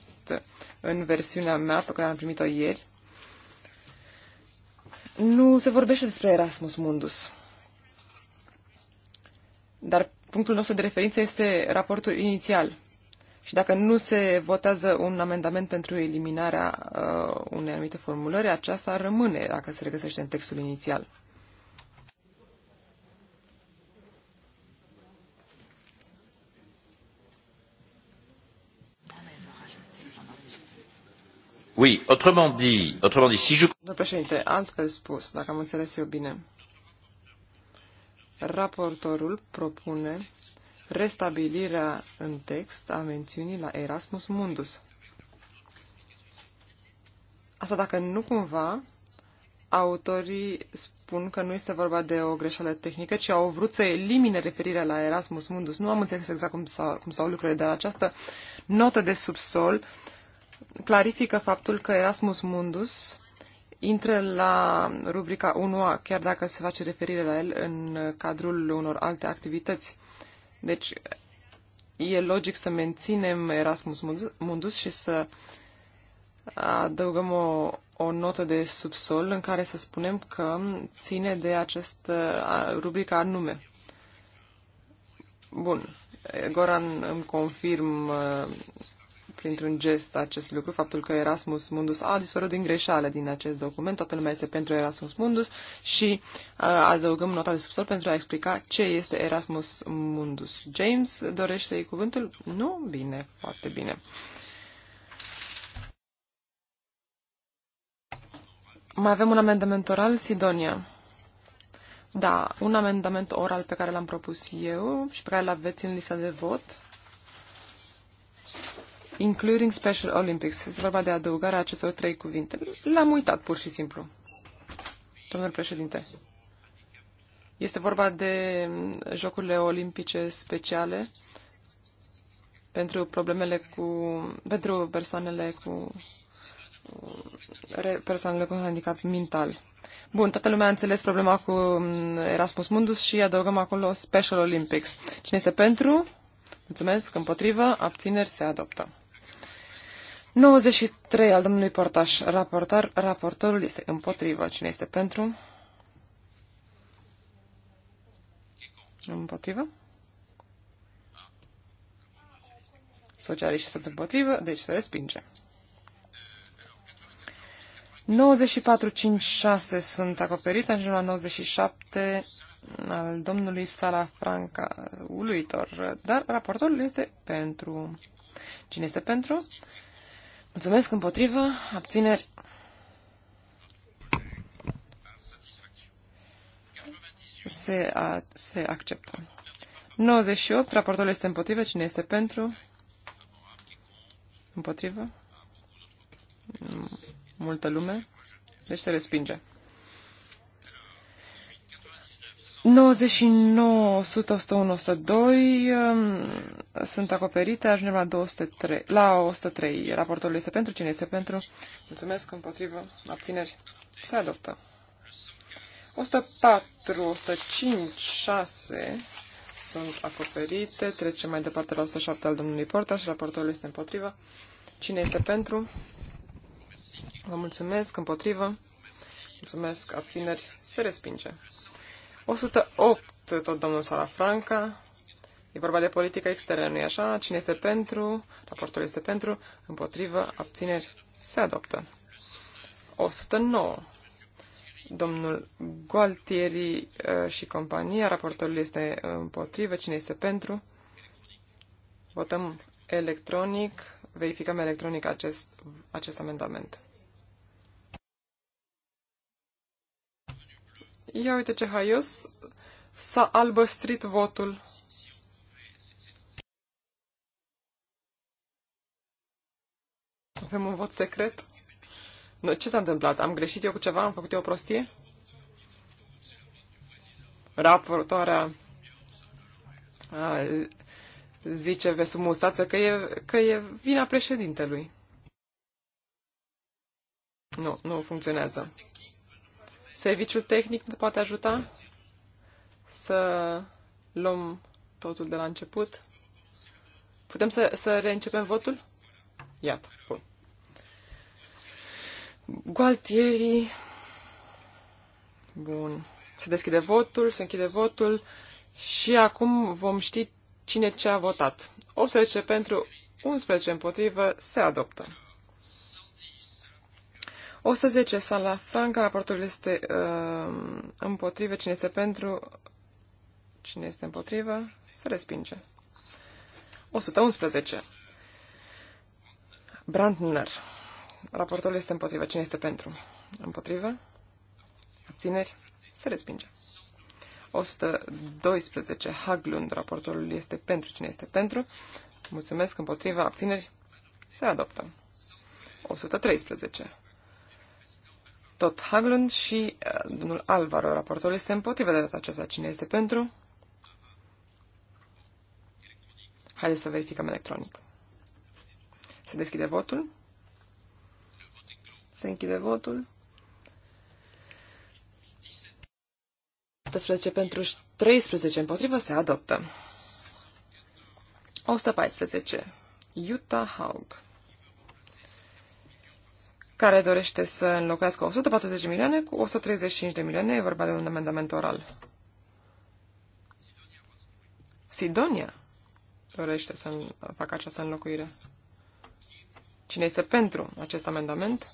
în versiunea mea pe care am primit-o ieri, nu se vorbește despre Erasmus Mundus. Dar punctul nostru de referință este raportul inițial, și dacă nu se votează un amendament pentru eliminarea uh, unei anumite formulări, aceasta rămâne dacă se regăsește în textul inițial. Oui, autrement dit, autrement dit, si je... Domnul președinte, altfel spus, dacă am înțeles eu bine, raportorul propune restabilirea în text a mențiunii la Erasmus Mundus. Asta dacă nu cumva autorii spun că nu este vorba de o greșeală tehnică, ci au vrut să elimine referirea la Erasmus Mundus. Nu am înțeles exact cum s-au, cum s-au lucrurile, dar această notă de subsol clarifică faptul că Erasmus Mundus intră la rubrica 1A, chiar dacă se face referire la el în cadrul unor alte activități. Deci e logic să menținem Erasmus Mundus și să adăugăm o, o notă de subsol în care să spunem că ține de această rubrica anume. Bun, Goran îmi confirm printr-un gest acest lucru, faptul că Erasmus Mundus a dispărut din greșeală din acest document, toată lumea este pentru Erasmus Mundus și uh, adăugăm nota de subsol pentru a explica ce este Erasmus Mundus. James, dorește să iei cuvântul? Nu? Bine, foarte bine. Mai avem un amendament oral, Sidonia. Da, un amendament oral pe care l-am propus eu și pe care l-aveți în lista de vot including Special Olympics. Este vorba de adăugarea acestor trei cuvinte. L-am uitat pur și simplu. Domnul președinte, este vorba de Jocurile Olimpice speciale pentru problemele cu, pentru persoanele cu persoanele cu handicap mental. Bun, toată lumea a înțeles problema cu um, Erasmus Mundus și adăugăm acolo Special Olympics. Cine este pentru? Mulțumesc, împotrivă, abțineri, se adoptă. 93 al domnului Portaș. Raportar, raportorul este împotrivă. Cine este pentru? Împotrivă? Socialiștii sunt împotrivă, deci se respinge. 94, 5, 6 sunt acoperite, ajungem la 97 al domnului Sala Franca, uluitor, dar raportorul este pentru. Cine este pentru? Mulțumesc împotrivă. Abțineri. Se, a, se acceptă. 98. Raportul este împotrivă. Cine este pentru? Împotrivă? Multă lume. Deci se respinge. 99, 100, 101, 102 um, sunt acoperite, ajungem la 203, la 103. raportul este pentru, cine este pentru? Mulțumesc, împotrivă, abțineri. Se adoptă. 104, 105, 6 sunt acoperite. Trecem mai departe la 107 al domnului și raportul este împotrivă. Cine este pentru? Vă mulțumesc, împotrivă. Mulțumesc, abțineri. Se respinge. 108, tot domnul Salafranca. E vorba de politică externă, nu-i așa? Cine este pentru? Raportul este pentru. Împotrivă, abțineri, se adoptă. 109. Domnul Gualtieri uh, și compania, raportorul este împotrivă. Cine este pentru? Votăm electronic. Verificăm electronic acest, acest amendament. Ia uite ce haios s-a albăstrit votul. Avem un vot secret? No, ce s-a întâmplat? Am greșit eu cu ceva? Am făcut eu o prostie? Raportoarea a, zice Vesu Mustață că e, că e vina președintelui. Nu, nu funcționează. Serviciul tehnic ne poate ajuta să luăm totul de la început. Putem să, să reîncepem votul? Iată, bun. Gualtieri. Bun. Se deschide votul, se închide votul și acum vom ști cine ce a votat. 18 pentru, 11 împotrivă, se adoptă. 110 sala franca, raportul este uh, împotrivă, cine este pentru, cine este împotrivă, se respinge. 111. Brandner. Raportul este împotrivă. Cine este pentru? Împotrivă? Abțineri? Se respinge. 112. Haglund. Raportul este pentru. Cine este pentru? Mulțumesc. Împotrivă. Abțineri? Se adoptă. 113. Tot Haglund și uh, domnul Alvaro, raportorul, este împotrivă de data aceasta. Cine este pentru? Haideți să verificăm electronic. Se deschide votul. Se închide votul. 18 pentru 13 împotrivă se adoptă. 114. Utah Haug care dorește să înlocuiască 140 de milioane cu 135 de milioane. E vorba de un amendament oral. Sidonia dorește să facă această înlocuire. Cine este pentru acest amendament?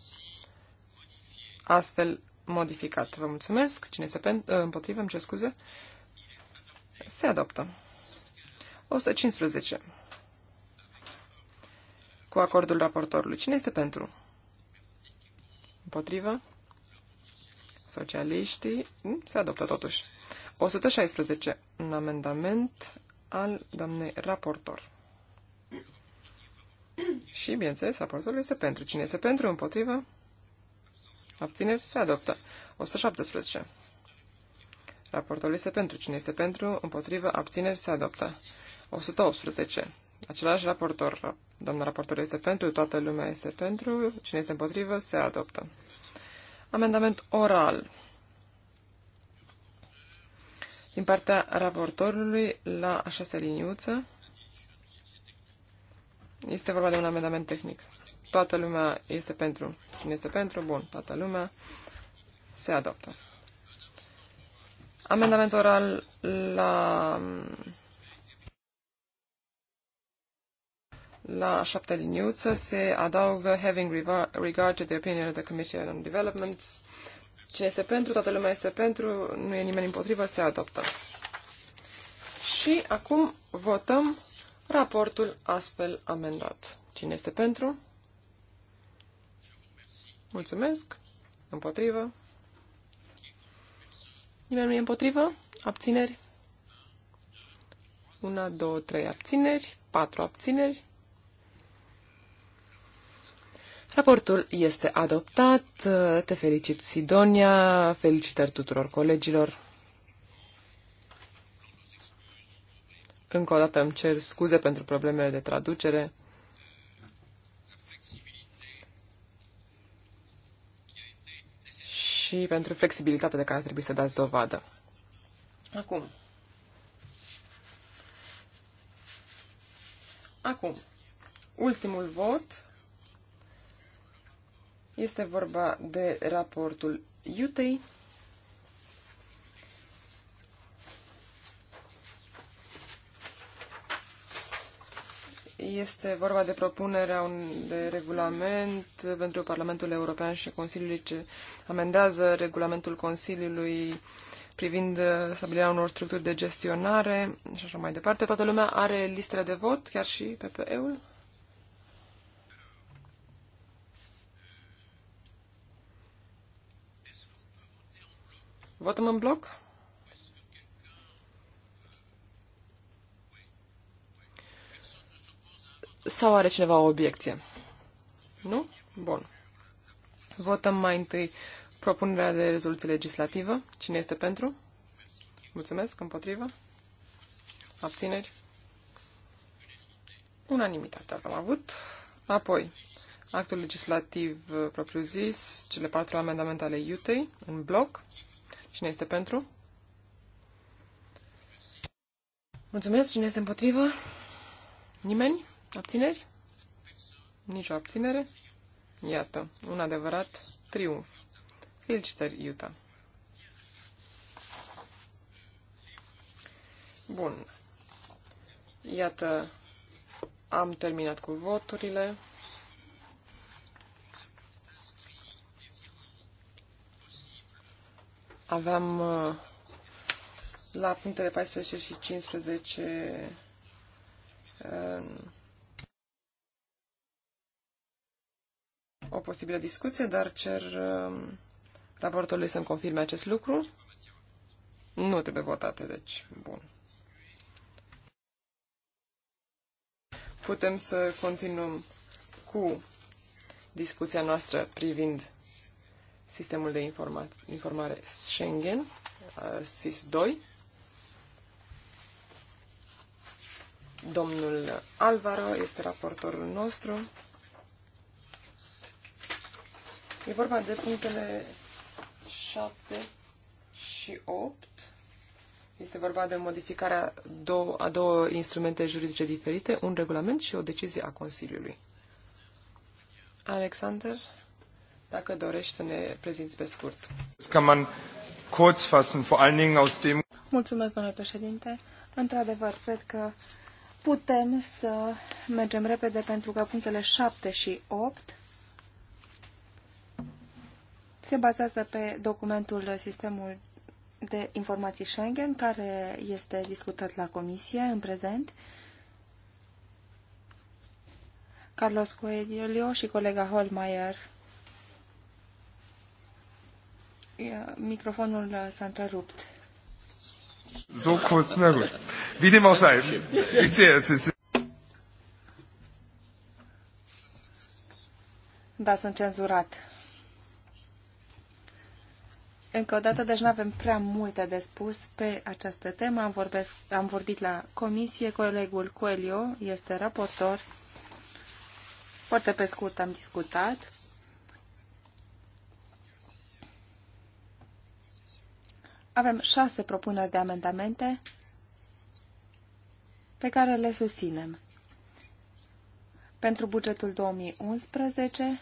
Astfel modificat. Vă mulțumesc. Cine este ă, împotrivă, îmi ce scuze. Se adoptă. 115. Cu acordul raportorului. Cine este pentru? Împotrivă. Socialiștii. Hm, se adoptă totuși. 116. Un amendament al doamnei raportor. Și, bineînțeles, raportorul este pentru. Cine este pentru, împotrivă? Abțineri, se adoptă. 117. raportorul este pentru. Cine este pentru, împotrivă, abțineri, se adoptă. 118. Același raportor, doamna raportor este pentru, toată lumea este pentru, cine este împotrivă se adoptă. Amendament oral din partea raportorului la a șasea liniuță. Este vorba de un amendament tehnic. Toată lumea este pentru. Cine este pentru? Bun, toată lumea se adoptă. Amendament oral la La șapte liniuță se adaugă having regard to the opinion of the Commission on Development. Cine este pentru, toată lumea este pentru, nu e nimeni împotrivă, se adoptă. Și acum votăm raportul astfel amendat. Cine este pentru? Mulțumesc. Împotrivă. Nimeni nu e împotrivă? Abțineri? Una, două, trei, abțineri, patru, abțineri. Raportul este adoptat. Te felicit, Sidonia. Felicitări tuturor colegilor. Încă o dată îmi cer scuze pentru problemele de traducere. Și pentru flexibilitatea de care trebuie să dați dovadă. Acum. Acum. Ultimul vot este vorba de raportul Iutei. Este vorba de propunerea de regulament pentru Parlamentul European și Consiliul, ce amendează regulamentul Consiliului privind stabilirea unor structuri de gestionare și așa mai departe. Toată lumea are listele de vot, chiar și PPE-ul. Votăm în bloc? Sau are cineva o obiecție? Nu? Bun. Votăm mai întâi propunerea de rezoluție legislativă. Cine este pentru? Mulțumesc. Împotrivă? Abțineri? Unanimitate am avut. Apoi, actul legislativ uh, propriu-zis, cele patru amendamente ale UTEI, în bloc. Cine este pentru? Mulțumesc. Cine este împotrivă? Nimeni? Abțineri? Nici o abținere? Iată, un adevărat triumf. Felicitări, Iuta. Bun. Iată, am terminat cu voturile. aveam uh, la punctele 14 și 15 uh, o posibilă discuție, dar cer uh, raportorului să-mi confirme acest lucru. Nu trebuie votate, deci, bun. Putem să continuăm cu discuția noastră privind sistemul de informa- informare Schengen, uh, SIS-2. Domnul Alvaro este raportorul nostru. E vorba de punctele 7 și 8. Este vorba de modificarea două, a două instrumente juridice diferite, un regulament și o decizie a Consiliului. Alexander, dacă dorești să ne prezinți pe scurt. Mulțumesc, domnule președinte. Într-adevăr, cred că putem să mergem repede pentru că punctele 7 și 8 se bazează pe documentul Sistemul de Informații Schengen, care este discutat la comisie în prezent. Carlos Coelho și colega Holmeier Microfonul uh, s-a întrerupt. So kurz, na gut. Wie Da, sunt cenzurat. Încă o dată, deci nu avem prea multe de spus pe această temă. Am, vorbesc, am vorbit la comisie, colegul Coelio este raportor. Foarte pe scurt am discutat. Avem șase propuneri de amendamente pe care le susținem. Pentru bugetul 2011,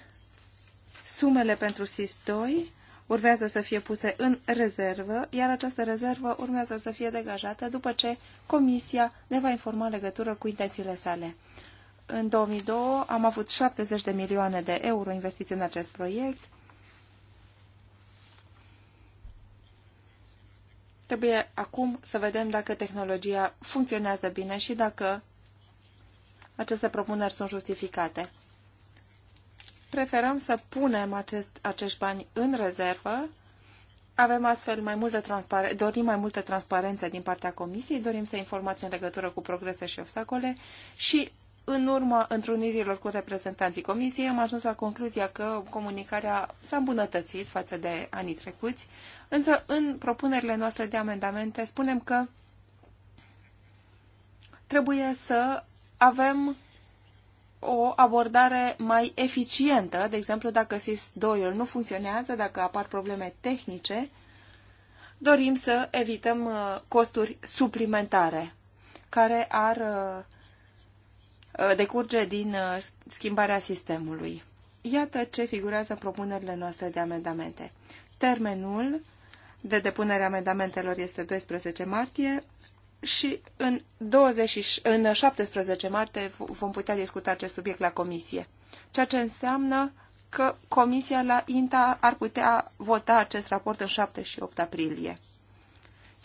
sumele pentru SIS-2 urmează să fie puse în rezervă, iar această rezervă urmează să fie degajată după ce Comisia ne va informa legătură cu intențiile sale. În 2002 am avut 70 de milioane de euro investiți în acest proiect, Trebuie acum să vedem dacă tehnologia funcționează bine și dacă aceste propuneri sunt justificate. Preferăm să punem acest, acești bani în rezervă. Avem astfel mai multă transparență, dorim mai multă transparență din partea Comisiei, dorim să informați în legătură cu progrese și obstacole și în urma întrunirilor cu reprezentanții Comisiei am ajuns la concluzia că comunicarea s-a îmbunătățit față de anii trecuți. Însă, în propunerile noastre de amendamente, spunem că trebuie să avem o abordare mai eficientă, de exemplu, dacă sis 2 nu funcționează, dacă apar probleme tehnice, dorim să evităm uh, costuri suplimentare care ar uh, uh, decurge din schimbarea sistemului. Iată ce figurează în propunerile noastre de amendamente. Termenul de depunere a amendamentelor este 12 martie și în, 20, în 17 martie vom putea discuta acest subiect la comisie, ceea ce înseamnă că comisia la INTA ar putea vota acest raport în 7 și 8 aprilie.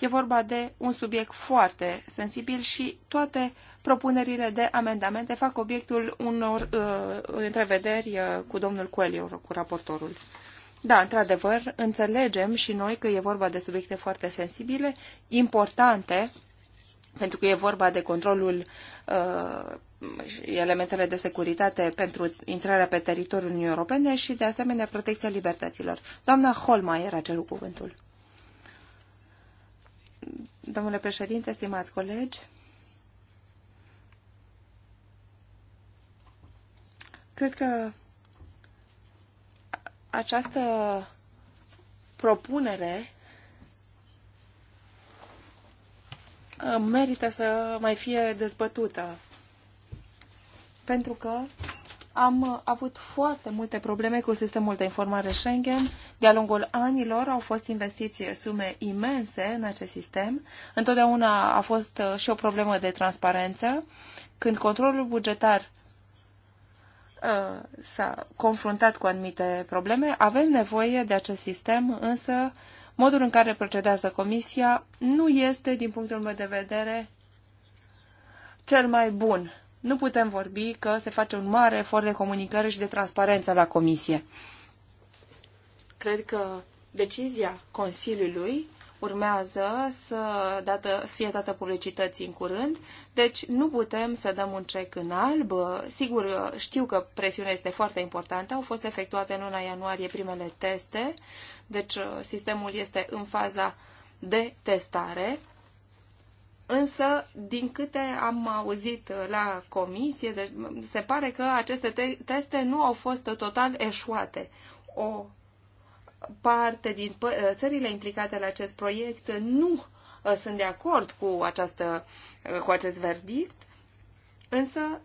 E vorba de un subiect foarte sensibil și toate propunerile de amendamente fac obiectul unor uh, întrevederi uh, cu domnul Coelho, cu raportorul. Da, într-adevăr, înțelegem și noi că e vorba de subiecte foarte sensibile, importante, pentru că e vorba de controlul uh, elementele de securitate pentru intrarea pe teritoriul Uniunii Europene și, de asemenea, protecția libertăților. Doamna Holmaier a cerut cuvântul. Domnule președinte, stimați colegi, cred că această propunere uh, merită să mai fie dezbătută. Pentru că am avut foarte multe probleme cu sistemul de informare Schengen. De-a lungul anilor au fost investiții sume imense în acest sistem. Întotdeauna a fost uh, și o problemă de transparență. Când controlul bugetar Uh, s-a confruntat cu anumite probleme. Avem nevoie de acest sistem, însă modul în care procedează Comisia nu este, din punctul meu de vedere, cel mai bun. Nu putem vorbi că se face un mare efort de comunicare și de transparență la Comisie. Cred că decizia Consiliului urmează să, dată, să fie dată publicității în curând deci nu putem să dăm un cec în alb. Sigur, știu că presiunea este foarte importantă. Au fost efectuate în luna ianuarie primele teste, deci uh, sistemul este în faza de testare. Însă, din câte am auzit la comisie, se pare că aceste te- teste nu au fost total eșuate. O parte din țările implicate la acest proiect nu Uh, sunt de acord cu, această, uh, cu acest verdict, însă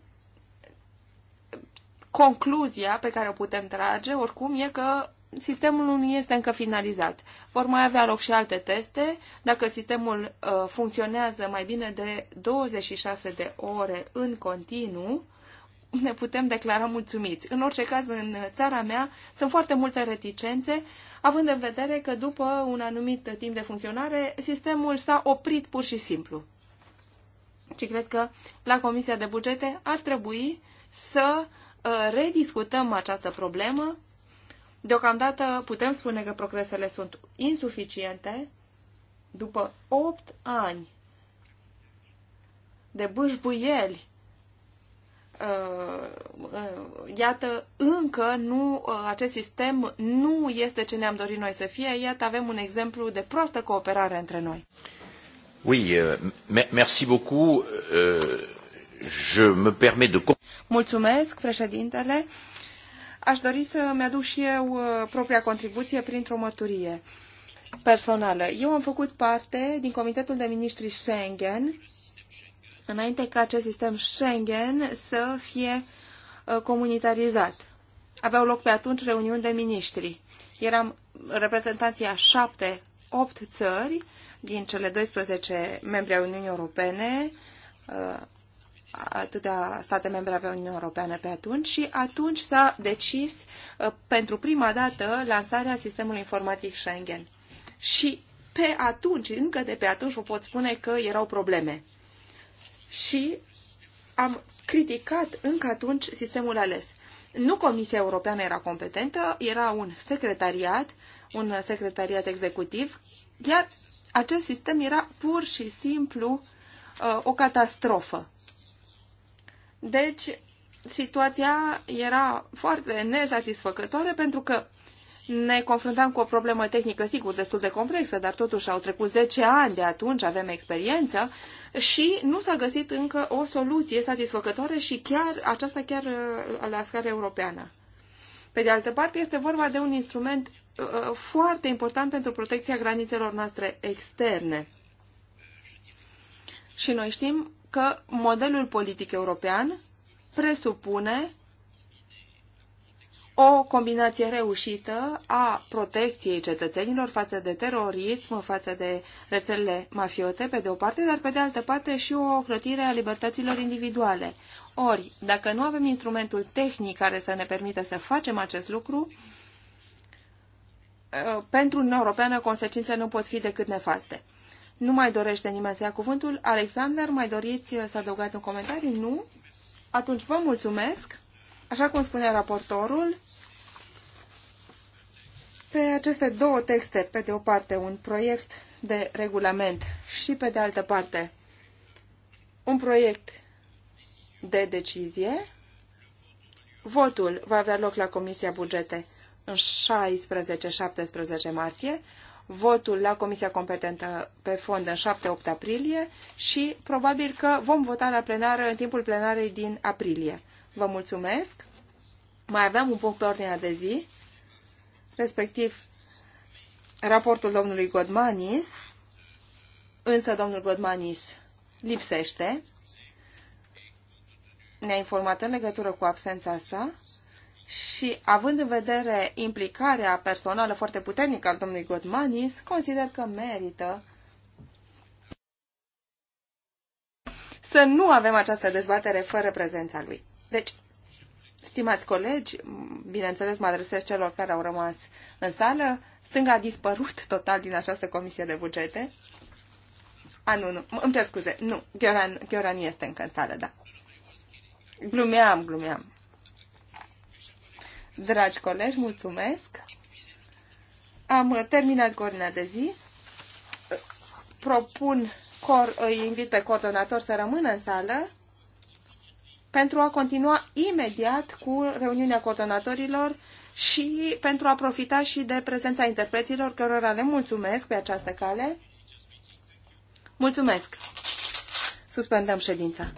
concluzia pe care o putem trage, oricum, e că sistemul nu este încă finalizat. Vor mai avea loc și alte teste. Dacă sistemul uh, funcționează mai bine de 26 de ore în continuu, ne putem declara mulțumiți. În orice caz, în țara mea sunt foarte multe reticențe, având în vedere că după un anumit timp de funcționare, sistemul s-a oprit pur și simplu. Și cred că la Comisia de Bugete ar trebui să uh, rediscutăm această problemă. Deocamdată putem spune că progresele sunt insuficiente. După 8 ani de bâșbuieli Uh, uh, iată, încă nu, uh, acest sistem nu este ce ne-am dorit noi să fie. Iată, avem un exemplu de proastă cooperare între noi. Oui, euh, merci beaucoup. Euh, je me permets de... Mulțumesc, președintele. Aș dori să-mi aduc și eu propria contribuție printr-o mărturie personală. Eu am făcut parte din Comitetul de Ministri Schengen înainte ca acest sistem Schengen să fie uh, comunitarizat. Aveau loc pe atunci reuniuni de miniștri. Eram reprezentanții a șapte, opt țări din cele 12 membri ai Uniunii Europene, uh, atâtea state membre aveau Uniunea Europeană pe atunci și atunci s-a decis uh, pentru prima dată lansarea sistemului informatic Schengen. Și pe atunci, încă de pe atunci, vă pot spune că erau probleme și am criticat încă atunci sistemul ales. Nu Comisia Europeană era competentă, era un secretariat, un secretariat executiv, iar acest sistem era pur și simplu uh, o catastrofă. Deci, situația era foarte nesatisfăcătoare pentru că ne confruntam cu o problemă tehnică, sigur, destul de complexă, dar totuși au trecut 10 ani de atunci, avem experiență și nu s-a găsit încă o soluție satisfăcătoare și chiar aceasta chiar uh, la scară europeană. Pe de altă parte, este vorba de un instrument uh, uh, foarte important pentru protecția granițelor noastre externe. Și noi știm că modelul politic european presupune o combinație reușită a protecției cetățenilor față de terorism, față de rețelele mafiote, pe de o parte, dar pe de altă parte și o crătire a libertăților individuale. Ori, dacă nu avem instrumentul tehnic care să ne permită să facem acest lucru, ă, pentru Uniunea Europeană consecințele nu pot fi decât nefaste. Nu mai dorește nimeni să ia cuvântul. Alexander, mai doriți să adăugați un comentariu? Nu? Atunci vă mulțumesc! Așa cum spunea raportorul, pe aceste două texte, pe de o parte un proiect de regulament și pe de altă parte un proiect de decizie, votul va avea loc la Comisia Bugete în 16-17 martie, votul la Comisia Competentă pe fond în 7-8 aprilie și probabil că vom vota la plenară în timpul plenarei din aprilie. Vă mulțumesc. Mai aveam un punct pe ordinea de zi, respectiv raportul domnului Godmanis, însă domnul Godmanis lipsește. Ne-a informat în legătură cu absența sa și, având în vedere implicarea personală foarte puternică al domnului Godmanis, consider că merită să nu avem această dezbatere fără prezența lui. Deci, stimați colegi, bineînțeles mă adresez celor care au rămas în sală, stânga a dispărut total din această comisie de bugete. A, nu, nu, îmi cer scuze, nu, Gheoran, Gheoran este încă în sală, da. Glumeam, glumeam. Dragi colegi, mulțumesc. Am terminat cu de zi. Propun, cor, îi invit pe coordonator să rămână în sală pentru a continua imediat cu reuniunea coordonatorilor și pentru a profita și de prezența interpreților, cărora le mulțumesc pe această cale. Mulțumesc! Suspendăm ședința.